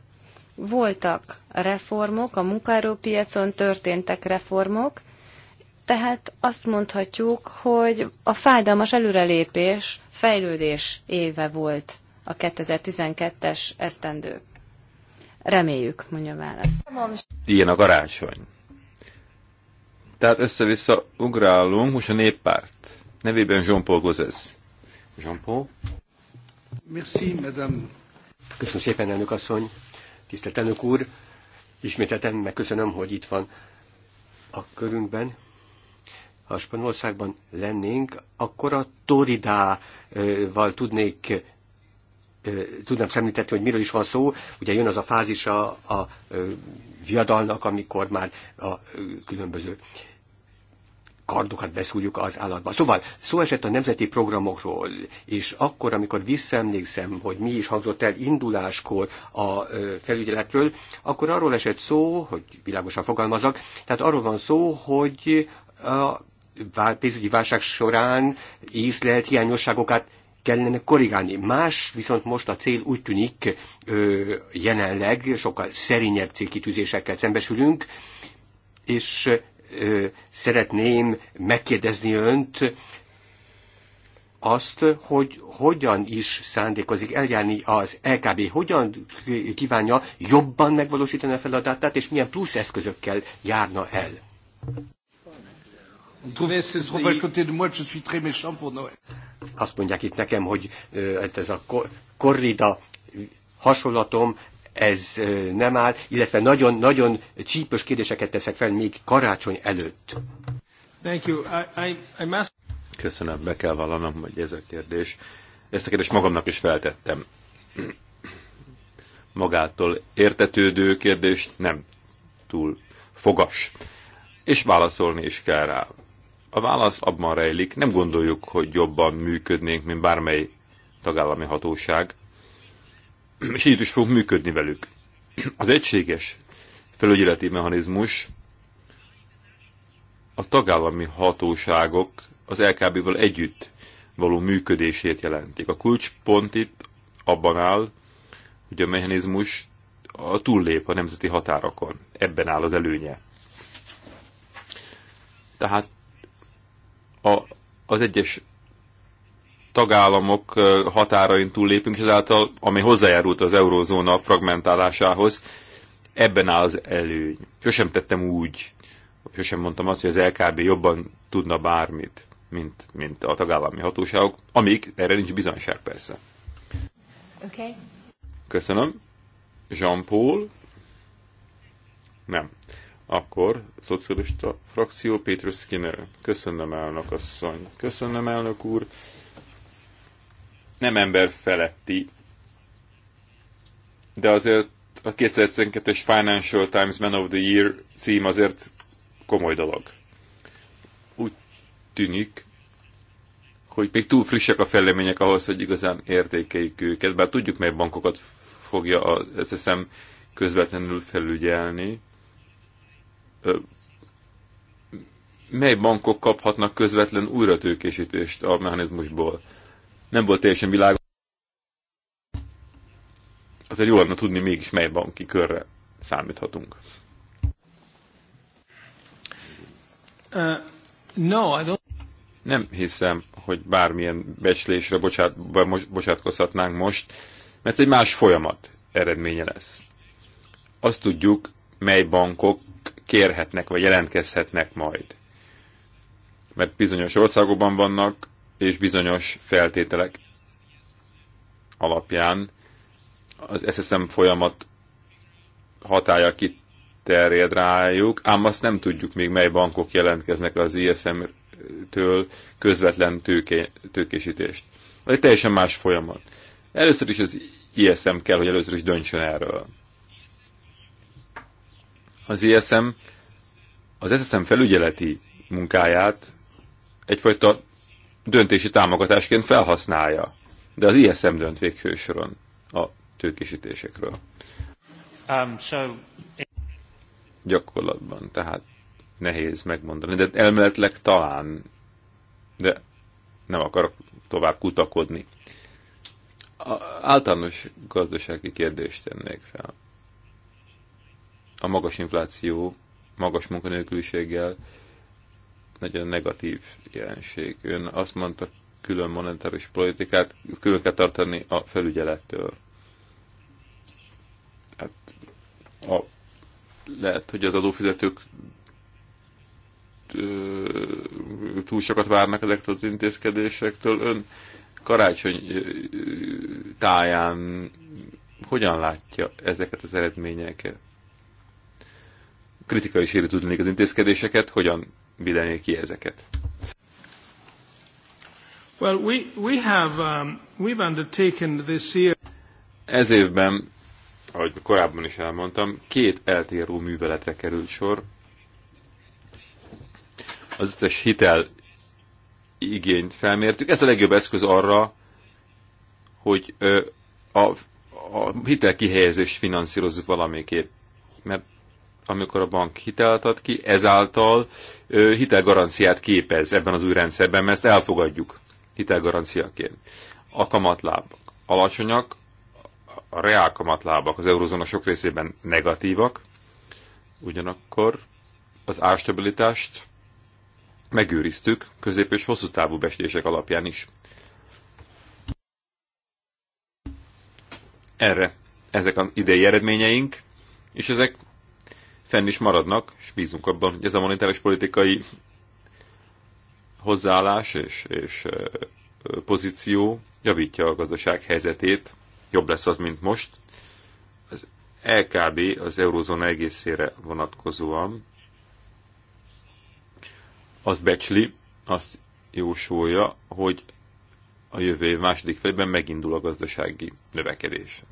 Speaker 1: voltak reformok, a munkaerőpiacon történtek reformok, tehát azt mondhatjuk, hogy a fájdalmas előrelépés, fejlődés éve volt a 2012-es esztendő. Reméljük, mondja válasz.
Speaker 2: Ilyen a karácsony. Tehát össze-vissza ugrálunk, most a néppárt. Nevében Jean-Paul Gozes.
Speaker 3: Jean-Paul.
Speaker 1: Merci, madame.
Speaker 3: Köszönöm szépen, elnök asszony. Tisztelt elnök úr, ismételten megköszönöm, hogy itt van a körünkben. Ha Spanyolországban lennénk, akkor a Toridával tudnék tudnám szemlítetni, hogy miről is van szó. Ugye jön az a fázisa a viadalnak, amikor már a különböző kardokat beszúrjuk az állatba. Szóval szó esett a nemzeti programokról, és akkor, amikor visszaemlékszem, hogy mi is hangzott el induláskor a felügyeletről, akkor arról esett szó, hogy világosan fogalmazok, tehát arról van szó, hogy a pénzügyi válság során észlelt hiányosságokat kellene korrigálni. Más viszont most a cél úgy tűnik, ö, jelenleg sokkal szerényebb célkitűzésekkel szembesülünk, és szeretném megkérdezni önt, azt, hogy hogyan is szándékozik eljárni az LKB, hogyan kívánja jobban megvalósítani a feladatát, és milyen plusz eszközökkel járna el. Azt mondják itt nekem, hogy ez a korrida hasonlatom ez nem áll, illetve nagyon-nagyon csípős kérdéseket teszek fel még karácsony előtt. Thank you. I, I, I must...
Speaker 2: Köszönöm, be kell vallanom, hogy ez a kérdés. Ezt a kérdést magamnak is feltettem. Magától értetődő kérdést nem túl fogas. És válaszolni is kell rá. A válasz abban rejlik, nem gondoljuk, hogy jobban működnénk, mint bármely tagállami hatóság, és így is fogunk működni velük. Az egységes felügyeleti mechanizmus a tagállami hatóságok az LKB-val együtt való működését jelentik. A kulcspont itt abban áll, hogy a mechanizmus a túllép a nemzeti határokon. Ebben áll az előnye. Tehát a, az egyes tagállamok határain túllépünk, és ezáltal, ami hozzájárult az eurózóna fragmentálásához, ebben áll az előny. Sosem tettem úgy, sosem mondtam azt, hogy az LKB jobban tudna bármit, mint, mint a tagállami hatóságok, amíg erre nincs bizonyság persze. Okay. Köszönöm. Jean-Paul? Nem. Akkor szocialista frakció, Péter Skinner. Köszönöm, elnök asszony. Köszönöm, elnök úr nem ember feletti, de azért a 2012-es Financial Times Man of the Year cím azért komoly dolog. Úgy tűnik, hogy még túl frissek a fellemények ahhoz, hogy igazán értékeljük őket, bár tudjuk, mely bankokat fogja az SSM közvetlenül felügyelni. Mely bankok kaphatnak közvetlen újratőkésítést a mechanizmusból? nem volt teljesen világos. Azért jó lenne tudni mégis mely banki körre számíthatunk.
Speaker 3: Uh, no, I don't...
Speaker 2: Nem hiszem, hogy bármilyen beslésre bocsát, bocsátkozhatnánk most, mert ez egy más folyamat eredménye lesz. Azt tudjuk, mely bankok kérhetnek vagy jelentkezhetnek majd. Mert bizonyos országokban vannak és bizonyos feltételek alapján az SSM folyamat hatája kiterjed rájuk, ám azt nem tudjuk még, mely bankok jelentkeznek az ISM-től közvetlen tőké, tőkésítést. Ez egy teljesen más folyamat. Először is az ISM kell, hogy először is döntsön erről. Az ISM az SSM felügyeleti munkáját egyfajta döntési támogatásként felhasználja. De az ISM dönt véghősoron a tőkésítésekről. Um, so... Gyakorlatban, tehát nehéz megmondani, de elméletileg talán, de nem akarok tovább kutakodni. A általános gazdasági kérdést tennék fel. A magas infláció, magas munkanélküliséggel nagyon negatív jelenség. Ön azt mondta, külön monetáris politikát külön kell tartani a felügyelettől. Hát a, lehet, hogy az adófizetők túl sokat várnak ezektől az intézkedésektől. Ön karácsony táján hogyan látja ezeket az eredményeket? Kritikai is tudnék az intézkedéseket, hogyan védené ki ezeket?
Speaker 1: Well, we, we have, um, we've undertaken this year...
Speaker 2: Ez évben, ahogy korábban is elmondtam, két eltérő műveletre került sor. Az összes hitel igényt felmértük. Ez a legjobb eszköz arra, hogy ö, a, a kihelyezést finanszírozzuk valamiképp. Mert amikor a bank hitelt ad ki, ezáltal hitelgaranciát képez ebben az új rendszerben, mert ezt elfogadjuk hitelgaranciaként. A kamatlábak alacsonyak, a reál kamatlábak az eurozóna sok részében negatívak, ugyanakkor az árstabilitást megőriztük közép- és hosszú távú bestések alapján is. Erre ezek az idei eredményeink, és ezek fenn is maradnak, és bízunk abban, hogy ez a monetáris politikai hozzáállás és, és pozíció javítja a gazdaság helyzetét, jobb lesz az, mint most. Az LKB az eurozóna egészére vonatkozóan az becsli, azt jósolja, hogy a jövő év második felében megindul a gazdasági növekedés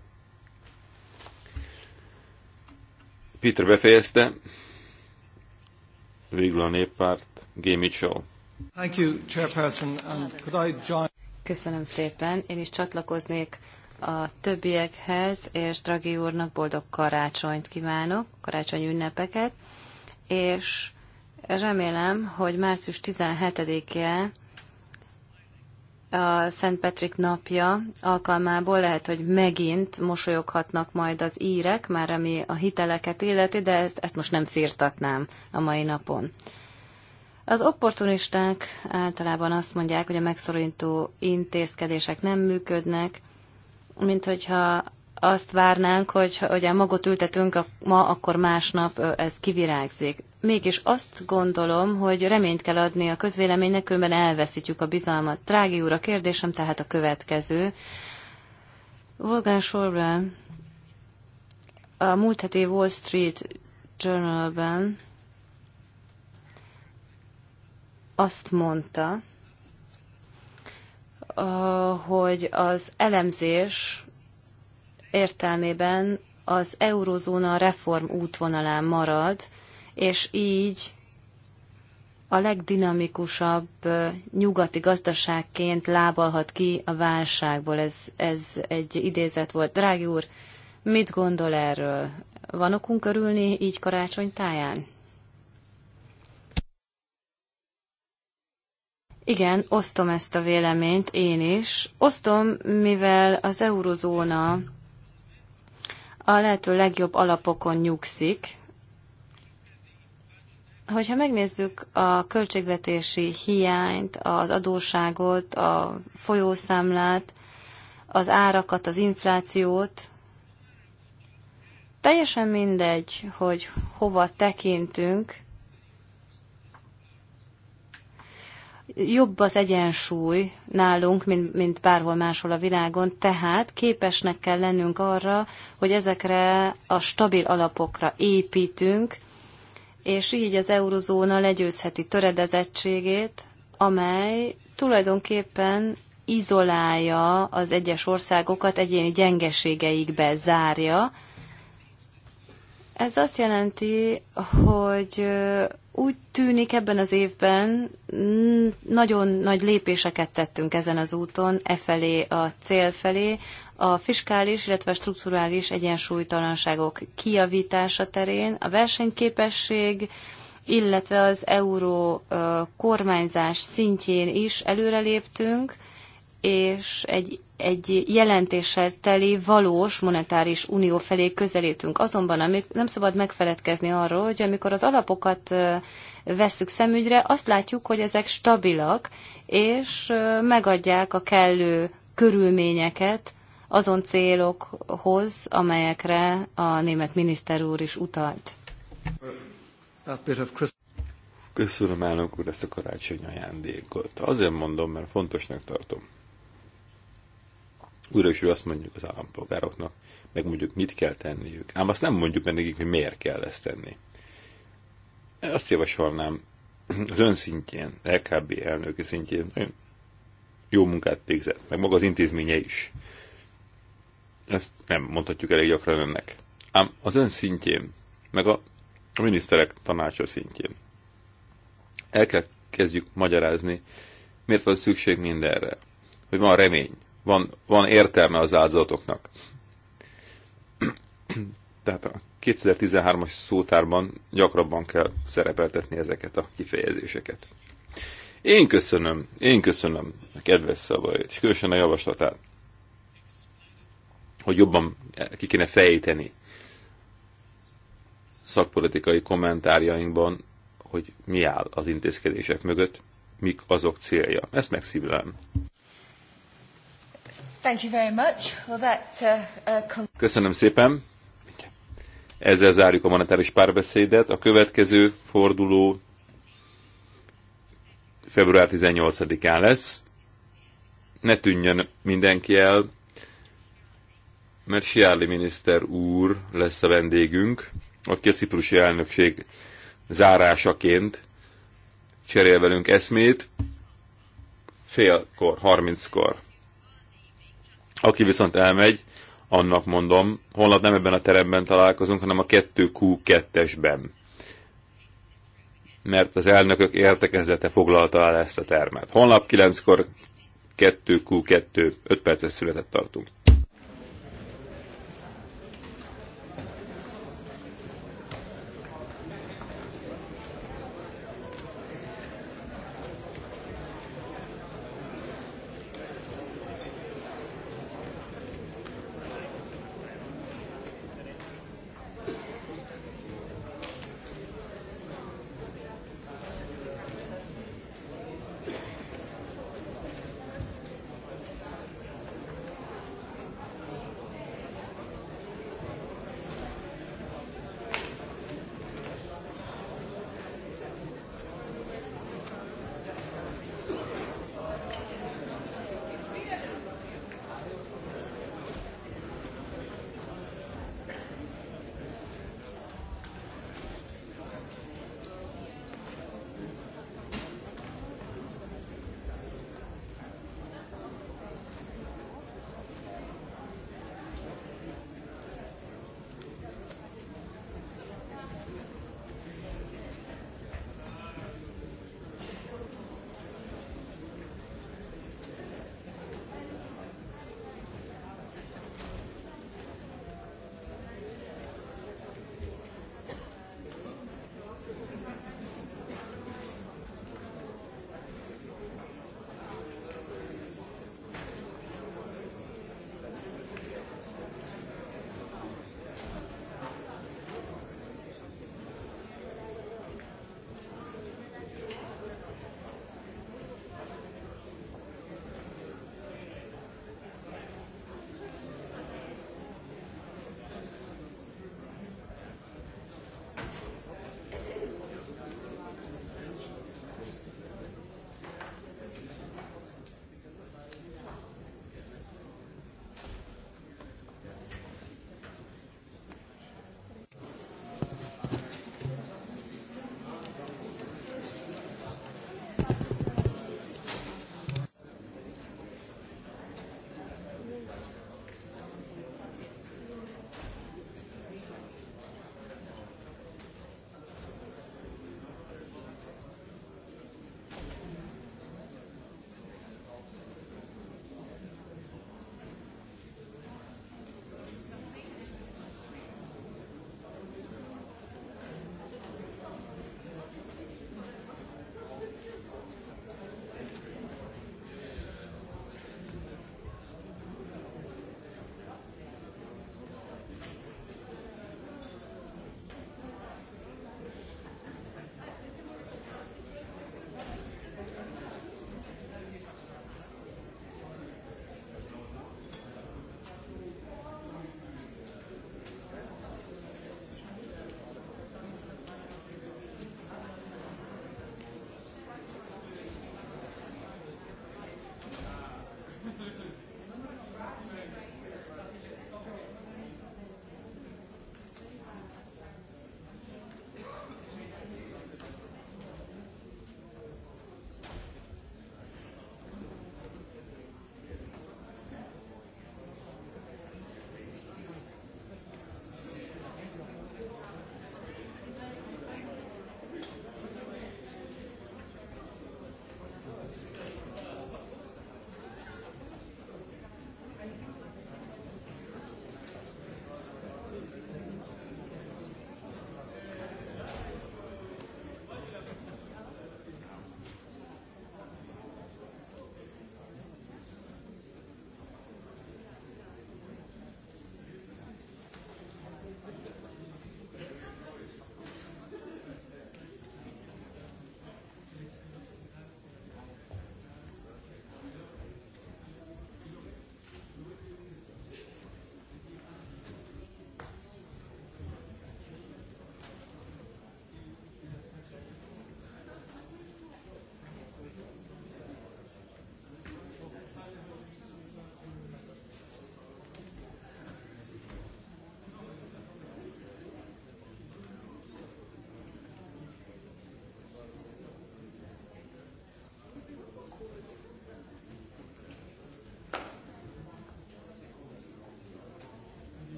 Speaker 2: Peter befejezte. Végül a néppárt. G. Mitchell.
Speaker 3: Thank you, Chairperson, and um, could I
Speaker 1: join... Köszönöm szépen. Én is csatlakoznék a többiekhez, és Dragi úrnak boldog karácsonyt kívánok, karácsony ünnepeket, és remélem, hogy március 17-e a Szent Petrik napja alkalmából lehet, hogy megint mosolyoghatnak majd az írek, már ami a hiteleket illeti, de ezt, ezt most nem firtatnám a mai napon. Az opportunisták általában azt mondják, hogy a megszorító intézkedések nem működnek, mint hogyha azt várnánk, hogy ha magot ültetünk a, ma, akkor másnap ez kivirágzik. Mégis azt gondolom, hogy reményt kell adni a közvéleménynek, különben elveszítjük a bizalmat. Trági úr, a kérdésem tehát a következő. Volgán Sorban a múlt heti Wall Street Journalben azt mondta, hogy az elemzés értelmében az eurozóna reform útvonalán marad, és így a legdinamikusabb nyugati gazdaságként lábalhat ki a válságból. Ez, ez egy idézet volt. Drági úr, mit gondol erről? Van okunk örülni így karácsony táján? Igen, osztom ezt a véleményt én is. Osztom, mivel az eurozóna a lehető legjobb alapokon nyugszik. Hogyha megnézzük a költségvetési hiányt, az adóságot, a folyószámlát, az árakat, az inflációt, teljesen mindegy, hogy hova tekintünk, jobb az egyensúly nálunk, mint, mint bárhol máshol a világon, tehát képesnek kell lennünk arra, hogy ezekre a stabil alapokra építünk, és így az eurozóna legyőzheti töredezettségét, amely tulajdonképpen izolálja az egyes országokat, egyéni gyengeségeikbe zárja, ez azt jelenti, hogy úgy tűnik ebben az évben nagyon nagy lépéseket tettünk ezen az úton, e felé, a cél felé, a fiskális, illetve a strukturális egyensúlytalanságok kiavítása terén, a versenyképesség, illetve az euró kormányzás szintjén is előreléptünk, és egy egy jelentéssel teli valós monetáris unió felé közelítünk. Azonban nem szabad megfeledkezni arról, hogy amikor az alapokat vesszük szemügyre, azt látjuk, hogy ezek stabilak, és megadják a kellő körülményeket azon célokhoz, amelyekre a német miniszter úr is utalt.
Speaker 2: Köszönöm, elnök úr, ezt a karácsony ajándékot. Azért mondom, mert fontosnak tartom újra is azt mondjuk az állampolgároknak, meg mondjuk mit kell tenniük. Ám azt nem mondjuk meg nekik, hogy miért kell ezt tenni. Azt javasolnám az ön szintjén, LKB elnöki szintjén nagyon jó munkát végzett, meg maga az intézménye is. Ezt nem mondhatjuk elég gyakran önnek. Ám az ön szintjén, meg a, a miniszterek tanácsa szintjén el kell kezdjük magyarázni, miért van szükség mindenre. Hogy van remény, van, van értelme az áldozatoknak. Tehát a 2013-as szótárban gyakrabban kell szerepeltetni ezeket a kifejezéseket. Én köszönöm, én köszönöm a kedves szavait, és különösen a javaslatát, hogy jobban ki kéne fejteni szakpolitikai kommentárjainkban, hogy mi áll az intézkedések mögött, mik azok célja. Ezt megszívülem.
Speaker 3: Uh, uh,
Speaker 2: Köszönöm szépen. Ezzel zárjuk a monetáris párbeszédet. A következő forduló február 18-án lesz. Ne tűnjön mindenki el, mert Siárli miniszter úr lesz a vendégünk, aki a ciprusi elnökség zárásaként cserél velünk eszmét félkor, 30-kor. Aki viszont elmegy, annak mondom, holnap nem ebben a teremben találkozunk, hanem a 2Q2-esben. Mert az elnökök értekezete foglalta el ezt a termet. Holnap 9-kor 2Q2, 5 perces született tartunk.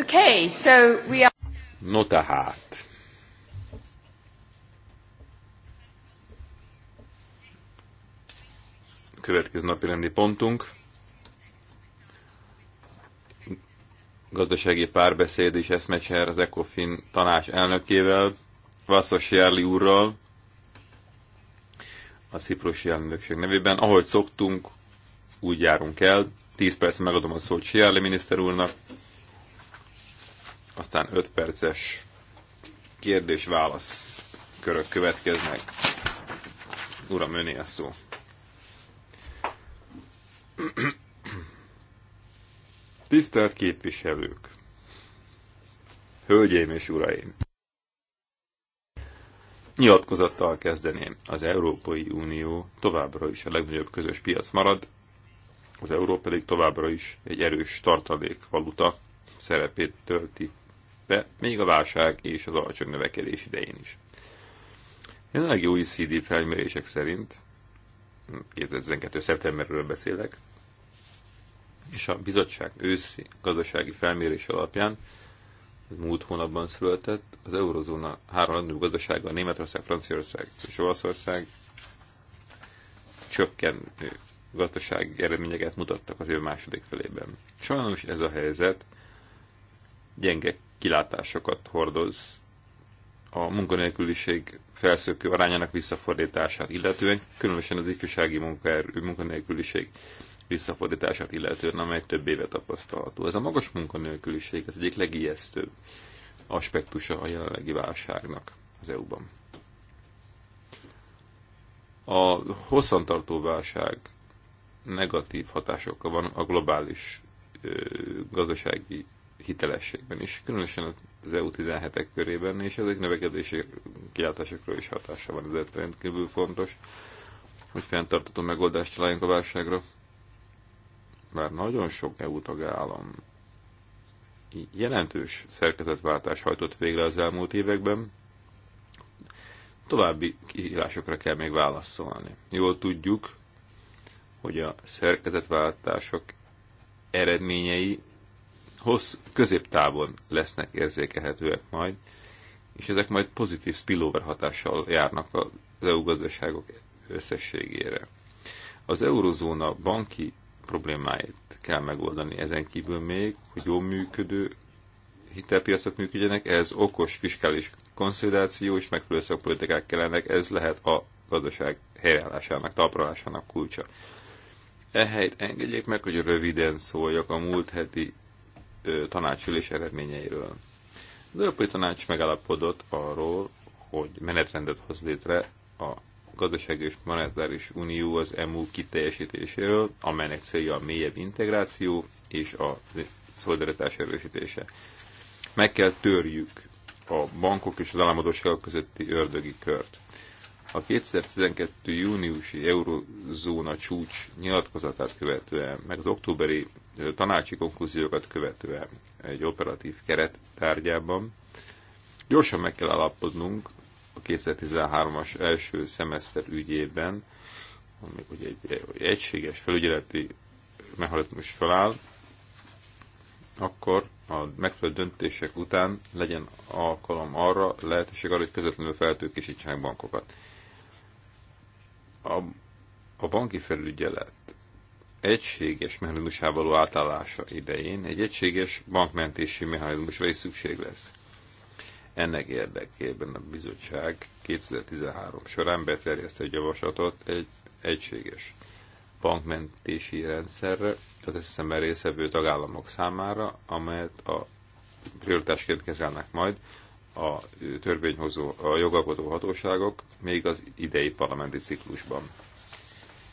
Speaker 1: Okay,
Speaker 3: so we are...
Speaker 2: No tehát. Következő napi rendi pontunk. Gazdasági párbeszéd és eszmecser az ECOFIN tanács elnökével, Vasszas Jelli úrral, a ciprusi elnökség nevében. Ahogy szoktunk, úgy járunk el. 10 perc megadom a szót Siárli miniszter úrnak, aztán 5 perces kérdés-válasz körök következnek. Uram, öné a szó. Tisztelt képviselők! Hölgyeim és uraim! Nyilatkozattal kezdeném. Az Európai Unió továbbra is a legnagyobb közös piac marad, az euró pedig továbbra is egy erős tartalék valuta szerepét tölti be, még a válság és az alacsony növekedés idején is. Jelenlegi OECD felmérések szerint, 2012. szeptemberről beszélek, és a bizottság őszi gazdasági felmérés alapján múlt hónapban született, az eurozóna három legnagyobb gazdasága, a Németország, Franciaország és Olaszország csökkenő gazdasági eredményeket mutattak az év második felében. Sajnos ez a helyzet gyenge kilátásokat hordoz a munkanélküliség felszökő arányának visszafordítását, illetően különösen az ifjúsági munkanélküliség visszafordítását illetően, amely több éve tapasztalható. Ez a magas munkanélküliség az egyik legijesztőbb aspektusa a jelenlegi válságnak az EU-ban. A hosszantartó válság negatív hatásokkal van a globális ö, gazdasági hitelességben is, különösen az EU17-ek körében, és ezek növekedési kiáltásokról is hatása van, ezért rendkívül fontos, hogy fenntartató megoldást találjunk a válságra. Bár nagyon sok EU tagállam jelentős szerkezetváltás hajtott végre az elmúlt években, további kihívásokra kell még válaszolni. Jól tudjuk, hogy a szerkezetváltások eredményei hossz, középtávon lesznek érzékelhetőek majd, és ezek majd pozitív spillover hatással járnak az EU gazdaságok összességére. Az eurozóna banki problémáit kell megoldani ezen kívül még, hogy jó működő hitelpiacok működjenek, ez okos fiskális konszolidáció és megfelelő szakpolitikák kellenek, ez lehet a gazdaság helyreállásának, talpralásának kulcsa. Ehelyt engedjék meg, hogy röviden szóljak a múlt heti tanácsülés eredményeiről. Az Európai Tanács megállapodott arról, hogy menetrendet hoz létre a gazdasági és monetáris unió az EMU kiteljesítéséről, amelynek célja a mélyebb integráció és a szolidaritás erősítése. Meg kell törjük a bankok és az államadóságok közötti ördögi kört. A 2012. júniusi eurozóna csúcs nyilatkozatát követően, meg az októberi tanácsi konklúziókat követően egy operatív keret tárgyában gyorsan meg kell alapoznunk a 2013-as első szemeszter ügyében, ami ugye egy, egy egységes felügyeleti mechanizmus feláll, akkor a megfelelő döntések után legyen alkalom arra, lehetőség arra, hogy közvetlenül feltőkésítsenek bankokat a, a banki felügyelet egységes mechanizmusával való átállása idején egy egységes bankmentési mechanizmusra is szükség lesz. Ennek érdekében a bizottság 2013 során beterjesztett egy javaslatot egy egységes bankmentési rendszerre az SSM részevő tagállamok számára, amelyet a prioritásként kezelnek majd a törvényhozó, a jogalkotó hatóságok még az idei parlamenti ciklusban.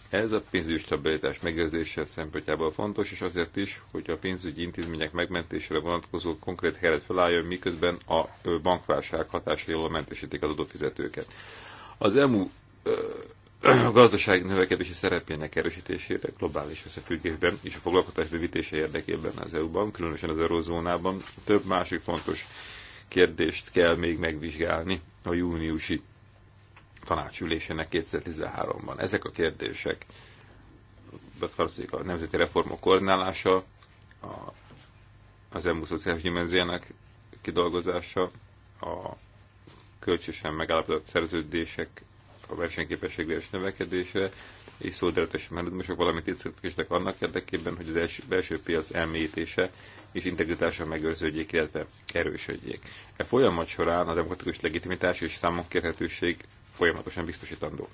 Speaker 2: Ez a pénzügyi stabilitás megőrzése szempontjából fontos, és azért is, hogy a pénzügyi intézmények megmentésére vonatkozó konkrét helyet felálljon, miközben a bankválság jól mentesítik az adófizetőket. Az EMU a gazdaság növekedési szerepének erősítésére globális összefüggésben és a foglalkoztatás bővítése érdekében az EU-ban, különösen az eurozónában több másik fontos kérdést kell még megvizsgálni a júniusi tanácsülésének 2013-ban. Ezek a kérdések, a nemzeti reformok koordinálása, a, az EMU szociális dimenziának kidolgozása, a kölcsösen megállapodott szerződések a versenyképességre és növekedésre, és szolidaritás mechanizmusok, valamint intézkedések annak érdekében, hogy az első, belső piac elmélyítése és integritása megőrződjék, illetve erősödjék. E folyamat során a demokratikus legitimitás és számonkérhetőség folyamatosan biztosítandó.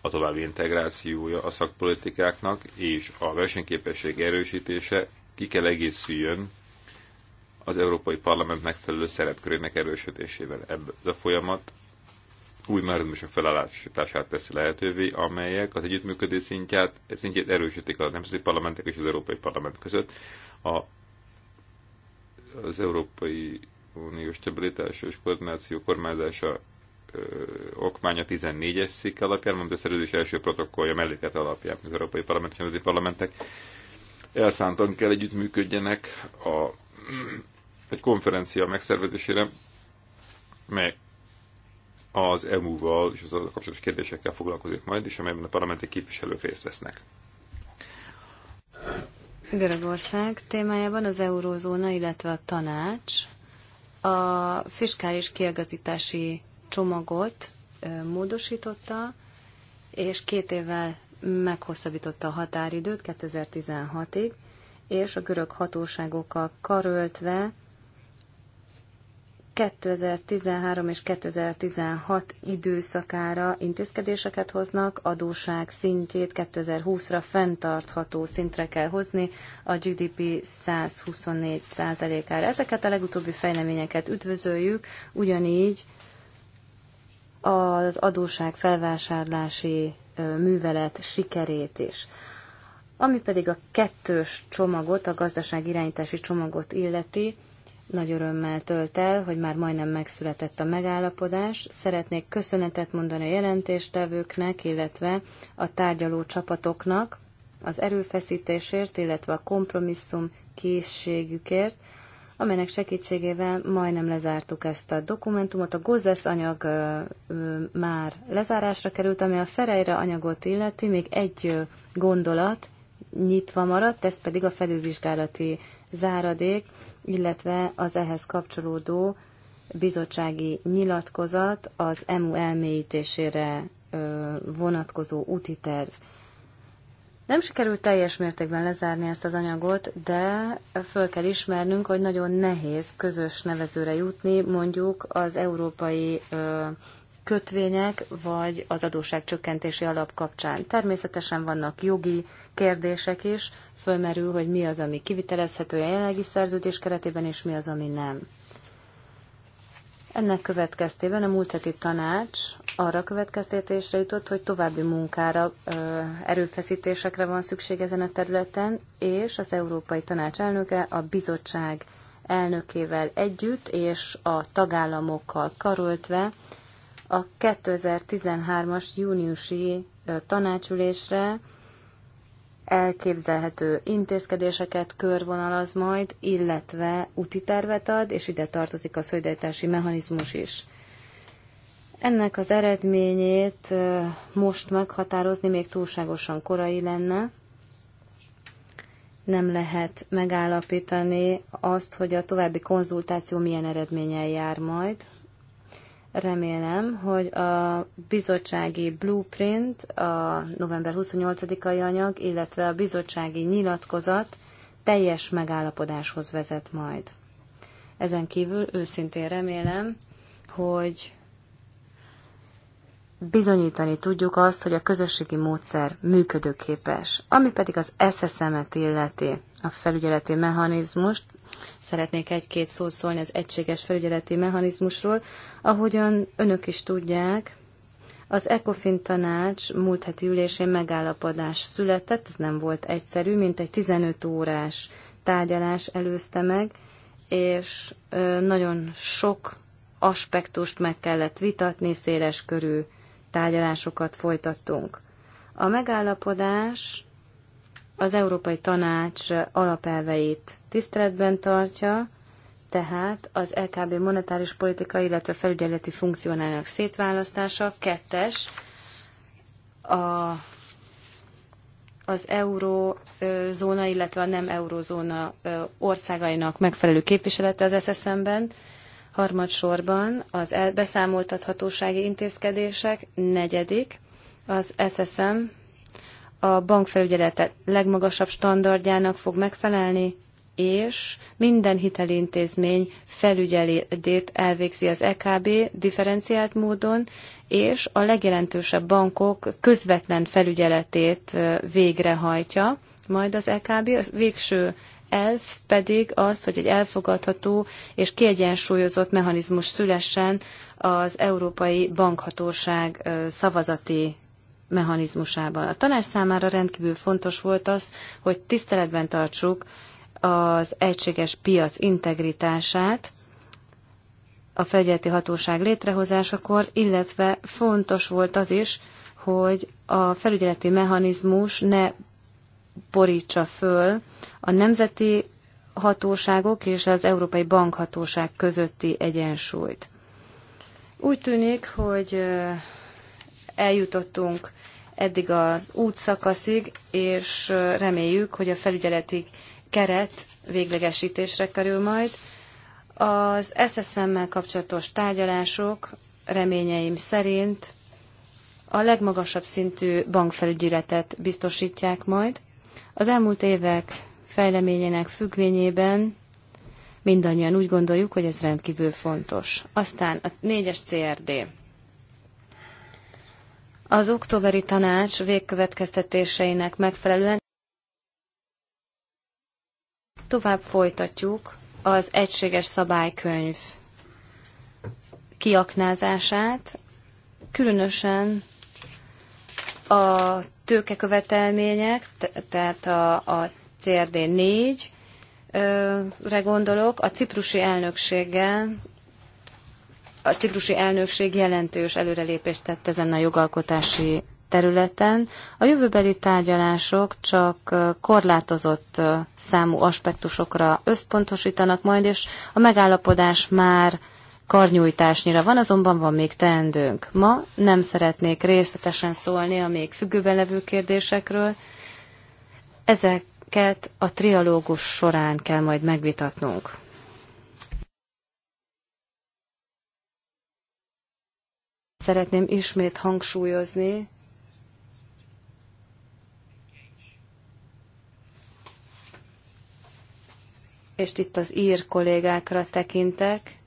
Speaker 2: A további integrációja a szakpolitikáknak és a versenyképesség erősítése ki kell egészüljön az Európai Parlament megfelelő szerepkörének erősödésével. Ebből ez a folyamat új mechanizmusok felállítását teszi lehetővé, amelyek az együttműködés szintját, szintjét erősítik a nemzeti parlamentek és az Európai Parlament között. A, az Európai Uniós Stabilitás és Koordináció kormányzása ö, okmánya 14-es szik alapján, mondta a szerződés első protokollja melléket alapján az Európai Parlament és a Nemzeti Parlamentek elszántan kell együttműködjenek a, egy konferencia megszervezésére, mely az EMU-val és az a kapcsolatos kérdésekkel foglalkozik majd, és amelyben a parlamenti képviselők részt vesznek.
Speaker 1: Görögország témájában az eurózóna, illetve a tanács a fiskális kiegazítási csomagot módosította, és két évvel meghosszabbította a határidőt 2016-ig, és a görög hatóságokkal karöltve 2013 és 2016 időszakára intézkedéseket hoznak, adóság szintjét 2020-ra fenntartható szintre kell hozni a GDP 124%-ára. Ezeket a legutóbbi fejleményeket üdvözöljük, ugyanígy az adóság felvásárlási művelet sikerét is. Ami pedig a kettős csomagot, a gazdaság irányítási csomagot illeti, nagy örömmel tölt el, hogy már majdnem megszületett a megállapodás. Szeretnék köszönetet mondani a jelentéstevőknek, illetve a tárgyaló csapatoknak az erőfeszítésért, illetve a kompromisszum készségükért, amelynek segítségével majdnem lezártuk ezt a dokumentumot. A Gozesz anyag már lezárásra került, ami a Ferejre anyagot illeti, még egy gondolat nyitva maradt, ez pedig a felülvizsgálati záradék, illetve az ehhez kapcsolódó bizottsági nyilatkozat az EMU elmélyítésére vonatkozó úti terv. Nem sikerült teljes mértékben lezárni ezt az anyagot, de föl kell ismernünk, hogy nagyon nehéz közös nevezőre jutni, mondjuk az európai kötvények vagy az adósságcsökkentési alap kapcsán. Természetesen vannak jogi kérdések is, fölmerül, hogy mi az, ami kivitelezhető a jelenlegi szerződés keretében, és mi az, ami nem. Ennek következtében a múlt heti tanács arra következtetésre jutott, hogy további munkára, erőfeszítésekre van szükség ezen a területen, és az Európai Tanács elnöke a bizottság elnökével együtt és a tagállamokkal karöltve a 2013-as júniusi tanácsülésre elképzelhető intézkedéseket körvonalaz majd, illetve úti tervet ad, és ide tartozik a szolidaritási mechanizmus is. Ennek az eredményét most meghatározni még túlságosan korai lenne. Nem lehet megállapítani azt, hogy a további konzultáció milyen eredménnyel jár majd. Remélem, hogy a bizottsági blueprint, a november 28-ai anyag, illetve a bizottsági nyilatkozat teljes megállapodáshoz vezet majd. Ezen kívül őszintén remélem, hogy bizonyítani tudjuk azt, hogy a közösségi módszer működőképes. Ami pedig az SSM-et illeti, a felügyeleti mechanizmust, Szeretnék egy-két szót szólni az egységes felügyeleti mechanizmusról. Ahogyan önök is tudják, az ECOFIN tanács múlt heti ülésén megállapodás született, ez nem volt egyszerű, mint egy 15 órás tárgyalás előzte meg, és nagyon sok aspektust meg kellett vitatni, széles körű tárgyalásokat folytattunk. A megállapodás az Európai Tanács alapelveit tiszteletben tartja, tehát az LKB monetáris politika, illetve felügyeleti funkcionálnak szétválasztása, kettes, a, az eurózóna, illetve a nem eurózóna országainak megfelelő képviselete az SSM-ben, harmadsorban az beszámoltathatósági intézkedések, negyedik, az SSM a bankfelügyeletet legmagasabb standardjának fog megfelelni, és minden hitelintézmény felügyeletét elvégzi az EKB differenciált módon, és a legjelentősebb bankok közvetlen felügyeletét végrehajtja, majd az EKB, az végső elf pedig az, hogy egy elfogadható és kiegyensúlyozott mechanizmus szülessen az Európai Bankhatóság szavazati mechanizmusában. A tanács számára rendkívül fontos volt az, hogy tiszteletben tartsuk az egységes piac integritását a felügyeleti hatóság létrehozásakor, illetve fontos volt az is, hogy a felügyeleti mechanizmus ne borítsa föl a nemzeti hatóságok és az Európai Bankhatóság közötti egyensúlyt. Úgy tűnik, hogy eljutottunk eddig az útszakaszig, és reméljük, hogy a felügyeleti keret véglegesítésre kerül majd. Az SSM-mel kapcsolatos tárgyalások reményeim szerint a legmagasabb szintű bankfelügyeletet biztosítják majd. Az elmúlt évek fejleményének függvényében mindannyian úgy gondoljuk, hogy ez rendkívül fontos. Aztán a 4-es CRD. Az októberi tanács végkövetkeztetéseinek megfelelően tovább folytatjuk az egységes szabálykönyv kiaknázását, különösen a tőkekövetelmények, tehát a, a CRD 4 re gondolok, a ciprusi elnökséggel a ciprusi elnökség jelentős előrelépést tett ezen a jogalkotási területen. A jövőbeli tárgyalások csak korlátozott számú aspektusokra összpontosítanak majd, és a megállapodás már karnyújtásnyira van, azonban van még teendőnk. Ma nem szeretnék részletesen szólni a még függőben levő kérdésekről. Ezeket a trialógus során kell majd megvitatnunk. Szeretném ismét hangsúlyozni, és itt az ír kollégákra tekintek,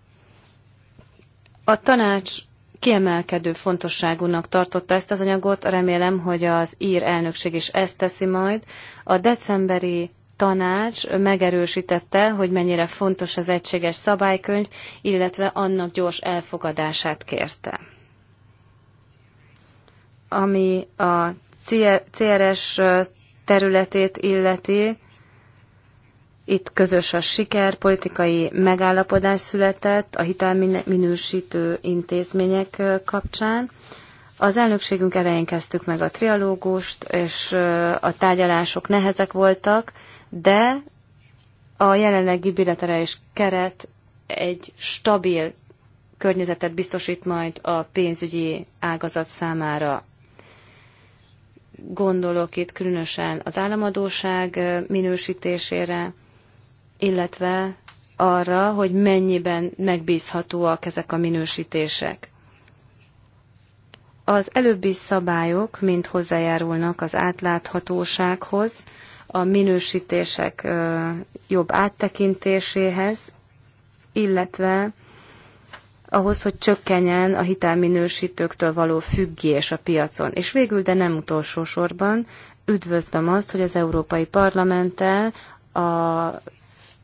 Speaker 1: a tanács kiemelkedő fontosságúnak tartotta ezt az anyagot, remélem, hogy az ír elnökség is ezt teszi majd. A decemberi tanács megerősítette, hogy mennyire fontos az egységes szabálykönyv, illetve annak gyors elfogadását kérte ami a CRS területét illeti, itt közös a siker, politikai megállapodás született a hitelminősítő intézmények kapcsán. Az elnökségünk elején kezdtük meg a trialógust, és a tárgyalások nehezek voltak, de a jelenlegi bilaterális keret egy stabil környezetet biztosít majd a pénzügyi ágazat számára. Gondolok itt különösen az államadóság minősítésére, illetve arra, hogy mennyiben megbízhatóak ezek a minősítések. Az előbbi szabályok mind hozzájárulnak az átláthatósághoz, a minősítések jobb áttekintéséhez, illetve ahhoz, hogy csökkenjen a hitelminősítőktől való függés a piacon. És végül, de nem utolsó sorban, üdvözlöm azt, hogy az Európai Parlamenttel a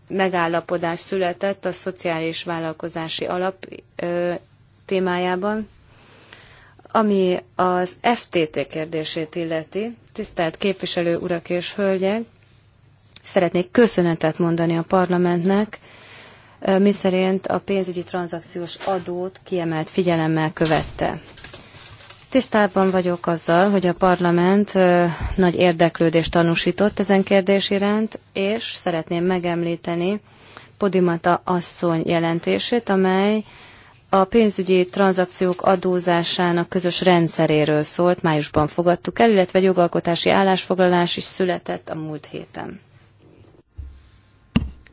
Speaker 1: megállapodás született a szociális vállalkozási alap ö, témájában, ami az FTT kérdését illeti. Tisztelt képviselő urak és hölgyek, szeretnék köszönetet mondani a parlamentnek, miszerint a pénzügyi tranzakciós adót kiemelt figyelemmel követte. Tisztában vagyok azzal, hogy a parlament nagy érdeklődést tanúsított ezen kérdés iránt, és szeretném megemlíteni Podimata asszony jelentését, amely a pénzügyi tranzakciók adózásának közös rendszeréről szólt, májusban fogadtuk el, illetve jogalkotási állásfoglalás is született a múlt héten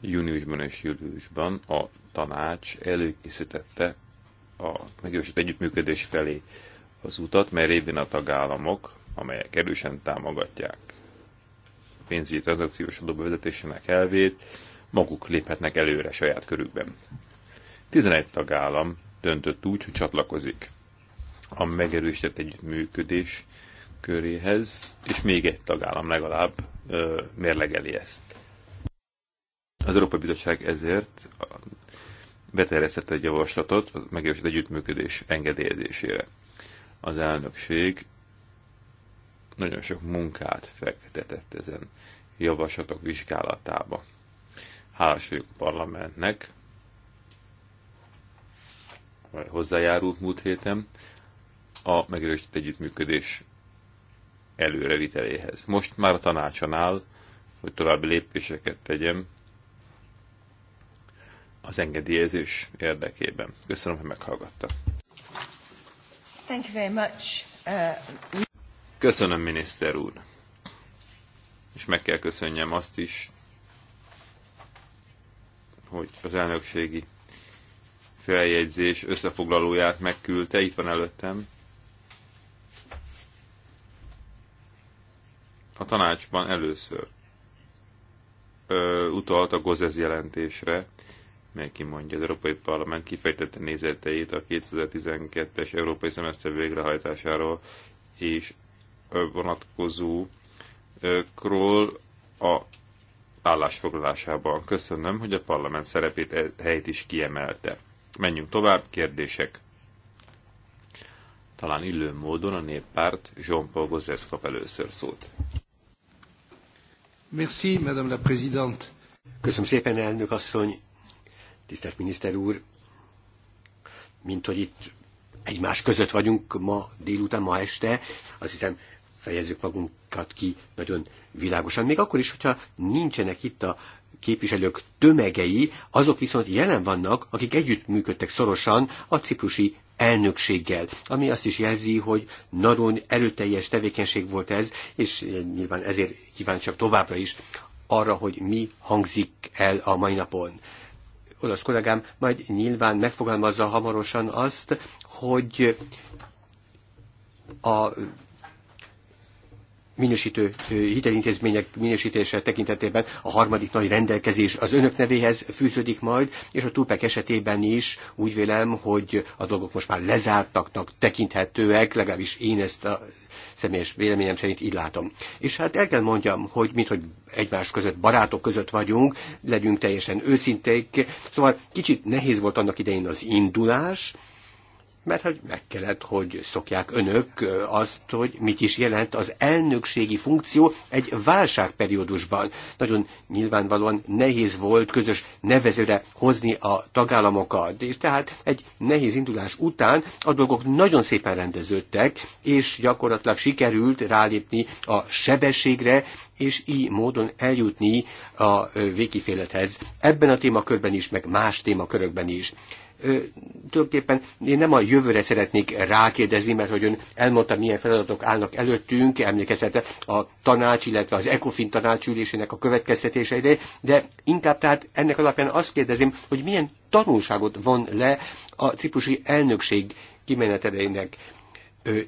Speaker 2: júniusban és júliusban a tanács előkészítette a megjósított együttműködés felé az utat, mert révén a tagállamok, amelyek erősen támogatják a pénzügyi tranzakciós adóbevezetésének elvét, maguk léphetnek előre saját körükben. 11 tagállam döntött úgy, hogy csatlakozik a megerősített együttműködés köréhez, és még egy tagállam legalább ö, mérlegeli ezt. Az Európai Bizottság ezért beterjesztette egy javaslatot a megerősített együttműködés engedélyezésére. Az elnökség nagyon sok munkát fektetett ezen javaslatok vizsgálatába. Hálás vagyok a parlamentnek, mert hozzájárult múlt héten a megerősített együttműködés előreviteléhez. Most már a tanácson áll, hogy további lépéseket tegyem az engedélyezés érdekében. Köszönöm, hogy meghallgatta.
Speaker 1: Thank you very much.
Speaker 3: Uh...
Speaker 2: Köszönöm, miniszter úr. És meg kell köszönjem azt is, hogy az elnökségi feljegyzés összefoglalóját megküldte, itt van előttem. A tanácsban először ö, utalt a Gozez jelentésre, mely kimondja az Európai Parlament kifejtette nézeteit a 2012-es Európai Szemeszter végrehajtásáról és vonatkozó król a állásfoglalásában. Köszönöm, hogy a parlament szerepét e helyt is kiemelte. Menjünk tovább, kérdések. Talán illő módon a
Speaker 3: néppárt Jean-Paul Gozes kap először szót.
Speaker 1: Merci, Madame la Présidente.
Speaker 3: Köszönöm szépen, elnök asszony tisztelt miniszter úr, mint hogy itt egymás között vagyunk ma délután, ma este, azt hiszem fejezzük magunkat ki nagyon világosan. Még akkor is, hogyha nincsenek itt a képviselők tömegei, azok viszont jelen vannak, akik együttműködtek szorosan a ciprusi elnökséggel, ami azt is jelzi, hogy nagyon erőteljes tevékenység volt ez, és nyilván ezért kíváncsiak továbbra is arra, hogy mi hangzik el a mai napon olasz kollégám majd nyilván megfogalmazza hamarosan azt, hogy a minősítő hitelintézmények minősítése tekintetében a harmadik nagy rendelkezés az önök nevéhez fűződik majd, és a túlpek esetében is úgy vélem, hogy a dolgok most már lezártaknak tekinthetőek, legalábbis én ezt a személyes véleményem szerint így látom. És hát el kell mondjam, hogy mint hogy egymás között, barátok között vagyunk, legyünk teljesen őszinték. Szóval kicsit nehéz volt annak idején az indulás, mert hogy meg kellett, hogy szokják önök azt, hogy mit is jelent az elnökségi funkció egy válságperiódusban. Nagyon nyilvánvalóan nehéz volt közös nevezőre hozni a tagállamokat, és tehát egy nehéz indulás után a dolgok nagyon szépen rendeződtek, és gyakorlatilag sikerült rálépni a sebességre, és így módon eljutni a végkifélethez. Ebben a témakörben is, meg más témakörökben is tulajdonképpen én nem a jövőre szeretnék rákérdezni, mert hogy ön elmondta, milyen feladatok állnak előttünk, emlékezhetett a tanács, illetve az ECOFIN tanácsülésének a következtetéseire, de inkább tehát ennek alapján azt kérdezem, hogy milyen tanulságot von le a ciprusi elnökség kimeneteleinek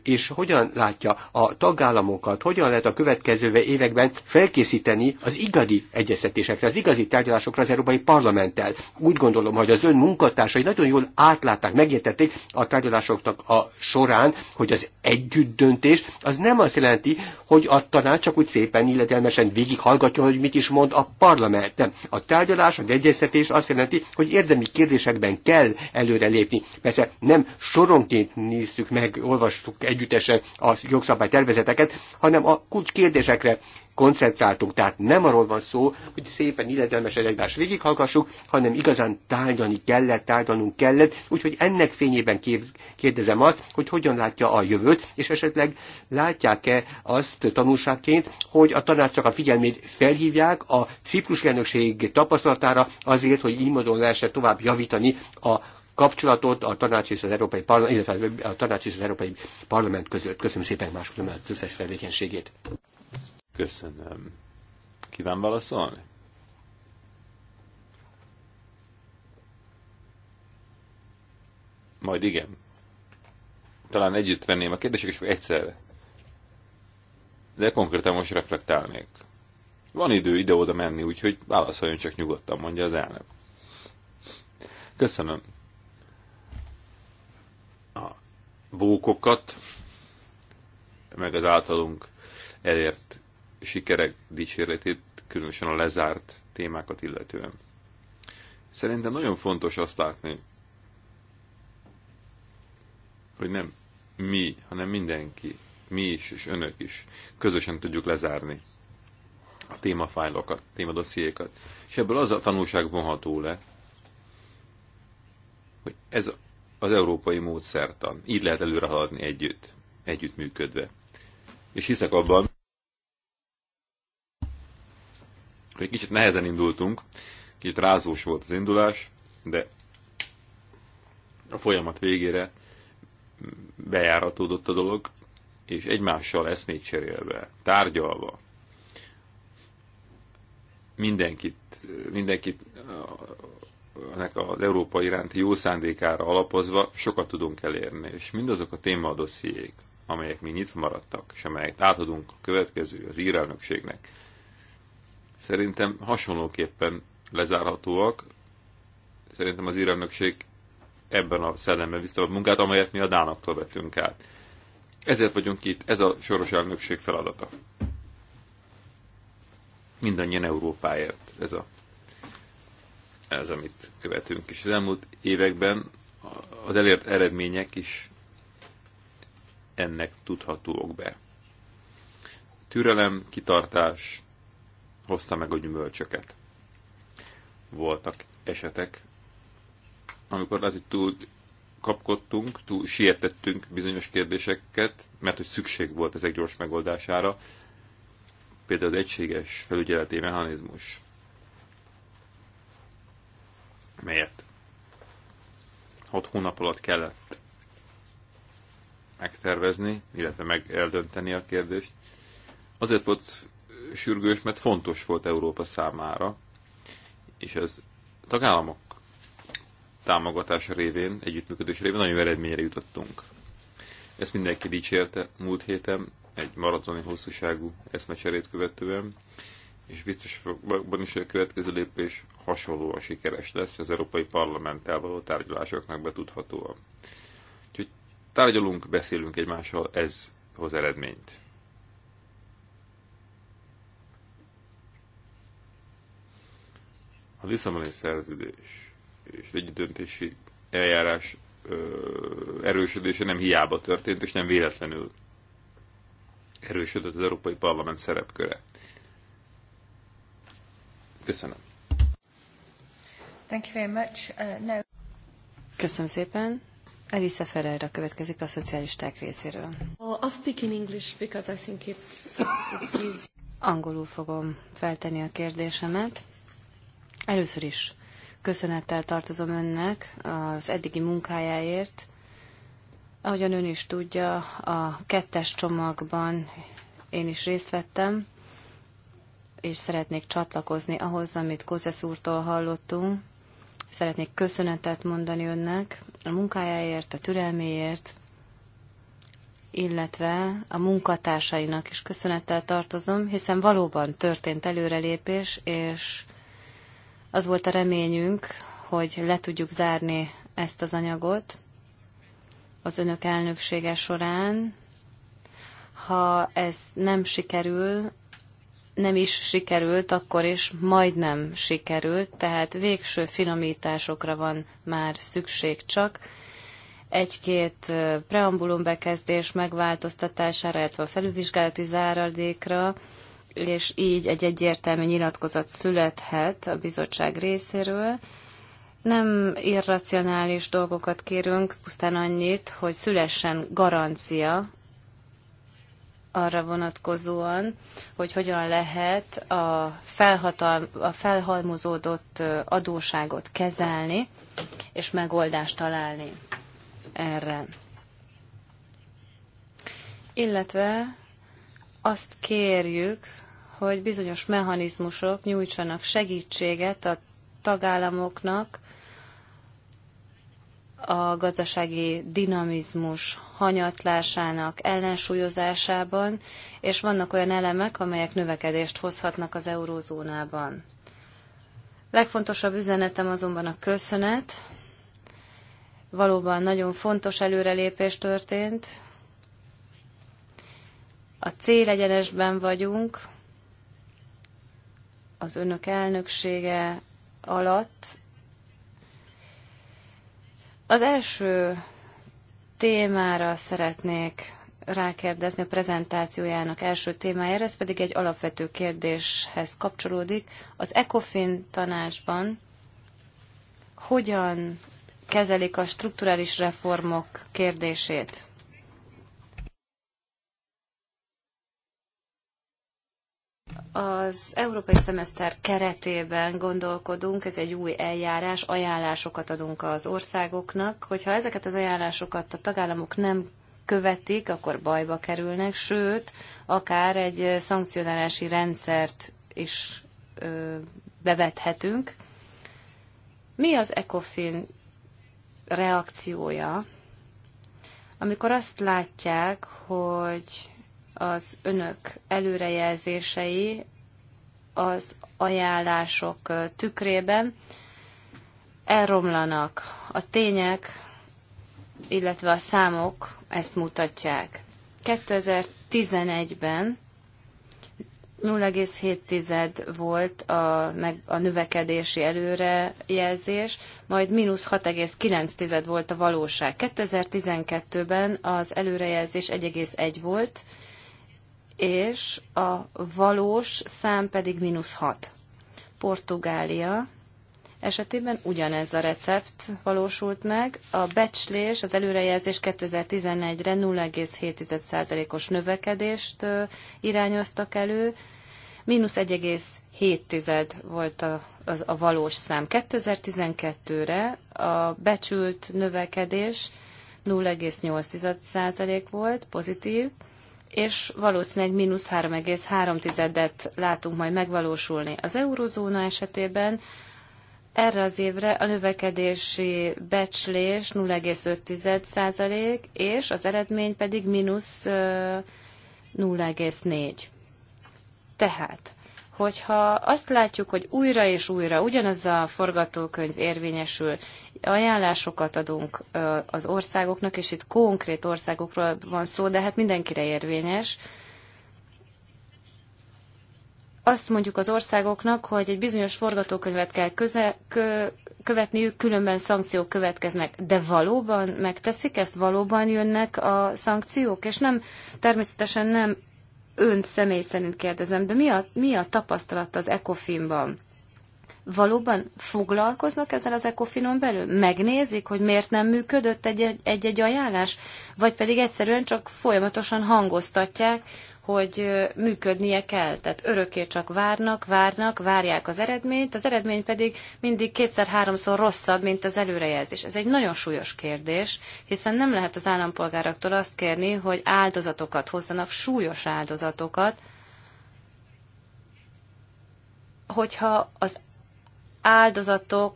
Speaker 3: és hogyan látja a tagállamokat, hogyan lehet a következő években felkészíteni az igazi egyeztetésekre, az igazi tárgyalásokra az Európai Parlamenttel. Úgy gondolom, hogy az ön munkatársai nagyon jól átlátták, megértették a tárgyalásoknak a során, hogy az együttdöntés az nem azt jelenti, hogy a tanács csak úgy szépen illetelmesen végighallgatja, hogy mit is mond a parlament. Nem. A tárgyalás, az egyeztetés azt jelenti, hogy érdemi kérdésekben kell előrelépni. Persze nem soronként néztük meg, olvastuk olvastuk együttese a jogszabálytervezeteket, hanem a kulcs kérdésekre koncentráltunk. Tehát nem arról van szó, hogy szépen illetelmesen egymást végighallgassuk, hanem igazán tárgyalni kellett, tárgyalnunk kellett, úgyhogy ennek fényében kérdezem azt, hogy hogyan látja a jövőt, és esetleg látják-e azt tanulságként, hogy a tanácsnak a figyelmét felhívják a ciprus elnökség tapasztalatára azért, hogy így módon lehessen tovább javítani a kapcsolatot a tanács és az Európai Parlament, illetve a tanács és az Európai Parlament között. Köszönöm szépen másodom a összes tevékenységét. Köszönöm. Kíván
Speaker 2: válaszolni? Majd igen. Talán együtt venném a kérdéseket, és egyszerre. De konkrétan most reflektálnék. Van idő ide-oda menni, úgyhogy válaszoljon csak nyugodtan, mondja az elnök. Köszönöm. bókokat, meg az általunk elért sikerek dicséretét, különösen a lezárt témákat illetően. Szerintem nagyon fontos azt látni, hogy nem mi, hanem mindenki, mi is és önök is közösen tudjuk lezárni a témafájlokat, témadossziékat. És ebből az a tanulság vonható le, hogy ez az európai módszertan. Így lehet előre haladni együtt, együttműködve. És hiszek abban, hogy kicsit nehezen indultunk, kicsit rázós volt az indulás, de a folyamat végére bejáratódott a dolog, és egymással eszmét cserélve, tárgyalva, mindenkit, mindenkit ennek az Európa iránti jó szándékára alapozva sokat tudunk elérni, és mindazok a témadossziék, amelyek még nyitva maradtak, és amelyet átadunk a következő, az írelnökségnek, szerintem hasonlóképpen lezárhatóak. Szerintem az írelnökség ebben a szellemben visz a munkát, amelyet mi a Dánaktól vettünk át. Ezért vagyunk itt, ez a soros elnökség feladata. Mindannyian Európáért ez a ez, amit követünk. És az elmúlt években az elért eredmények is ennek tudhatóak be. Türelem, kitartás hozta meg a gyümölcsöket. Voltak esetek, amikor lehet, hogy túl kapkodtunk, túl sietettünk bizonyos kérdéseket, mert hogy szükség volt ezek gyors megoldására, például az egységes felügyeleti mechanizmus melyet hat hónap alatt kellett megtervezni, illetve meg eldönteni a kérdést. Azért volt sürgős, mert fontos volt Európa számára, és ez tagállamok támogatása révén, együttműködés révén nagyon eredményre jutottunk. Ezt mindenki dicsérte múlt héten, egy maratoni hosszúságú eszmecserét követően, és biztos abban is, hogy a következő lépés hasonlóan sikeres lesz az Európai Parlamenttel való tárgyalásoknak betudhatóan. Úgyhogy tárgyalunk, beszélünk egymással, ez hoz eredményt. A Lisszamoni szerződés és egy döntési eljárás ö, erősödése nem hiába történt, és nem véletlenül erősödött az Európai Parlament szerepköre Köszönöm.
Speaker 1: Thank you very much. Uh, no. Köszönöm szépen. Elisa Ferreira következik a szocialisták részéről. Well, I'll speak in English because I think it's, it's easy. Angolul fogom feltenni a kérdésemet. Először is köszönettel tartozom önnek az eddigi munkájáért. Ahogyan ön is tudja, a kettes csomagban én is részt vettem és szeretnék csatlakozni ahhoz, amit Kozesz úrtól hallottunk. Szeretnék köszönetet mondani önnek a munkájáért, a türelméért, illetve a munkatársainak is köszönettel tartozom, hiszen valóban történt előrelépés, és az volt a reményünk, hogy le tudjuk zárni ezt az anyagot az önök elnöksége során. Ha ez nem sikerül, nem is sikerült, akkor is majdnem sikerült, tehát végső finomításokra van már szükség csak. Egy-két preambulum bekezdés megváltoztatására, illetve a felülvizsgálati záradékra, és így egy egyértelmű nyilatkozat születhet a bizottság részéről. Nem irracionális dolgokat kérünk, pusztán annyit, hogy szülessen garancia arra vonatkozóan, hogy hogyan lehet a, felhatal, a felhalmozódott adóságot kezelni, és megoldást találni erre. Illetve azt kérjük, hogy bizonyos mechanizmusok nyújtsanak segítséget a tagállamoknak a gazdasági dinamizmus hanyatlásának ellensúlyozásában, és vannak olyan elemek, amelyek növekedést hozhatnak az eurózónában. Legfontosabb üzenetem azonban a köszönet. Valóban nagyon fontos előrelépés történt. A cél egyenesben vagyunk, az önök elnöksége alatt az első témára szeretnék rákérdezni a prezentációjának első témájára, ez pedig egy alapvető kérdéshez kapcsolódik. Az ECOFIN tanácsban hogyan kezelik a strukturális reformok kérdését? Az európai szemeszter keretében gondolkodunk, ez egy új eljárás, ajánlásokat adunk az országoknak, hogyha ezeket az ajánlásokat a tagállamok nem követik, akkor bajba kerülnek, sőt, akár egy szankcionálási rendszert is ö, bevethetünk. Mi az ECOFIN reakciója, amikor azt látják, hogy az önök előrejelzései az ajánlások tükrében elromlanak. A tények, illetve a számok ezt mutatják. 2011-ben 0,7 volt a, meg, a növekedési előrejelzés, majd mínusz 6,9 volt a valóság. 2012-ben az előrejelzés 1,1 volt, és a valós szám pedig mínusz 6. Portugália esetében ugyanez a recept valósult meg. A becslés, az előrejelzés 2011-re 0,7%-os növekedést irányoztak elő, mínusz 1,7 volt a, az, a valós szám. 2012-re a becsült növekedés 0,8% volt, pozitív, és valószínűleg mínusz 3,3-et látunk majd megvalósulni. Az eurozóna esetében erre az évre a növekedési becslés 0,5 és az eredmény pedig mínusz 0,4. Tehát hogyha azt látjuk, hogy újra és újra ugyanaz a forgatókönyv érvényesül, ajánlásokat adunk az országoknak, és itt konkrét országokról van szó, de hát mindenkire érvényes, azt mondjuk az országoknak, hogy egy bizonyos forgatókönyvet kell köze, kö, követniük, különben szankciók következnek. De valóban megteszik ezt? Valóban jönnek a szankciók? És nem, természetesen nem ön személy szerint kérdezem, de mi a, mi a tapasztalat az ECOFIN-ban? Valóban foglalkoznak ezzel az ECOFIN-on belül? Megnézik, hogy miért nem működött egy-egy ajánlás? Vagy pedig egyszerűen csak folyamatosan hangoztatják, hogy működnie kell. Tehát örökké csak várnak, várnak, várják az eredményt, az eredmény pedig mindig kétszer-háromszor rosszabb, mint az előrejelzés. Ez egy nagyon súlyos kérdés, hiszen nem lehet az állampolgároktól azt kérni, hogy áldozatokat hozzanak, súlyos áldozatokat, hogyha az áldozatok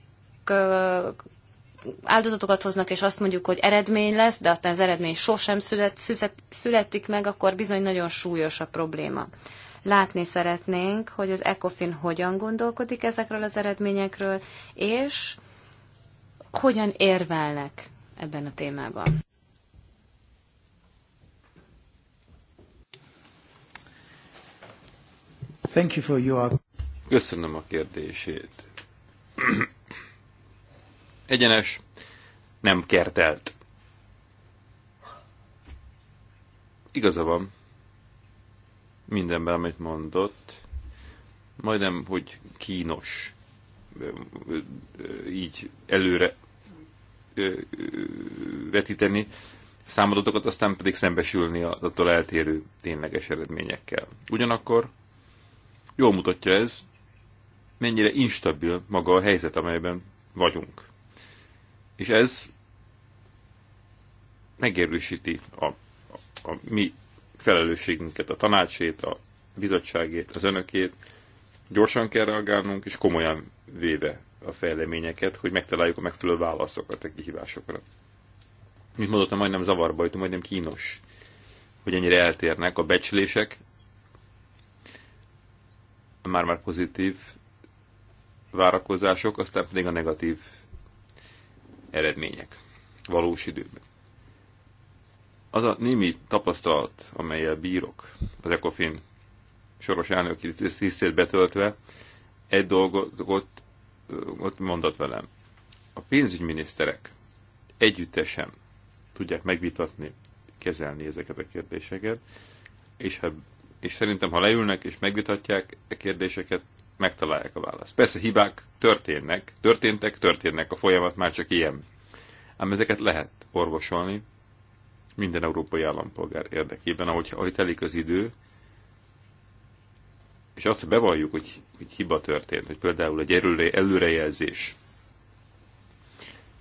Speaker 1: áldozatokat hoznak, és azt mondjuk, hogy eredmény lesz, de aztán az eredmény sosem szület, szület, születik meg, akkor bizony nagyon súlyos a probléma. Látni szeretnénk, hogy az ECOFIN hogyan gondolkodik ezekről az eredményekről, és hogyan érvelnek ebben a témában.
Speaker 3: Thank you for your...
Speaker 2: Köszönöm a kérdését egyenes, nem kertelt. Igaza van mindenben, amit mondott. Majdnem, hogy kínos így előre vetíteni számadatokat, aztán pedig szembesülni az attól eltérő tényleges eredményekkel. Ugyanakkor jól mutatja ez, mennyire instabil maga a helyzet, amelyben vagyunk. És ez megérősíti a, a, a mi felelősségünket, a tanácsét, a bizottságét, az önökét. Gyorsan kell reagálnunk, és komolyan véve a fejleményeket, hogy megtaláljuk a megfelelő válaszokat a kihívásokra. Mint mondottam, majdnem zavarba jutunk, majdnem kínos, hogy ennyire eltérnek a becslések, a már-már pozitív várakozások, aztán pedig a negatív eredmények valós időben. Az a némi tapasztalat, amelyel bírok az ECOFIN soros elnöki tisztét betöltve, egy dolgot ott, ott mondott velem. A pénzügyminiszterek együttesen tudják megvitatni, kezelni ezeket a kérdéseket, és, ha, és szerintem, ha leülnek és megvitatják a e kérdéseket, megtalálják a választ. Persze hibák történnek, történtek, történnek, a folyamat már csak ilyen. Ám ezeket lehet orvosolni minden európai állampolgár érdekében, ahogy, ahogy telik az idő, és azt, hogy bevalljuk, hogy, hogy hiba történt, hogy például egy előre, előrejelzés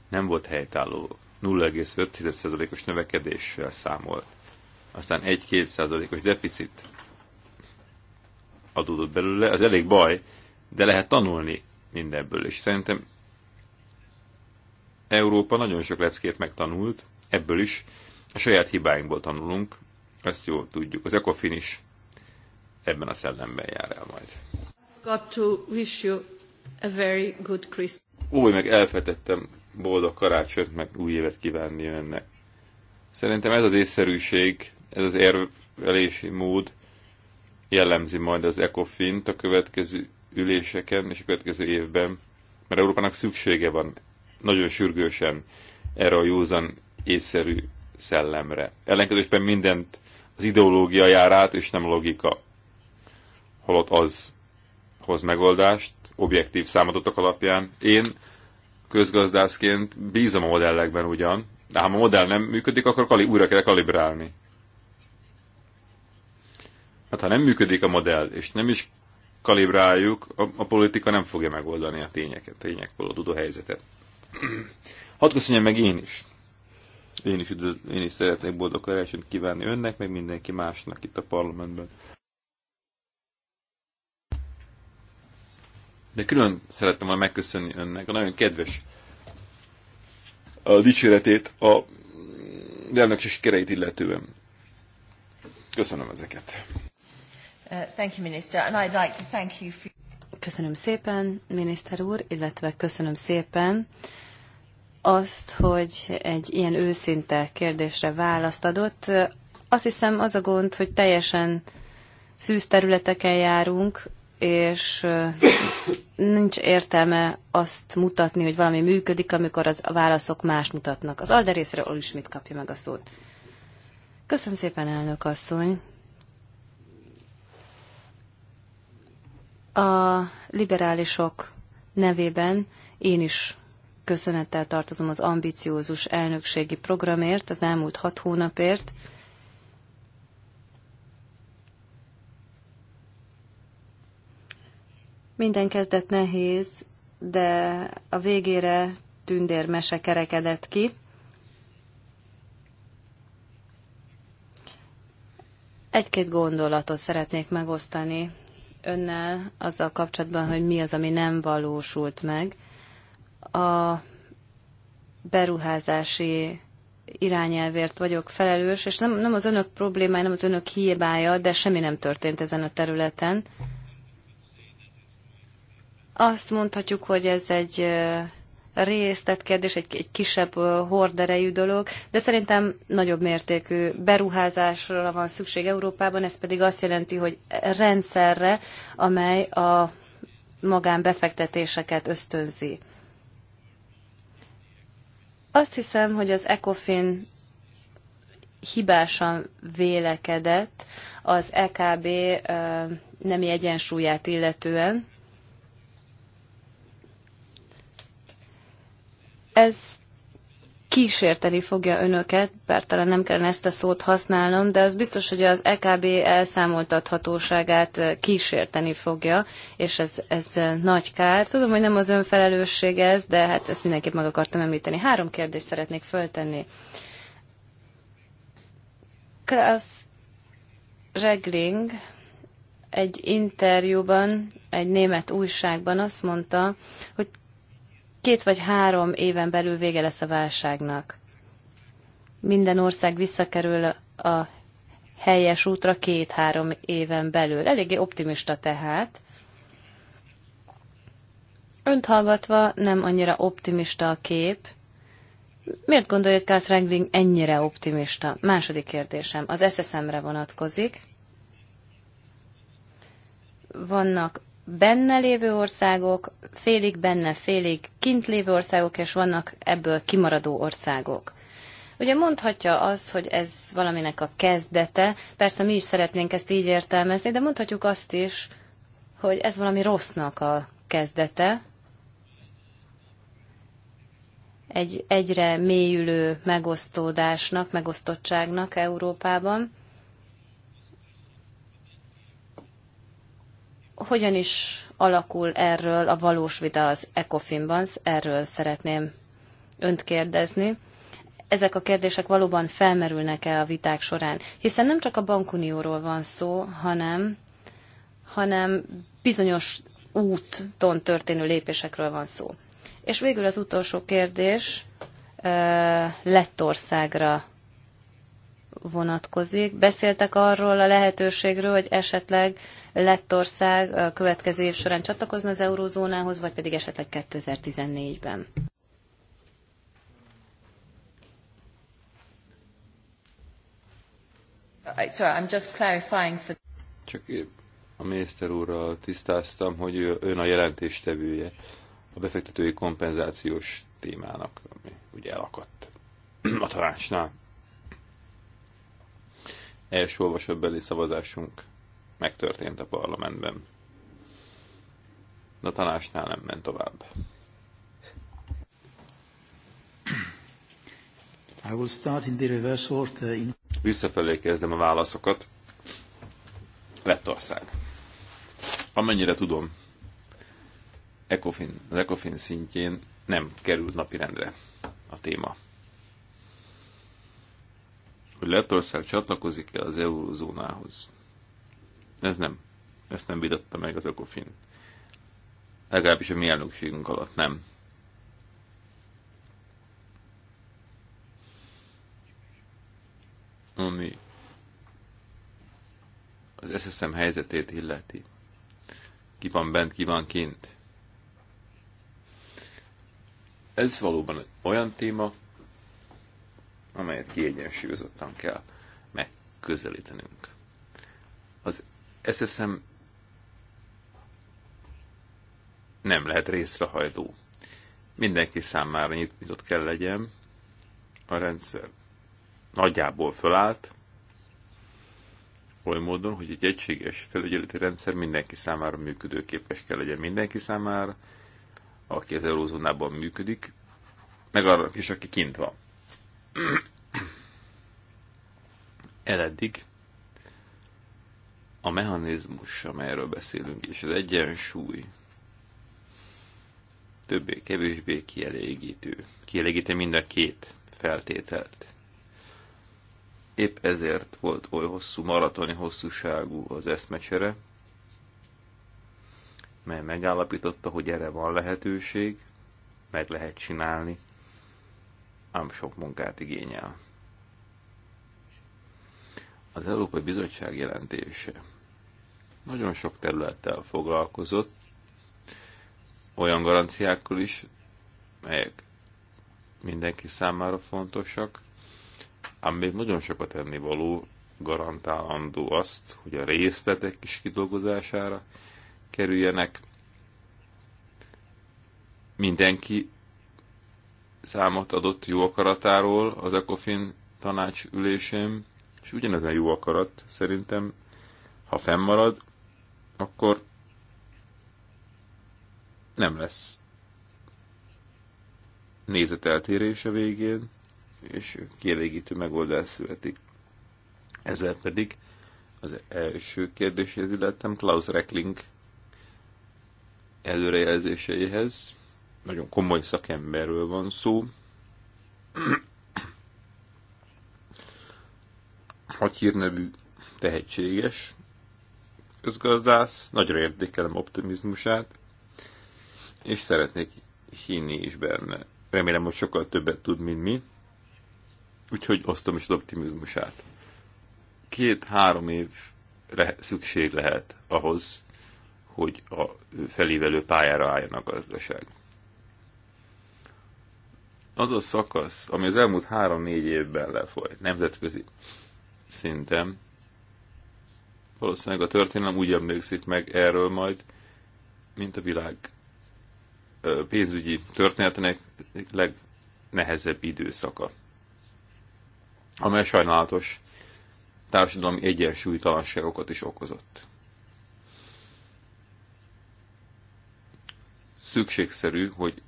Speaker 2: nem volt helytálló, 0,5%-os növekedéssel számolt, aztán 1-2%-os deficit adódott belőle, az elég baj, de lehet tanulni mindebből. És szerintem Európa nagyon sok leckét megtanult, ebből is a saját hibáinkból tanulunk, ezt jól tudjuk. Az ECOFIN is ebben a szellemben jár el majd.
Speaker 1: Got to wish you a very good Christmas.
Speaker 2: Új, meg elfetettem boldog karácsonyt, meg új évet kívánni önnek. Szerintem ez az észszerűség, ez az érvelési mód jellemzi majd az ecofin a következő üléseken és a következő évben, mert Európának szüksége van nagyon sürgősen erre a józan észszerű szellemre. Ellenkezésben mindent az ideológia jár át, és nem logika. Holott az hoz megoldást, objektív számadatok alapján. Én közgazdászként bízom a modellekben ugyan, de ha a modell nem működik, akkor kali- újra kell kalibrálni. Hát ha nem működik a modell, és nem is kalibráljuk, a, a politika nem fogja megoldani a tényeket, a tényekből adódó helyzetet. Hadd köszönjem meg én is. Én is, üdvöz, én is szeretnék boldog karácsonyt kívánni önnek, meg mindenki másnak itt a parlamentben. De külön szerettem volna megköszönni önnek a nagyon kedves a dicséretét a elnökség sikereit illetően. Köszönöm
Speaker 1: ezeket. Uh, thank you, Minister, and I'd like to thank you for... Köszönöm szépen, miniszter úr, illetve köszönöm szépen azt, hogy egy ilyen őszinte kérdésre választ adott. Azt hiszem az a gond, hogy teljesen szűz területeken járunk, és uh, nincs értelme azt mutatni, hogy valami működik, amikor az a válaszok más mutatnak. Az alderészre részéről Olismit kapja meg a szót. Köszönöm szépen, elnök asszony. A liberálisok nevében én is köszönettel tartozom az ambiciózus elnökségi programért, az elmúlt hat hónapért. Minden kezdet nehéz, de a végére tündérmese kerekedett ki. Egy-két gondolatot szeretnék megosztani önnel azzal kapcsolatban, hogy mi az, ami nem valósult meg. A beruházási irányelvért vagyok felelős, és nem, nem az önök problémája, nem az önök hibája, de semmi nem történt ezen a területen. Azt mondhatjuk, hogy ez egy részletkérdés, egy, egy kisebb horderejű dolog, de szerintem nagyobb mértékű beruházásra van szükség Európában, ez pedig azt jelenti, hogy rendszerre, amely a magánbefektetéseket ösztönzi. Azt hiszem, hogy az ECOFIN hibásan vélekedett az EKB nemi egyensúlyát illetően, Ez kísérteni fogja önöket, bár talán nem kellene ezt a szót használnom, de az biztos, hogy az EKB elszámoltathatóságát kísérteni fogja, és ez, ez nagy kár. Tudom, hogy nem az önfelelősség ez, de hát ezt mindenképp meg akartam említeni. Három kérdést szeretnék föltenni. Klaus Regling egy interjúban, egy német újságban azt mondta, hogy Két vagy három éven belül vége lesz a válságnak. Minden ország visszakerül a helyes útra két-három éven belül. Eléggé optimista tehát. Önt hallgatva nem annyira optimista a kép. Miért gondolja, hogy Kász Rengling ennyire optimista? Második kérdésem. Az SSM-re vonatkozik. Vannak benne lévő országok, félig benne, félig kint lévő országok, és vannak ebből kimaradó országok. Ugye mondhatja az, hogy ez valaminek a kezdete, persze mi is szeretnénk ezt így értelmezni, de mondhatjuk azt is, hogy ez valami rossznak a kezdete, egy egyre mélyülő megosztódásnak, megosztottságnak Európában. Hogyan is alakul erről a valós vita az ECOFIN-ban? Erről szeretném önt kérdezni ezek a kérdések valóban felmerülnek-e a viták során. Hiszen nem csak a bankunióról van szó, hanem, hanem bizonyos úton történő lépésekről van szó. És végül az utolsó kérdés Lettországra vonatkozik. Beszéltek arról a lehetőségről, hogy esetleg Lettország a következő év során csatlakozna az eurózónához, vagy pedig esetleg 2014-ben. Sorry, I'm just clarifying for...
Speaker 2: Csak a miniszter úrral tisztáztam, hogy ő, ön a jelentéstevője a befektetői kompenzációs témának, ami ugye elakadt a tanácsnál első olvasóbeli szavazásunk megtörtént a parlamentben. De a tanácsnál nem ment tovább.
Speaker 3: I will start in the reverse order. In...
Speaker 2: Visszafelé kezdem a válaszokat. Lettország. Amennyire tudom, Ecofin, az Ecofin szintjén nem került napirendre a téma hogy Lettország csatlakozik-e az eurózónához. Ez nem. Ezt nem vitatta meg az Ökofin. Legalábbis a mi elnökségünk alatt nem. Ami az SSM helyzetét illeti. Ki van bent, ki van kint. Ez valóban olyan téma, amelyet kiegyensúlyozottan kell megközelítenünk. Az SSM nem lehet részrehajló. Mindenki számára nyitott kell legyen, a rendszer nagyjából fölállt, oly módon, hogy egy egységes felügyeleti rendszer mindenki számára működőképes kell legyen. Mindenki számára, aki az eurózónában működik, meg arra is, aki kint van. Eleddig a mechanizmus, amelyről beszélünk, és az egyensúly többé-kevésbé kielégítő. Kielégíti mind a két feltételt. Épp ezért volt oly hosszú, maratoni hosszúságú az eszmecsere, mely megállapította, hogy erre van lehetőség, meg lehet csinálni ám sok munkát igényel. Az Európai Bizottság jelentése nagyon sok területtel foglalkozott, olyan garanciákkal is, melyek mindenki számára fontosak, ám még nagyon sokat tenni való garantálandó azt, hogy a részletek is kidolgozására kerüljenek. Mindenki számot adott jó akaratáról az ECOFIN tanács ülésén, és ugyanezen jó akarat szerintem, ha fennmarad, akkor nem lesz nézeteltérés a végén, és kielégítő megoldás születik. Ezzel pedig az első kérdéshez illettem Klaus Reckling előrejelzéseihez, nagyon komoly szakemberről van szó. Hat hírnevű tehetséges közgazdász, nagyra értékelem optimizmusát, és szeretnék hinni is benne. Remélem, hogy sokkal többet tud, mint mi, úgyhogy osztom is az optimizmusát. Két-három év szükség lehet ahhoz, hogy a felévelő pályára álljon a gazdaság az a szakasz, ami az elmúlt három-négy évben lefolyt, nemzetközi szinten, valószínűleg a történelem úgy emlékszik meg erről majd, mint a világ pénzügyi történetének legnehezebb időszaka, amely sajnálatos társadalmi egyensúlytalanságokat is okozott. Szükségszerű, hogy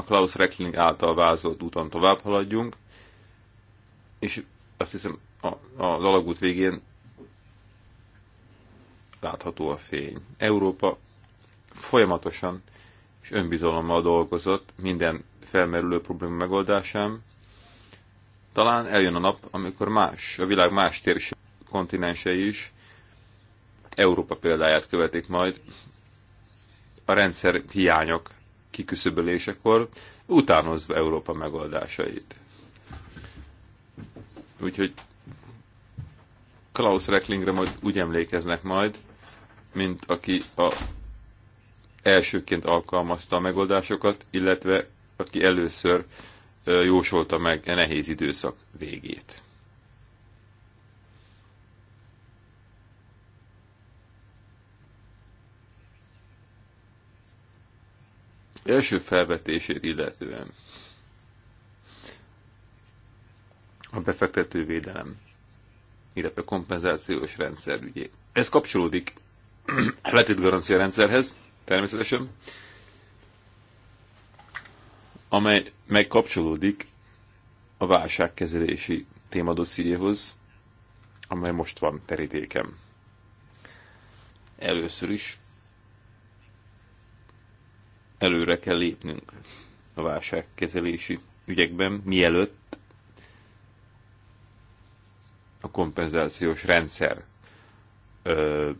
Speaker 2: a Klaus Reckling által vázolt úton tovább haladjunk, és azt hiszem a, az alagút végén látható a fény. Európa folyamatosan és önbizalommal dolgozott minden felmerülő probléma megoldásán. Talán eljön a nap, amikor más, a világ más térség kontinensei is Európa példáját követik majd. A rendszer hiányok kiküszöbölésekor, utánozva Európa megoldásait. Úgyhogy Klaus Recklingre majd úgy emlékeznek majd, mint aki a elsőként alkalmazta a megoldásokat, illetve aki először jósolta meg a nehéz időszak végét. első felvetését illetően a befektetővédelem, illetve kompenzációs rendszer ügyé. Ez kapcsolódik a letét garancia rendszerhez, természetesen, amely megkapcsolódik a válságkezelési témadossziéhoz, amely most van terítékem. Először is előre kell lépnünk a válságkezelési ügyekben, mielőtt a kompenzációs rendszer ö,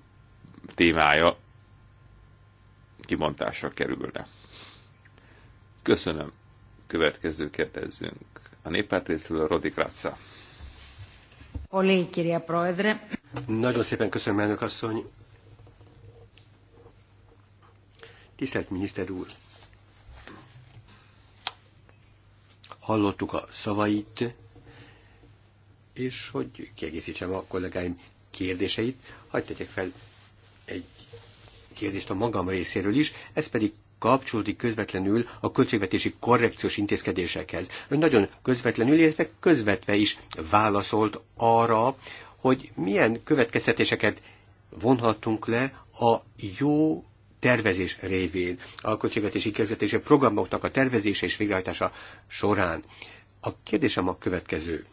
Speaker 2: témája kimondásra kerülne. Köszönöm. Következő kérdezzünk. A néppárt
Speaker 3: részéről Rodi Kratza. Nagyon szépen köszönöm, elnök asszony. Tisztelt miniszter úr! Hallottuk a szavait, és hogy kiegészítsem a kollégáim kérdéseit, hagyd tegyek fel egy kérdést a magam részéről is, ez pedig kapcsolódik közvetlenül a költségvetési korrekciós intézkedésekhez. Ön nagyon közvetlenül, illetve közvetve is válaszolt arra, hogy milyen következtetéseket vonhatunk le a jó tervezés révén, a költségvetési igazgatási programoknak a tervezése és végrehajtása során. A kérdésem a következő.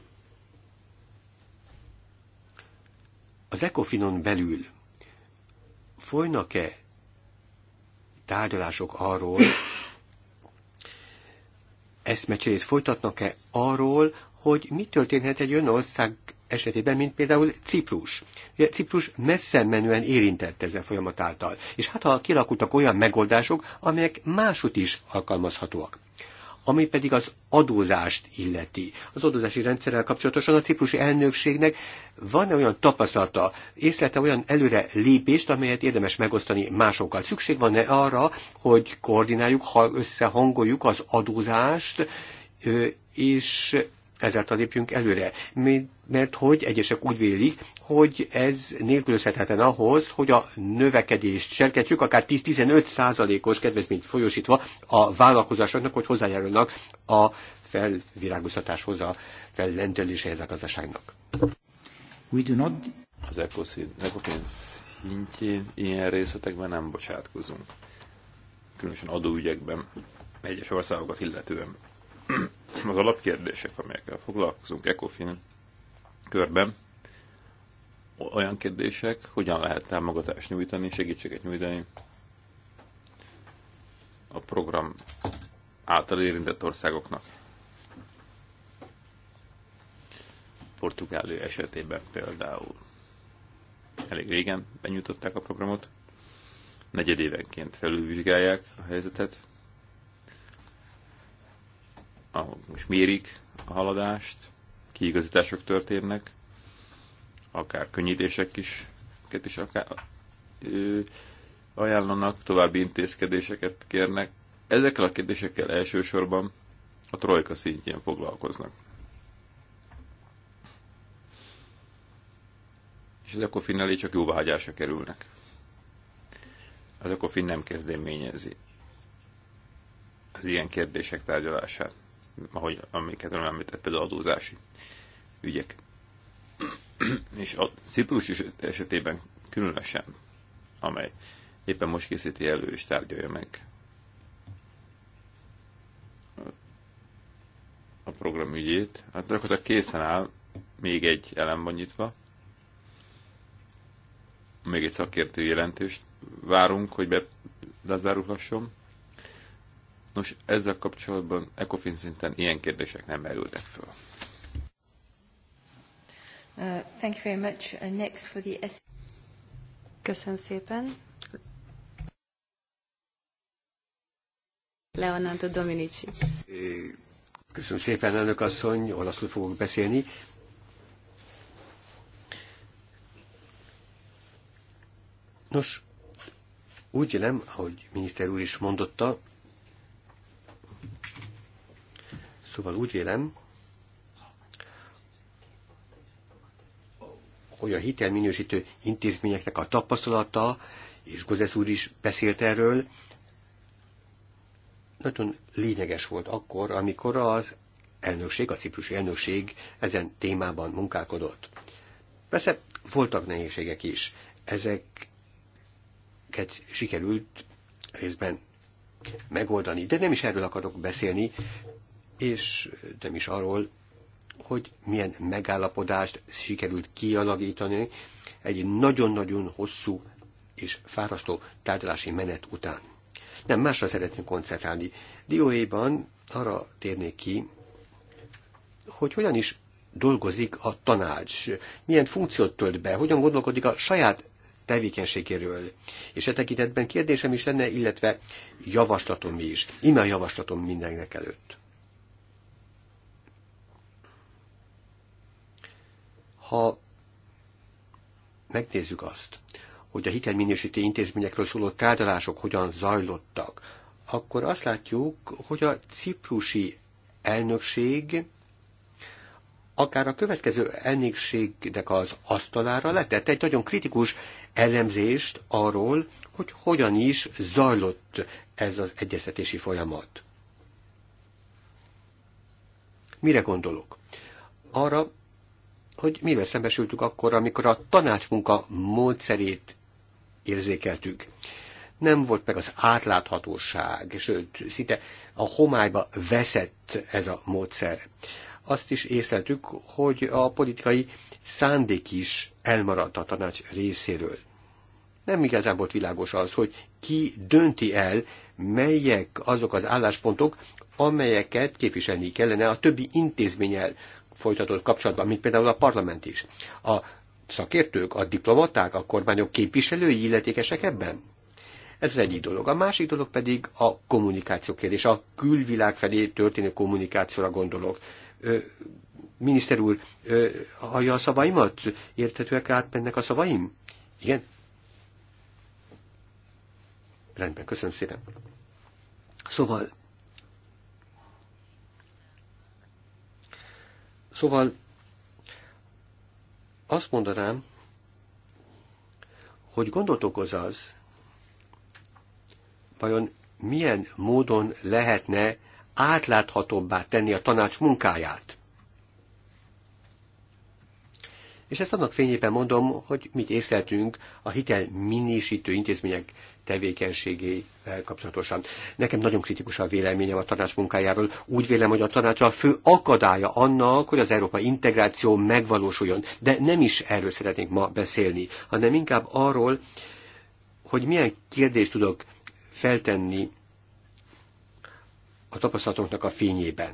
Speaker 3: Az ECOFINON belül folynak-e tárgyalások arról, eszmecserét folytatnak-e arról, hogy mi történhet egy olyan ország esetében, mint például Ciprus. Ugye Ciprus messze menően érintett ezen folyamat által, és hát ha kilakultak olyan megoldások, amelyek másút is alkalmazhatóak ami pedig az adózást illeti. Az adózási rendszerrel kapcsolatosan a ciprusi elnökségnek van -e olyan tapasztalata, észlete olyan előre lépést, amelyet érdemes megosztani másokkal? Szükség van-e arra, hogy koordináljuk, ha összehangoljuk az adózást, és ezáltal lépjünk előre. Mert hogy egyesek úgy vélik, hogy ez nélkülözhetetlen ahhoz, hogy a növekedést serkentsük, akár 10-15 százalékos kedvezményt folyosítva a vállalkozásoknak, hogy hozzájárulnak a felvirágoztatáshoz, a fellendüléséhez a gazdaságnak. We do not... Az ECOSZIN
Speaker 2: szintjén ilyen részletekben nem bocsátkozunk. Különösen adóügyekben, egyes országokat illetően az alapkérdések, amelyekkel foglalkozunk ECOFIN körben, olyan kérdések, hogyan lehet támogatást nyújtani, segítséget nyújtani a program által érintett országoknak. Portugália esetében például elég régen benyújtották a programot, negyedévenként felülvizsgálják a helyzetet, a most mérik a haladást, kiigazítások történnek, akár könnyítések is, is akár, ö, ajánlanak, további intézkedéseket kérnek. Ezekkel a kérdésekkel elsősorban a trojka szintjén foglalkoznak. És ezek a finnelé csak jóváhagyásra kerülnek. Az finn nem kezdeményezi az ilyen kérdések tárgyalását ahogy amiket ön említett, például adózási ügyek. és a Ciprus is esetében különösen, amely éppen most készíti elő és tárgyalja meg a program ügyét. Hát a készen áll, még egy elem van nyitva, még egy szakértő jelentést várunk, hogy be lezárulhasson. Nos, ezzel kapcsolatban ECOFIN szinten ilyen kérdések nem merültek föl.
Speaker 1: Uh, thank you very much. Uh, next for the Köszönöm szépen. Leonardo Dominici.
Speaker 3: Köszönöm szépen, elnök asszony, olaszul fogok beszélni. Nos, úgy nem, ahogy miniszter úr is mondotta, Szóval úgy vélem, hogy a hitelminősítő intézményeknek a tapasztalata, és Gozesz úr is beszélt erről, nagyon lényeges volt akkor, amikor az elnökség, a ciprusi elnökség ezen témában munkálkodott. Persze voltak nehézségek is. Ezeket sikerült részben megoldani, de nem is erről akarok beszélni, és nem is arról, hogy milyen megállapodást sikerült kialakítani egy nagyon-nagyon hosszú és fárasztó tárgyalási menet után. Nem, másra szeretnénk koncentrálni. Dióéban arra térnék ki, hogy hogyan is dolgozik a tanács, milyen funkciót tölt be, hogyan gondolkodik a saját tevékenységéről. És e tekintetben kérdésem is lenne, illetve javaslatom is. Ime a javaslatom mindennek előtt. Ha megnézzük azt, hogy a hitelminősítő intézményekről szóló tárgyalások hogyan zajlottak, akkor azt látjuk, hogy a ciprusi elnökség akár a következő elnökségnek az asztalára letett egy nagyon kritikus elemzést arról, hogy hogyan is zajlott ez az egyeztetési folyamat. Mire gondolok? Arra, hogy mivel szembesültük akkor, amikor a tanácsmunka módszerét érzékeltük. Nem volt meg az átláthatóság, sőt, szinte a homályba veszett ez a módszer. Azt is észleltük, hogy a politikai szándék is elmaradt a tanács részéről. Nem igazán volt világos az, hogy ki dönti el, melyek azok az álláspontok, amelyeket képviselni kellene a többi intézménnyel, folytatott kapcsolatban, mint például a parlament is. A szakértők, a diplomaták, a kormányok képviselői illetékesek ebben? Ez az egyik dolog. A másik dolog pedig a kommunikáció kérdés, a külvilág felé történő kommunikációra gondolok. Ö, miniszter úr, ö, hallja a szavaimat? Érthetőek átmennek a szavaim? Igen? Rendben, köszönöm szépen. Szóval Szóval azt mondanám, hogy gondot okoz az, vajon milyen módon lehetne átláthatóbbá tenni a tanács munkáját. És ezt annak fényében mondom, hogy mit észleltünk a hitel minősítő intézmények tevékenységével kapcsolatosan. Nekem nagyon kritikus a véleményem a tanács munkájáról. Úgy vélem, hogy a tanács a fő akadálya annak, hogy az európai integráció megvalósuljon. De nem is erről szeretnék ma beszélni, hanem inkább arról, hogy milyen kérdést tudok feltenni a tapasztalatoknak a fényében.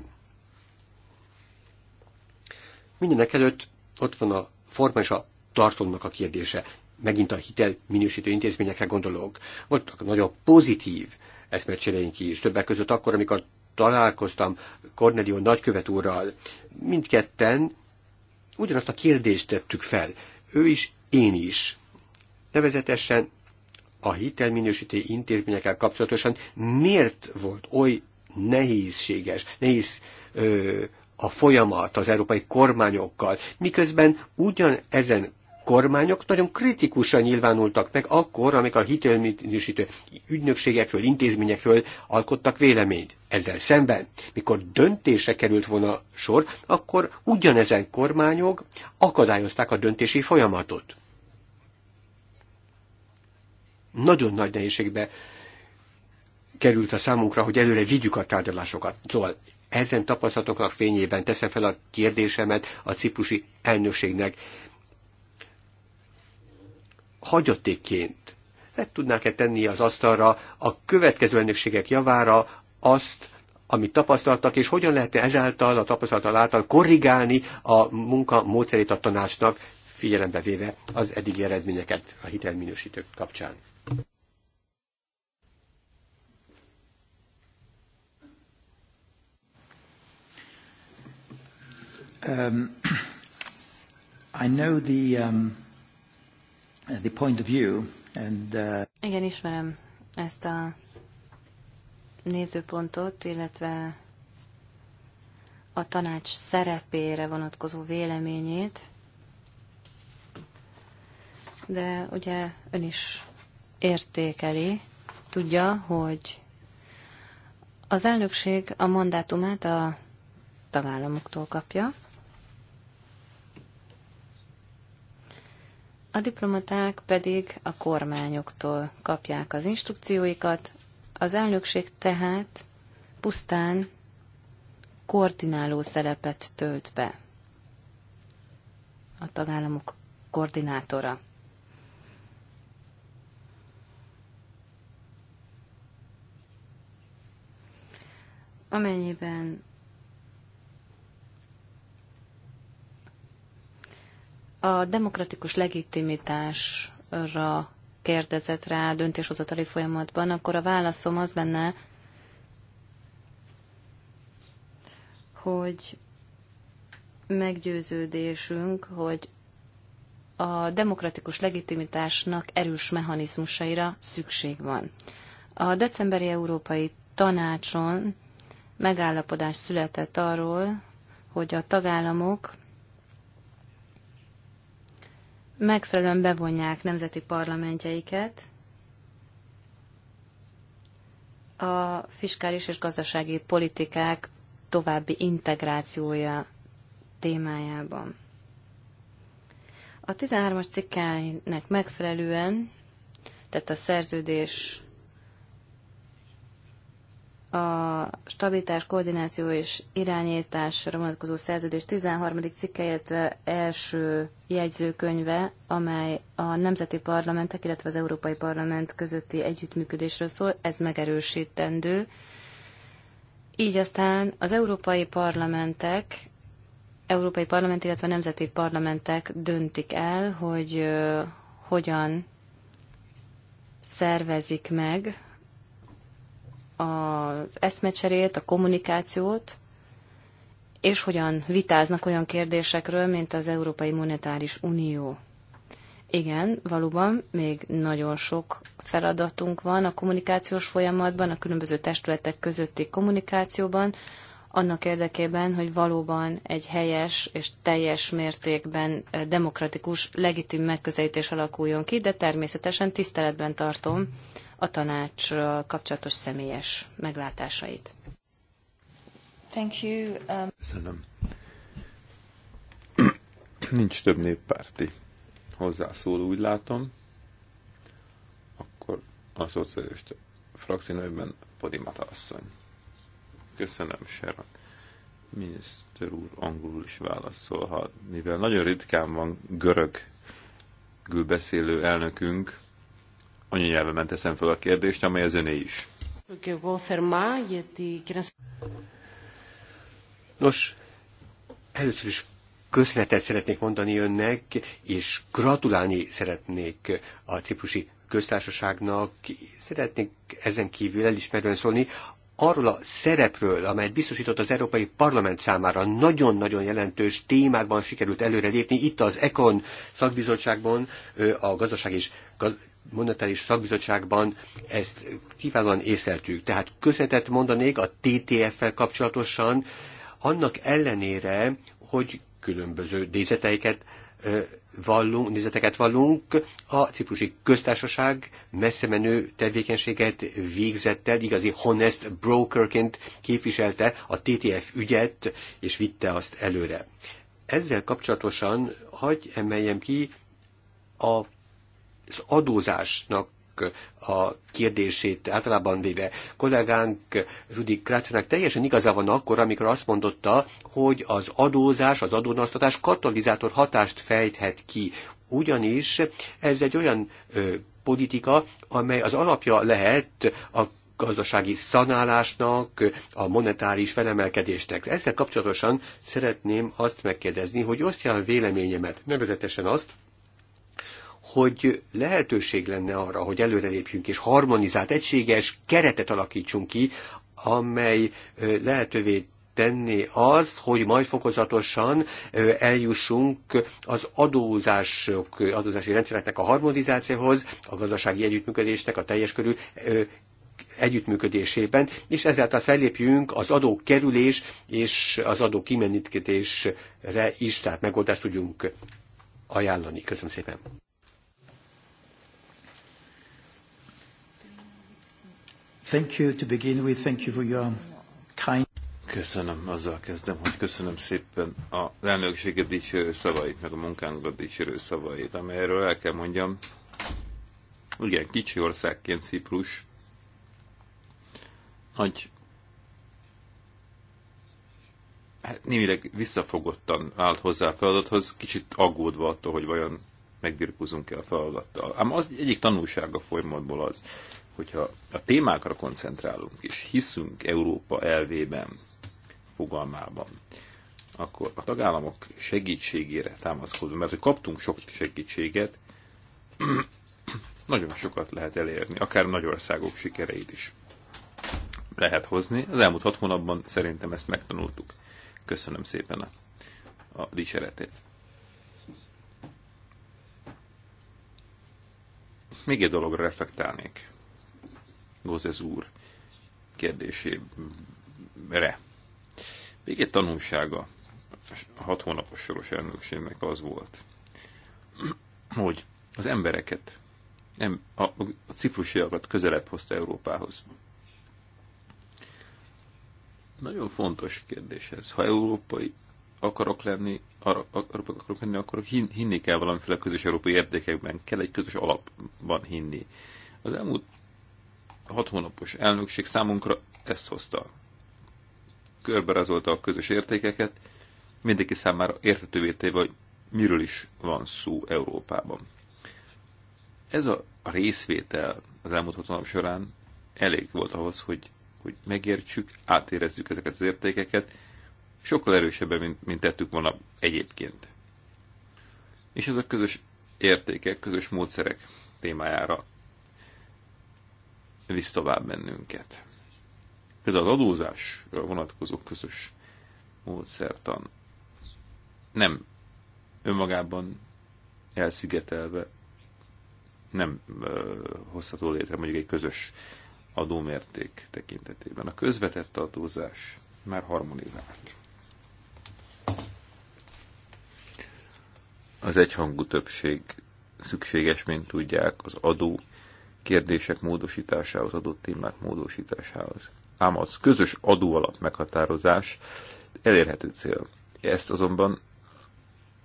Speaker 3: Mindenek előtt ott van a forma és a tartalomnak a kérdése megint a hitel minősítő intézményekre gondolok. Voltak nagyon pozitív eszmecseréink is, többek között akkor, amikor találkoztam Cornelio nagykövet úrral. Mindketten ugyanazt a kérdést tettük fel. Ő is, én is. Nevezetesen a hitelminősítő intézményekkel kapcsolatosan miért volt oly nehézséges, nehéz ö, a folyamat az európai kormányokkal, miközben ugyanezen kormányok nagyon kritikusan nyilvánultak meg akkor, amikor a hitelminősítő ügynökségekről, intézményekről alkottak véleményt. Ezzel szemben, mikor döntése került volna sor, akkor ugyanezen kormányok akadályozták a döntési folyamatot. Nagyon nagy nehézségbe került a számunkra, hogy előre vigyük a tárgyalásokat. Szóval ezen tapasztalatoknak fényében teszem fel a kérdésemet a ciprusi elnökségnek hagyatékként le tudnák e tenni az asztalra a következő elnökségek javára azt, amit tapasztaltak, és hogyan lehet ezáltal, a tapasztalattal által korrigálni a munka módszerét a tanácsnak, figyelembe véve az eddigi eredményeket a hitelminősítők kapcsán. Um, I know the um, the point of view and, uh...
Speaker 1: Igen, ismerem ezt a nézőpontot, illetve a tanács szerepére vonatkozó véleményét, de ugye ön is értékeli, tudja, hogy az elnökség a mandátumát a tagállamoktól kapja, a diplomaták pedig a kormányoktól kapják az instrukcióikat, az elnökség tehát pusztán koordináló szerepet tölt be. A tagállamok koordinátora. Amennyiben A demokratikus legitimitásra kérdezett rá döntéshozatali folyamatban, akkor a válaszom az lenne, hogy meggyőződésünk, hogy a demokratikus legitimitásnak erős mechanizmusaira szükség van. A decemberi Európai Tanácson megállapodás született arról, hogy a tagállamok megfelelően bevonják nemzeti parlamentjeiket a fiskális és gazdasági politikák további integrációja témájában. A 13-as cikkáinek megfelelően, tehát a szerződés a stabilitás, koordináció és irányításra vonatkozó szerződés 13. cikke, illetve első jegyzőkönyve, amely a nemzeti parlamentek, illetve az Európai Parlament közötti együttműködésről szól, ez megerősítendő. Így aztán az Európai Parlamentek, Európai Parlament, illetve nemzeti parlamentek döntik el, hogy hogyan szervezik meg az eszmecserét, a kommunikációt, és hogyan vitáznak olyan kérdésekről, mint az Európai Monetáris Unió. Igen, valóban még nagyon sok feladatunk van a kommunikációs folyamatban, a különböző testületek közötti kommunikációban, annak érdekében, hogy valóban egy helyes és teljes mértékben eh, demokratikus, legitim megközelítés alakuljon ki, de természetesen tiszteletben tartom a tanács kapcsolatos személyes meglátásait. Thank you. Um...
Speaker 2: Köszönöm. Nincs több néppárti hozzászóló, úgy látom. Akkor a szociális frakció Podimata asszony. Köszönöm, Sharon miniszter úr angolul is válaszolhat, mivel nagyon ritkán van görög beszélő elnökünk, anyanyelvemen teszem fel a kérdést, amely az öné is.
Speaker 3: Nos, először is köszönetet szeretnék mondani önnek, és gratulálni szeretnék a ciprusi köztársaságnak. Szeretnék ezen kívül elismerően szólni arról a szerepről, amelyet biztosított az Európai Parlament számára nagyon-nagyon jelentős témákban sikerült előrelépni itt az ECON szakbizottságban, a gazdaság és monetáris szakbizottságban ezt kiválóan észeltük. Tehát köszönetet mondanék a TTF-fel kapcsolatosan, annak ellenére, hogy különböző nézeteiket vallunk, nézeteket vallunk, a ciprusi köztársaság messze menő tevékenységet végzett el, igazi honest brokerként képviselte a TTF ügyet, és vitte azt előre. Ezzel kapcsolatosan hagy emeljem ki a az adózásnak a kérdését általában véve. Kollégánk Rudi Krácenek teljesen igaza van akkor, amikor azt mondotta, hogy az adózás, az adónasztatás katalizátor hatást fejthet ki. Ugyanis ez egy olyan ö, politika, amely az alapja lehet a gazdasági szanálásnak, a monetáris felemelkedésnek. Ezzel kapcsolatosan szeretném azt megkérdezni, hogy osztja a véleményemet, nevezetesen azt, hogy lehetőség lenne arra, hogy előrelépjünk és harmonizált, egységes keretet alakítsunk ki, amely lehetővé tenni azt, hogy majd fokozatosan eljussunk az adózások, adózási rendszereknek a harmonizációhoz, a gazdasági együttműködésnek a teljes körű együttműködésében, és ezáltal fellépjünk az adókerülés és az adó kimenítkedésre is, tehát megoldást tudjunk ajánlani. Köszönöm szépen. Thank you to begin with. Thank you for your kind...
Speaker 2: Köszönöm, azzal kezdem, hogy köszönöm szépen a elnökséget dicsérő szavait, meg a munkánkat dicsérő szavait, amelyről el kell mondjam, igen, kicsi országként Ciprus, nagy, hát némileg visszafogottan állt hozzá a feladathoz, kicsit aggódva attól, hogy vajon megbirkózunk-e a feladattal. Ám az egyik tanulsága folyamatból az, hogyha a témákra koncentrálunk, és hiszünk Európa elvében, fogalmában, akkor a tagállamok segítségére támaszkodva, mert hogy kaptunk sok segítséget, nagyon sokat lehet elérni, akár nagy országok sikereit is lehet hozni. Az elmúlt hat hónapban szerintem ezt megtanultuk. Köszönöm szépen a, a dicséretét. Még egy dologra reflektálnék. Gozes úr kérdésére. Még egy tanulsága a hat hónapos soros elnökségnek az volt, hogy az embereket, a, a ciprusiakat közelebb hozta Európához. Nagyon fontos kérdés ez. Ha európai akarok lenni, arra, arra akarok lenni, akkor hinni kell valamiféle közös európai értékekben, kell egy közös alapban hinni. Az elmúlt a hat hónapos elnökség számunkra ezt hozta. Körberazolta a közös értékeket, mindenki számára értetővé téve, hogy miről is van szó Európában. Ez a részvétel az elmúlt hat hónap során elég volt ahhoz, hogy, hogy megértsük, átérezzük ezeket az értékeket, sokkal erősebben, mint, mint tettük volna egyébként. És ez a közös értékek, közös módszerek témájára visz tovább bennünket. Például az adózásra vonatkozó közös módszertan nem önmagában elszigetelve nem ö, hozható létre mondjuk egy közös adómérték tekintetében. A közvetett adózás már harmonizált. Az egyhangú többség szükséges, mint tudják, az adó kérdések módosításához, adott témák módosításához. Ám az közös adóalap meghatározás elérhető cél. Ezt azonban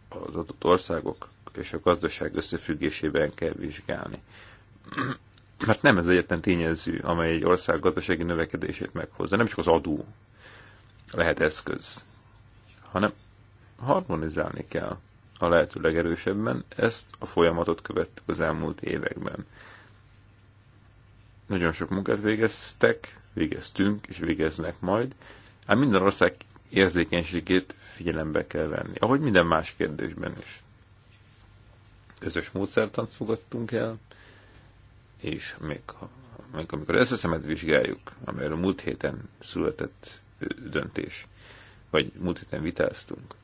Speaker 2: az adott országok és a gazdaság összefüggésében kell vizsgálni. Mert nem ez egyetlen tényező, amely egy ország gazdasági növekedését meghozza. Nem csak az adó lehet eszköz, hanem harmonizálni kell a lehető legerősebben. Ezt a folyamatot követtük az elmúlt években. Nagyon sok munkát végeztek, végeztünk és végeznek majd, ám minden ország érzékenységét figyelembe kell venni, ahogy minden más kérdésben is. Közös módszertant fogadtunk el, és még, még amikor ezt a szemet vizsgáljuk, amelyről múlt héten született döntés, vagy múlt héten vitáztunk,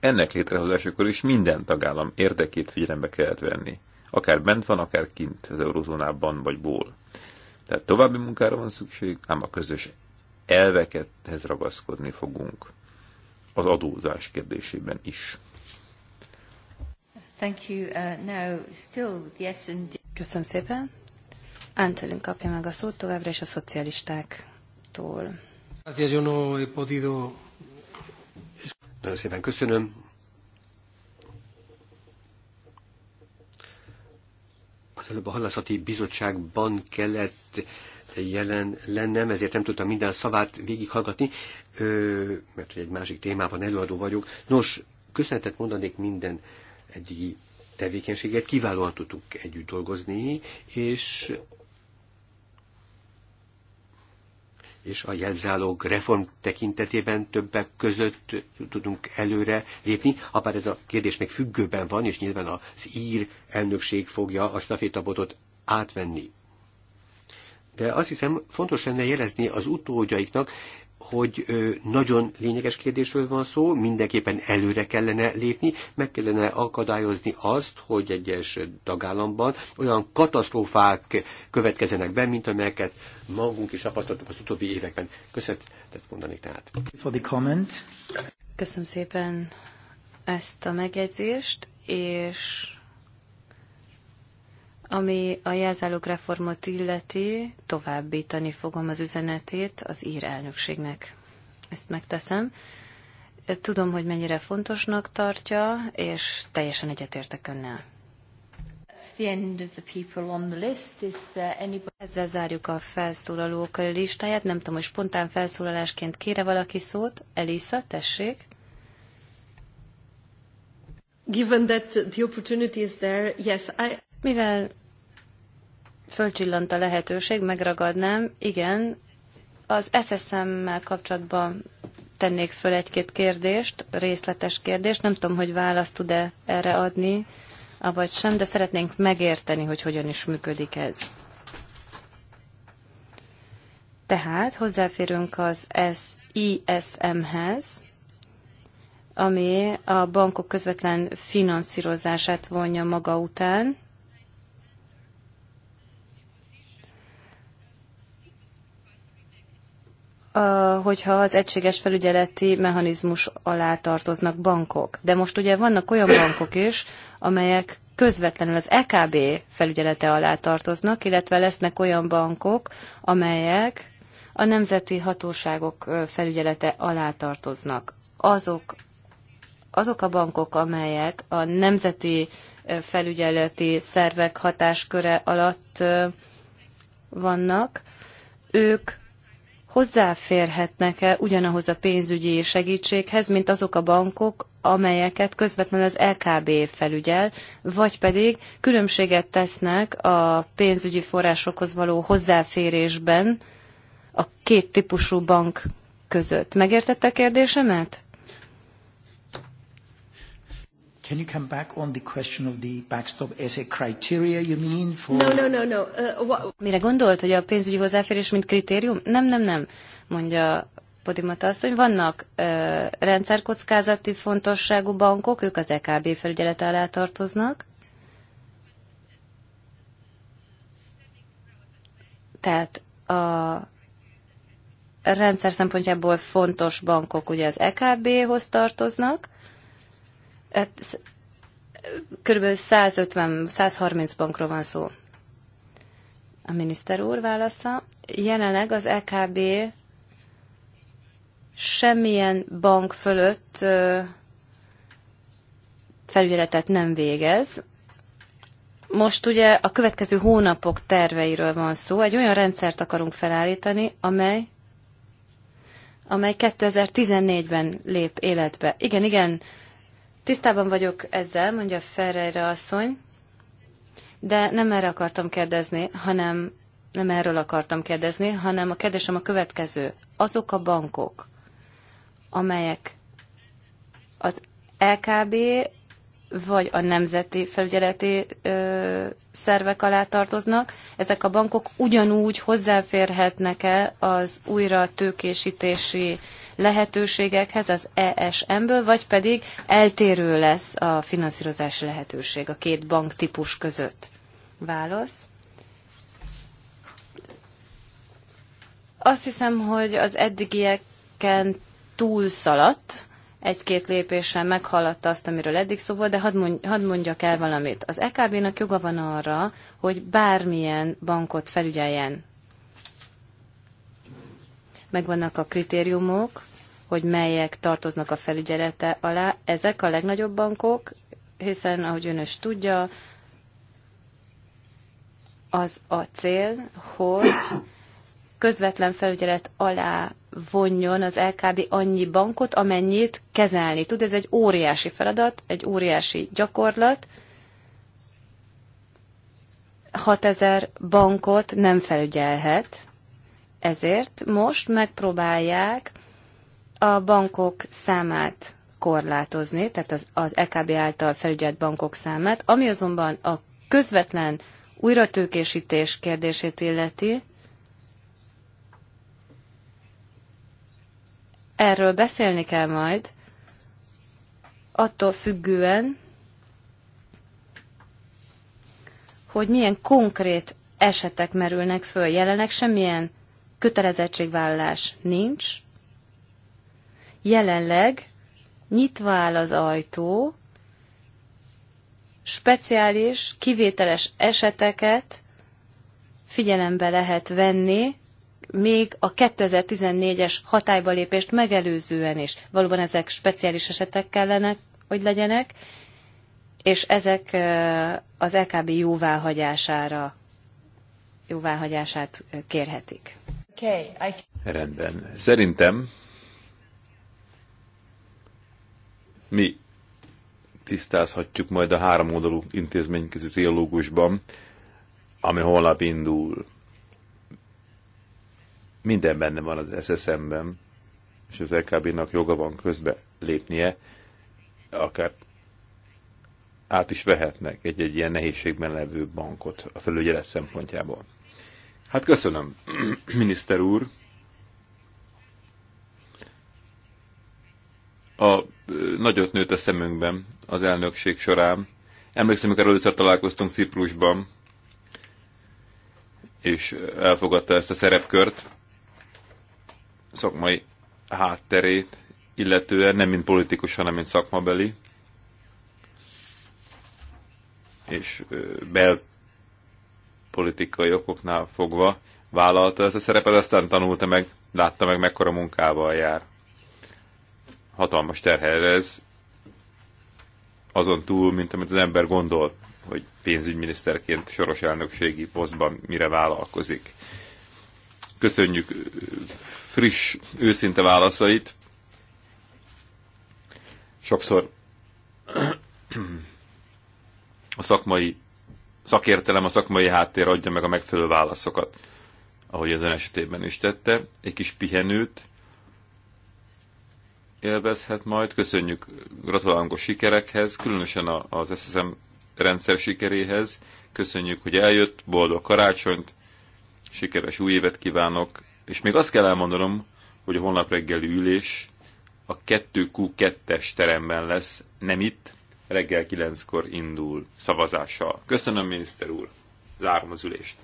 Speaker 2: ennek létrehozásakor is minden tagállam érdekét figyelembe kellett venni akár bent van, akár kint az eurozónában, vagy ból. Tehát további munkára van szükség, ám a közös elvekethez ragaszkodni fogunk az adózás kérdésében is.
Speaker 1: Thank you. Uh, now still the Köszönöm szépen. Antolin kapja meg a szót továbbra is a szocialistáktól.
Speaker 3: Nagyon szépen köszönöm. az előbb a halászati bizottságban kellett jelen lennem, ezért nem tudtam minden szavát végighallgatni, mert hogy egy másik témában előadó vagyok. Nos, köszönetet mondanék minden eddigi tevékenységet, kiválóan tudtuk együtt dolgozni, és és a jelzálog reform tekintetében többek között tudunk előre lépni, bár ez a kérdés még függőben van, és nyilván az ír elnökség fogja a stafétabotot átvenni. De azt hiszem, fontos lenne jelezni az utódjaiknak, hogy nagyon lényeges kérdésről van szó, mindenképpen előre kellene lépni, meg kellene akadályozni azt, hogy egyes tagállamban olyan katasztrófák következenek be, mint amelyeket magunk is tapasztaltuk az utóbbi években. Köszönöm, mondani tehát. For the comment.
Speaker 1: Köszönöm szépen ezt a megjegyzést, és ami a jelzálók reformot illeti, továbbítani fogom az üzenetét az ír elnökségnek. Ezt megteszem. Tudom, hogy mennyire fontosnak tartja, és teljesen egyetértek önnel. Ezzel zárjuk a felszólalók listáját. Nem tudom, hogy spontán felszólalásként kére valaki szót. Elisa, tessék. Given that the opportunity is there, yes, I... Mivel fölcsillant a lehetőség, megragadnám, igen, az SSM-mel kapcsolatban tennék föl egy-két kérdést, részletes kérdést, nem tudom, hogy választ tud-e erre adni, avagy sem, de szeretnénk megérteni, hogy hogyan is működik ez. Tehát hozzáférünk az ISM-hez, ami a bankok közvetlen finanszírozását vonja maga után, hogyha az egységes felügyeleti mechanizmus alá tartoznak bankok. De most ugye vannak olyan bankok is, amelyek közvetlenül az EKB felügyelete alá tartoznak, illetve lesznek olyan bankok, amelyek a nemzeti hatóságok felügyelete alá tartoznak. Azok, azok a bankok, amelyek a nemzeti felügyeleti szervek hatásköre alatt vannak, ők hozzáférhetnek-e ugyanahoz a pénzügyi segítséghez, mint azok a bankok, amelyeket közvetlenül az LKB felügyel, vagy pedig különbséget tesznek a pénzügyi forrásokhoz való hozzáférésben a két típusú bank között. Megértette a kérdésemet?
Speaker 3: Can you come back on the question of the backstop as a criteria you mean for... No, no,
Speaker 1: no, no. Uh, what... Mire gondolt, hogy a pénzügyi hozzáférés mint kritérium? Nem, nem, nem, mondja Podimata hogy Vannak uh, rendszerkockázati fontosságú bankok, ők az EKB felügyelete alá tartoznak. Tehát a rendszer szempontjából fontos bankok ugye az EKB-hoz tartoznak, Hát, kb. 150-130 bankról van szó. A miniszter úr válasza. Jelenleg az EKB semmilyen bank fölött felügyeletet nem végez. Most ugye a következő hónapok terveiről van szó. Egy olyan rendszert akarunk felállítani, amely amely 2014-ben lép életbe. Igen, igen, Tisztában vagyok ezzel, mondja Ferreira asszony, de nem erre akartam kérdezni, hanem nem erről akartam kérdezni, hanem a kérdésem a következő. Azok a bankok, amelyek az LKB vagy a nemzeti felügyeleti ö, szervek alá tartoznak, ezek a bankok ugyanúgy hozzáférhetnek-e az újra tőkésítési lehetőségekhez, az ESM-ből, vagy pedig eltérő lesz a finanszírozási lehetőség a két bank típus között? Válasz. Azt hiszem, hogy az eddigieken túlszaladt, egy-két lépéssel meghaladta azt, amiről eddig szó volt, de hadd, mondj, hadd mondjak el valamit. Az EKB-nak joga van arra, hogy bármilyen bankot felügyeljen megvannak a kritériumok, hogy melyek tartoznak a felügyelete alá. Ezek a legnagyobb bankok, hiszen, ahogy ön is tudja, az a cél, hogy közvetlen felügyelet alá vonjon az LKB annyi bankot, amennyit kezelni tud. Ez egy óriási feladat, egy óriási gyakorlat. 6000 bankot nem felügyelhet ezért most megpróbálják a bankok számát korlátozni, tehát az, az EKB által felügyelt bankok számát, ami azonban a közvetlen újratőkésítés kérdését illeti, erről beszélni kell majd, attól függően, hogy milyen konkrét esetek merülnek föl. Jelenleg semmilyen kötelezettségvállalás nincs. Jelenleg nyitva áll az ajtó, speciális, kivételes eseteket figyelembe lehet venni, még a 2014-es hatályba lépést megelőzően is. Valóban ezek speciális esetek kellene, hogy legyenek, és ezek az LKB jóváhagyására, jóváhagyását kérhetik. Okay, I...
Speaker 2: Rendben. Szerintem mi tisztázhatjuk majd a három oldalú között triológusban, ami holnap indul. Minden benne van az SSM-ben, és az LKB-nak joga van közbe lépnie, akár át is vehetnek egy-egy ilyen nehézségben levő bankot a felügyelet szempontjából. Hát köszönöm, miniszter úr. A, nagyot nőtt a szemünkben az elnökség során. Emlékszem, amikor először találkoztunk Ciprusban, és elfogadta ezt a szerepkört szakmai hátterét, illetően nem mint politikus, hanem mint szakmabeli, és bel politikai okoknál fogva vállalta ezt a szerepet, aztán tanulta meg, látta meg, mekkora munkával jár. Hatalmas terhelre ez, azon túl, mint amit az ember gondol, hogy pénzügyminiszterként soros elnökségi posztban mire vállalkozik. Köszönjük friss, őszinte válaszait. Sokszor a szakmai szakértelem, a szakmai háttér adja meg a megfelelő válaszokat, ahogy az ön esetében is tette. Egy kis pihenőt élvezhet majd. Köszönjük, gratulálunk a sikerekhez, különösen az SSM rendszer sikeréhez. Köszönjük, hogy eljött, boldog karácsonyt, sikeres új évet kívánok, és még azt kell elmondanom, hogy a holnap reggeli ülés a 2Q2-es teremben lesz, nem itt, reggel kilenckor indul szavazással. Köszönöm, miniszter úr! Zárom az ülést!